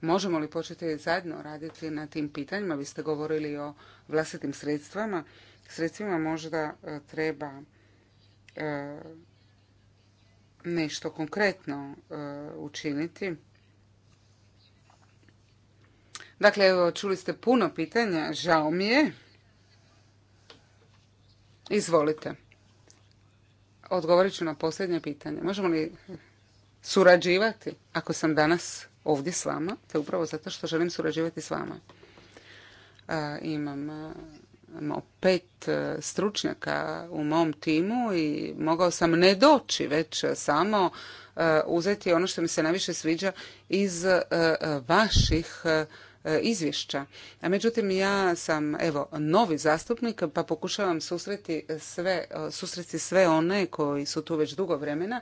Možemo li početi zajedno raditi na tim pitanjima? Vi ste govorili o vlastitim sredstvama. Sredstvima možda e, treba e, nešto konkretno e, učiniti. Dakle, evo, čuli ste puno pitanja. Žao mi je. Izvolite. Odgovorit ću na posljednje pitanje. Možemo li surađivati ako sam danas ovdje s vama, te upravo zato što želim surađivati s vama. Imam pet stručnjaka u mom timu i mogao sam ne doći već samo uzeti ono što mi se najviše sviđa iz vaših izvješća. A međutim, ja sam evo novi zastupnik pa pokušavam susreti sve, susreti sve one koji su tu već dugo vremena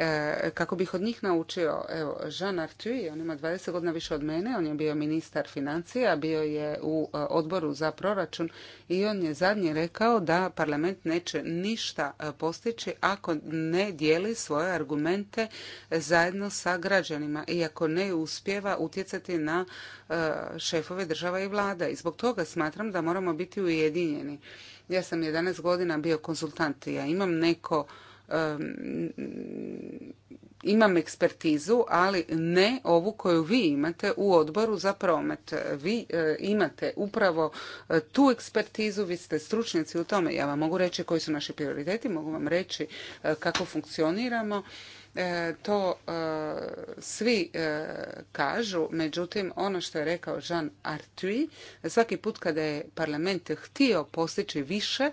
E, kako bih od njih naučio, evo, Jean Arthuis, on ima 20 godina više od mene, on je bio ministar financija, bio je u e, odboru za proračun i on je zadnji rekao da parlament neće ništa e, postići ako ne dijeli svoje argumente zajedno sa građanima i ako ne uspjeva utjecati na šefove država i vlada. I zbog toga smatram da moramo biti ujedinjeni. Ja sam 11 godina bio konzultant i ja imam neko imam ekspertizu, ali ne ovu koju vi imate u odboru za promet. Vi e, imate upravo e, tu ekspertizu, vi ste stručnjaci u tome. Ja vam mogu reći koji su naši prioriteti, mogu vam reći e, kako funkcioniramo. To svi kažu, međutim ono što je rekao Jean Artui, svaki put kada je parlament htio postići više,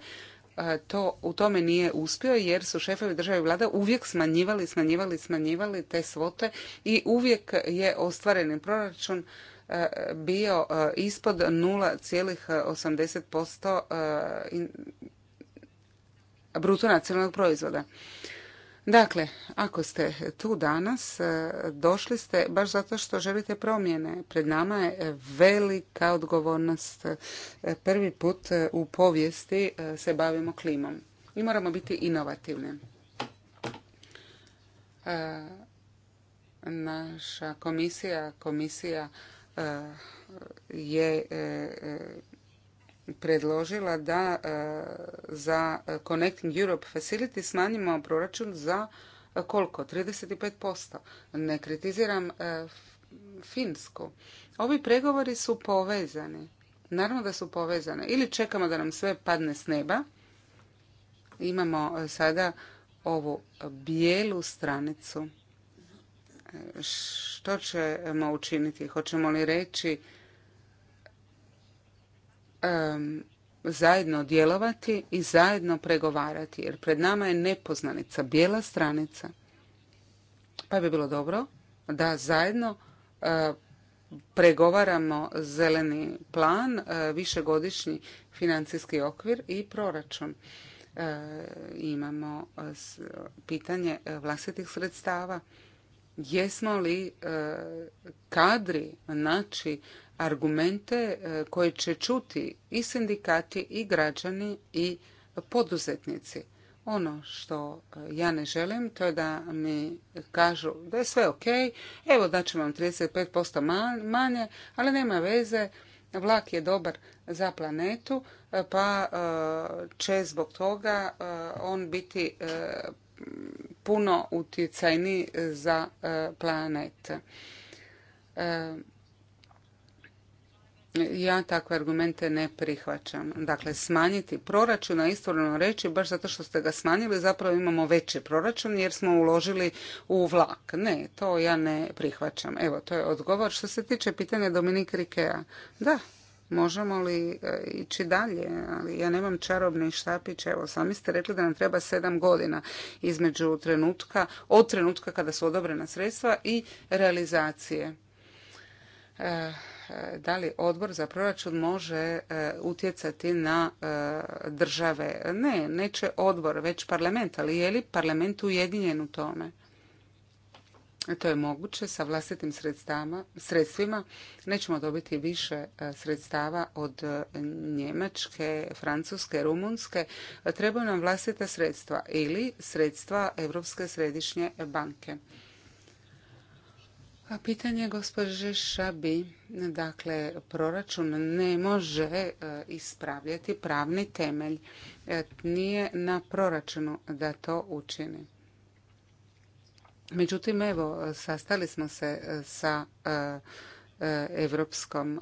E, to u tome nije uspio jer su šefovi države i vlada uvijek smanjivali, smanjivali, smanjivali te svote i uvijek je ostvareni proračun e, bio e, ispod 0,80% bruto nacionalnog proizvoda. Dakle, ako ste tu danas, e, došli ste baš zato što želite promjene. Pred nama je velika odgovornost. E, prvi put e, u povijesti se bavimo klimom i moramo biti inovativni. Naša komisija, komisija je predložila da eh, za Connecting Europe Facility smanjimo proračun za eh, koliko? 35%. Ne kritiziram eh, Finsku. Ovi pregovori su povezani. Naravno da su povezane. Ili čekamo da nam sve padne s neba. Imamo sada ovu bijelu stranicu. Što ćemo učiniti? Hoćemo li reći zajedno djelovati i zajedno pregovarati jer pred nama je nepoznanica, bijela stranica. Pa bi bilo dobro da zajedno e, pregovaramo zeleni plan, e, višegodišnji financijski okvir i proračun. E, imamo pitanje vlastitih sredstava. Jesmo li kadri naći argumente e, koje će čuti i sindikati i građani i poduzetnici. Ono što e, ja ne želim, to je da mi kažu da je sve ok, evo da ćemo vam 35% manje, ali nema veze, vlak je dobar za planetu, e, pa će zbog toga on biti puno utjecajni za planet ja takve argumente ne prihvaćam. Dakle, smanjiti proračun, a istovremeno reći, baš zato što ste ga smanjili, zapravo imamo veći proračun jer smo uložili u vlak. Ne, to ja ne prihvaćam. Evo, to je odgovor. Što se tiče pitanja Dominika Rikea, da, možemo li e, ići dalje, ali ja nemam čarobni štapić, evo sami ste rekli da nam treba sedam godina između trenutka, od trenutka kada su odobrena sredstva i realizacije. E, da li odbor za proračun može e, utjecati na e, države. Ne, neće odbor, već parlament, ali je li parlament ujedinjen u tome? To je moguće sa vlastitim sredstvima. Nećemo dobiti više e, sredstava od Njemačke, Francuske, Rumunske. Trebaju nam vlastita sredstva ili sredstva Europske središnje banke pitanje gospođe Šabi, dakle proračun ne može e, ispravljati pravni temelj. E, nije na proračunu da to učini. Međutim, evo, sastali smo se e, sa Europskom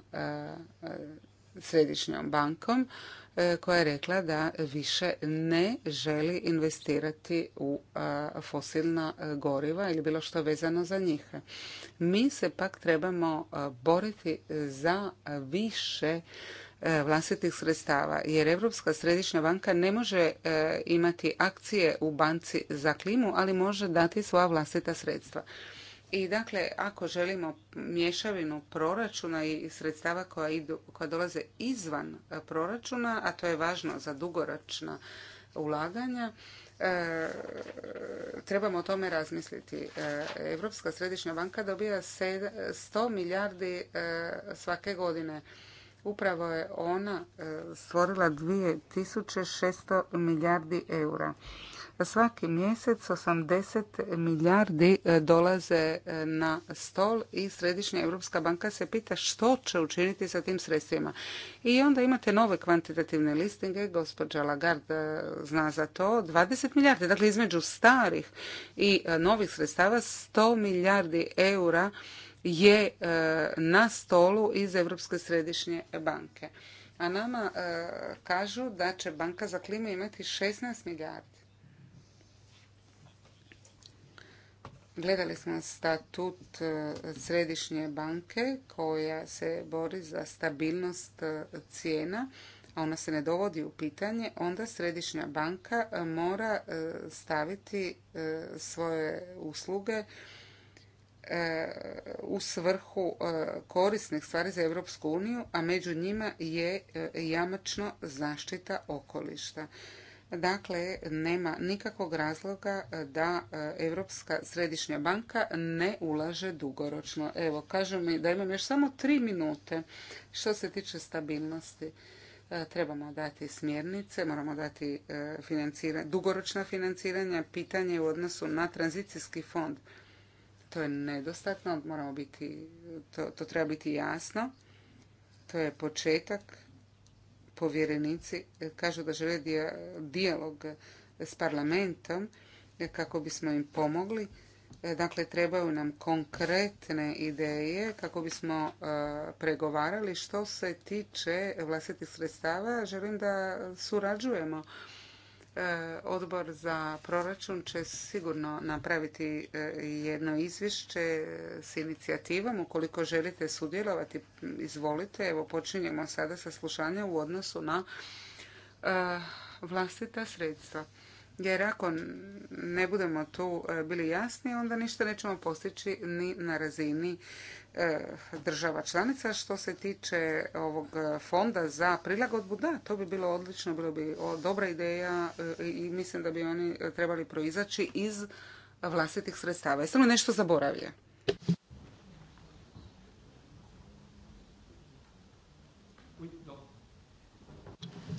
središnjom bankom E, koja je rekla da više ne želi investirati u fosilna e, goriva ili bilo što vezano za njih. Mi se pak trebamo boriti za više e, vlastitih sredstava jer Europska središnja banka ne može imati akcije u banci za klimu, ali može dati svoja vlastita sredstva. I dakle, ako želimo mješavinu proračuna i sredstava koja, idu, koja dolaze izvan e, proračuna, a to je važno za dugoročna ulaganja, e, trebamo o tome razmisliti. E, Europska središnja banka dobija 100 milijardi svake godine. Upravo je ona stvorila 2600 milijardi eura. Svaki mjesec 80 milijardi e, dolaze e, na stol i Središnja Europska banka se pita što će učiniti sa tim sredstvima. I onda imate nove kvantitativne listinge, gospođa Lagarde e, zna za to, 20 milijardi, dakle između starih i novih sredstava 100 milijardi eura je na stolu iz Europske središnje banke. A nama kažu da će banka za klimu imati 16 milijardi. Gledali smo statut e, središnje banke koja se bori za stabilnost e, cijena, a ona se ne dovodi u pitanje, onda središnja banka e, mora staviti svoje usluge u svrhu korisnih stvari za Europsku uniju, a među njima je jamačno zaštita okolišta. Dakle, nema nikakvog razloga da e, Europska središnja banka ne ulaže dugoročno. Evo, kažem mi da imam još samo tri minute što se tiče stabilnosti. E, trebamo dati smjernice, moramo dati e, dugoročna financiranja, pitanje u odnosu na tranzicijski fond. To je nedostatno, to treba biti jasno. To je početak povjerenici e, kažu da žele dijalog s parlamentom e, kako bismo im pomogli. E, dakle, trebaju nam konkretne ideje kako bismo pregovarali. Što se tiče vlastitih sredstava, želim da surađujemo E, odbor za proračun će sigurno napraviti e, jedno izvješće s inicijativom. Ukoliko želite sudjelovati, izvolite. Evo, počinjemo sada sa slušanjem u odnosu na e, vlastita sredstva. Jer ako ne budemo tu bili jasni, onda ništa nećemo postići ni na razini Eh, država članica. Što se tiče ovog eh, fonda za prilagodbu, da, to bi bilo odlično, bilo bi dobra ideja eh, i mislim da bi oni trebali proizaći iz vlastitih sredstava. Jesam li nešto zaboravio?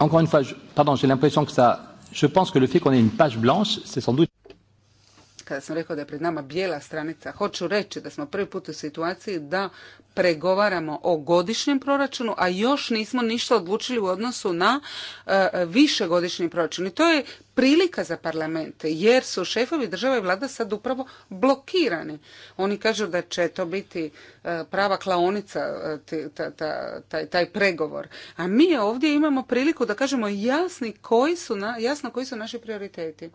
Encore une fois, je, pardon, j'ai l'impression que ça. Je pense que le fait qu'on ait une page blanche, c'est sans doute kada sam rekao da je pred nama bijela stranica, hoću reći da smo prvi put u situaciji da pregovaramo o godišnjem proračunu, a još nismo ništa odlučili u odnosu na e, višegodišnji proračun. I to je prilika za parlamente, jer su šefovi država i vlada sad upravo blokirani. Oni kažu da će to biti e, prava klaonica, e, taj, taj pregovor. A mi ovdje imamo priliku da kažemo jasni koji su jasno koji su naši prioriteti.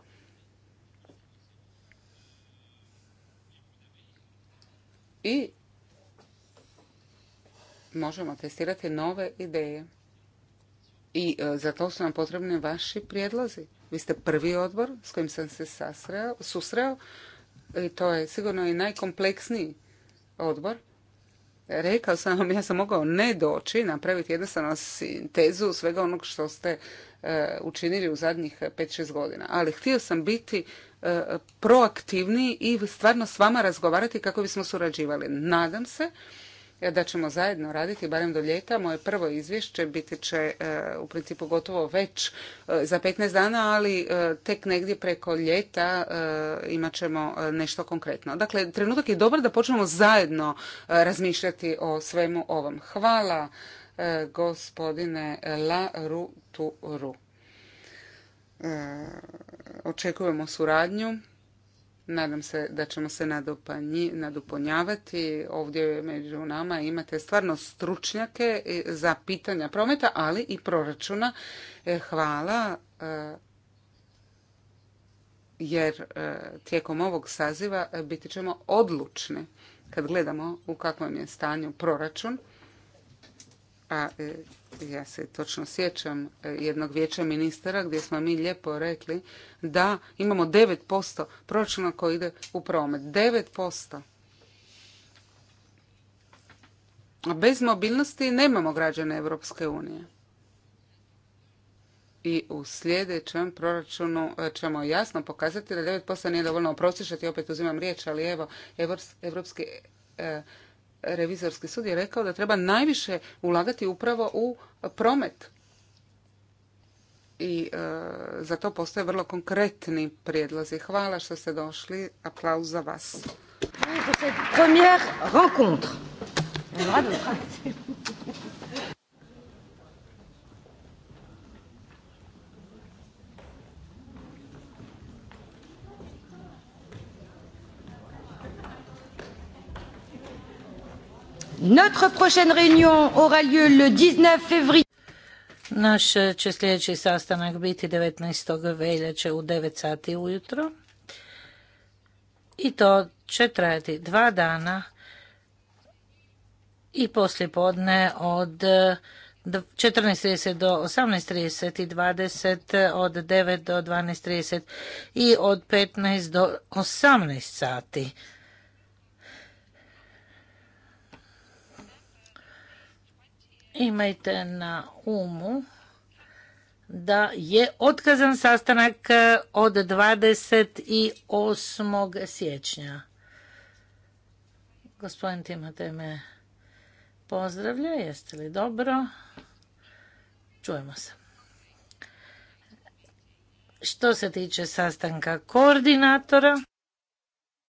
i možemo testirati nove ideje. I e, za to su nam potrebni vaši prijedlozi. Vi ste prvi odbor s kojim sam se sasreo, susreo i to je sigurno i najkompleksniji odbor. Rekao sam vam, ja sam mogao ne doći, napraviti jednostavno sintezu svega onog što ste E, učinili u zadnjih 5-6 godina. Ali htio sam biti e, proaktivni i stvarno s vama razgovarati kako bismo surađivali. Nadam se e, da ćemo zajedno raditi, barem do ljeta. Moje prvo izvješće biti će u principu gotovo već za 15 dana, ali tek negdje preko ljeta imat ćemo nešto konkretno. Dakle, trenutak je dobar da počnemo zajedno razmišljati o svemu ovom. Hvala E, gospodine La Ruturu. E, očekujemo suradnju. Nadam se da ćemo se nadopunjavati. Ovdje među nama imate stvarno stručnjake e, za pitanja prometa, ali i proračuna. Hvala jer tijekom ovog saziva biti ćemo odlučni kad gledamo u kakvom je stanju proračun a e, ja se točno sjećam e, jednog vijeća ministara gdje smo mi lijepo rekli da imamo 9% proračuna koji ide u promet. 9%. A bez mobilnosti nemamo građane Europske unije. I u sljedećem proračunu e, ćemo jasno pokazati da 9% nije dovoljno oprostišati. Opet uzimam riječ, ali evo, Evropski revizorski sud je rekao da treba najviše ulagati upravo u promet. I e, za to postoje vrlo konkretni prijedlozi. Hvala što ste došli. Aplauz za vas. Première rencontre. Notre prochaine réunion aura lieu le 19 février. Naš eh, će sljedeći sastanak biti 19. veljače u 9 sati ujutro. I to će trajati dva dana i poslije podne od 14.30 eh, do 18.30 i 20 eh, od 9 do 12.30 i od 15 do 18 sati. imajte na umu da je otkazan sastanak e, od 28. siječnja. Gospodin Timote, me pozdravlja, jeste li dobro? Čujemo se. Što se tiče sastanka koordinatora,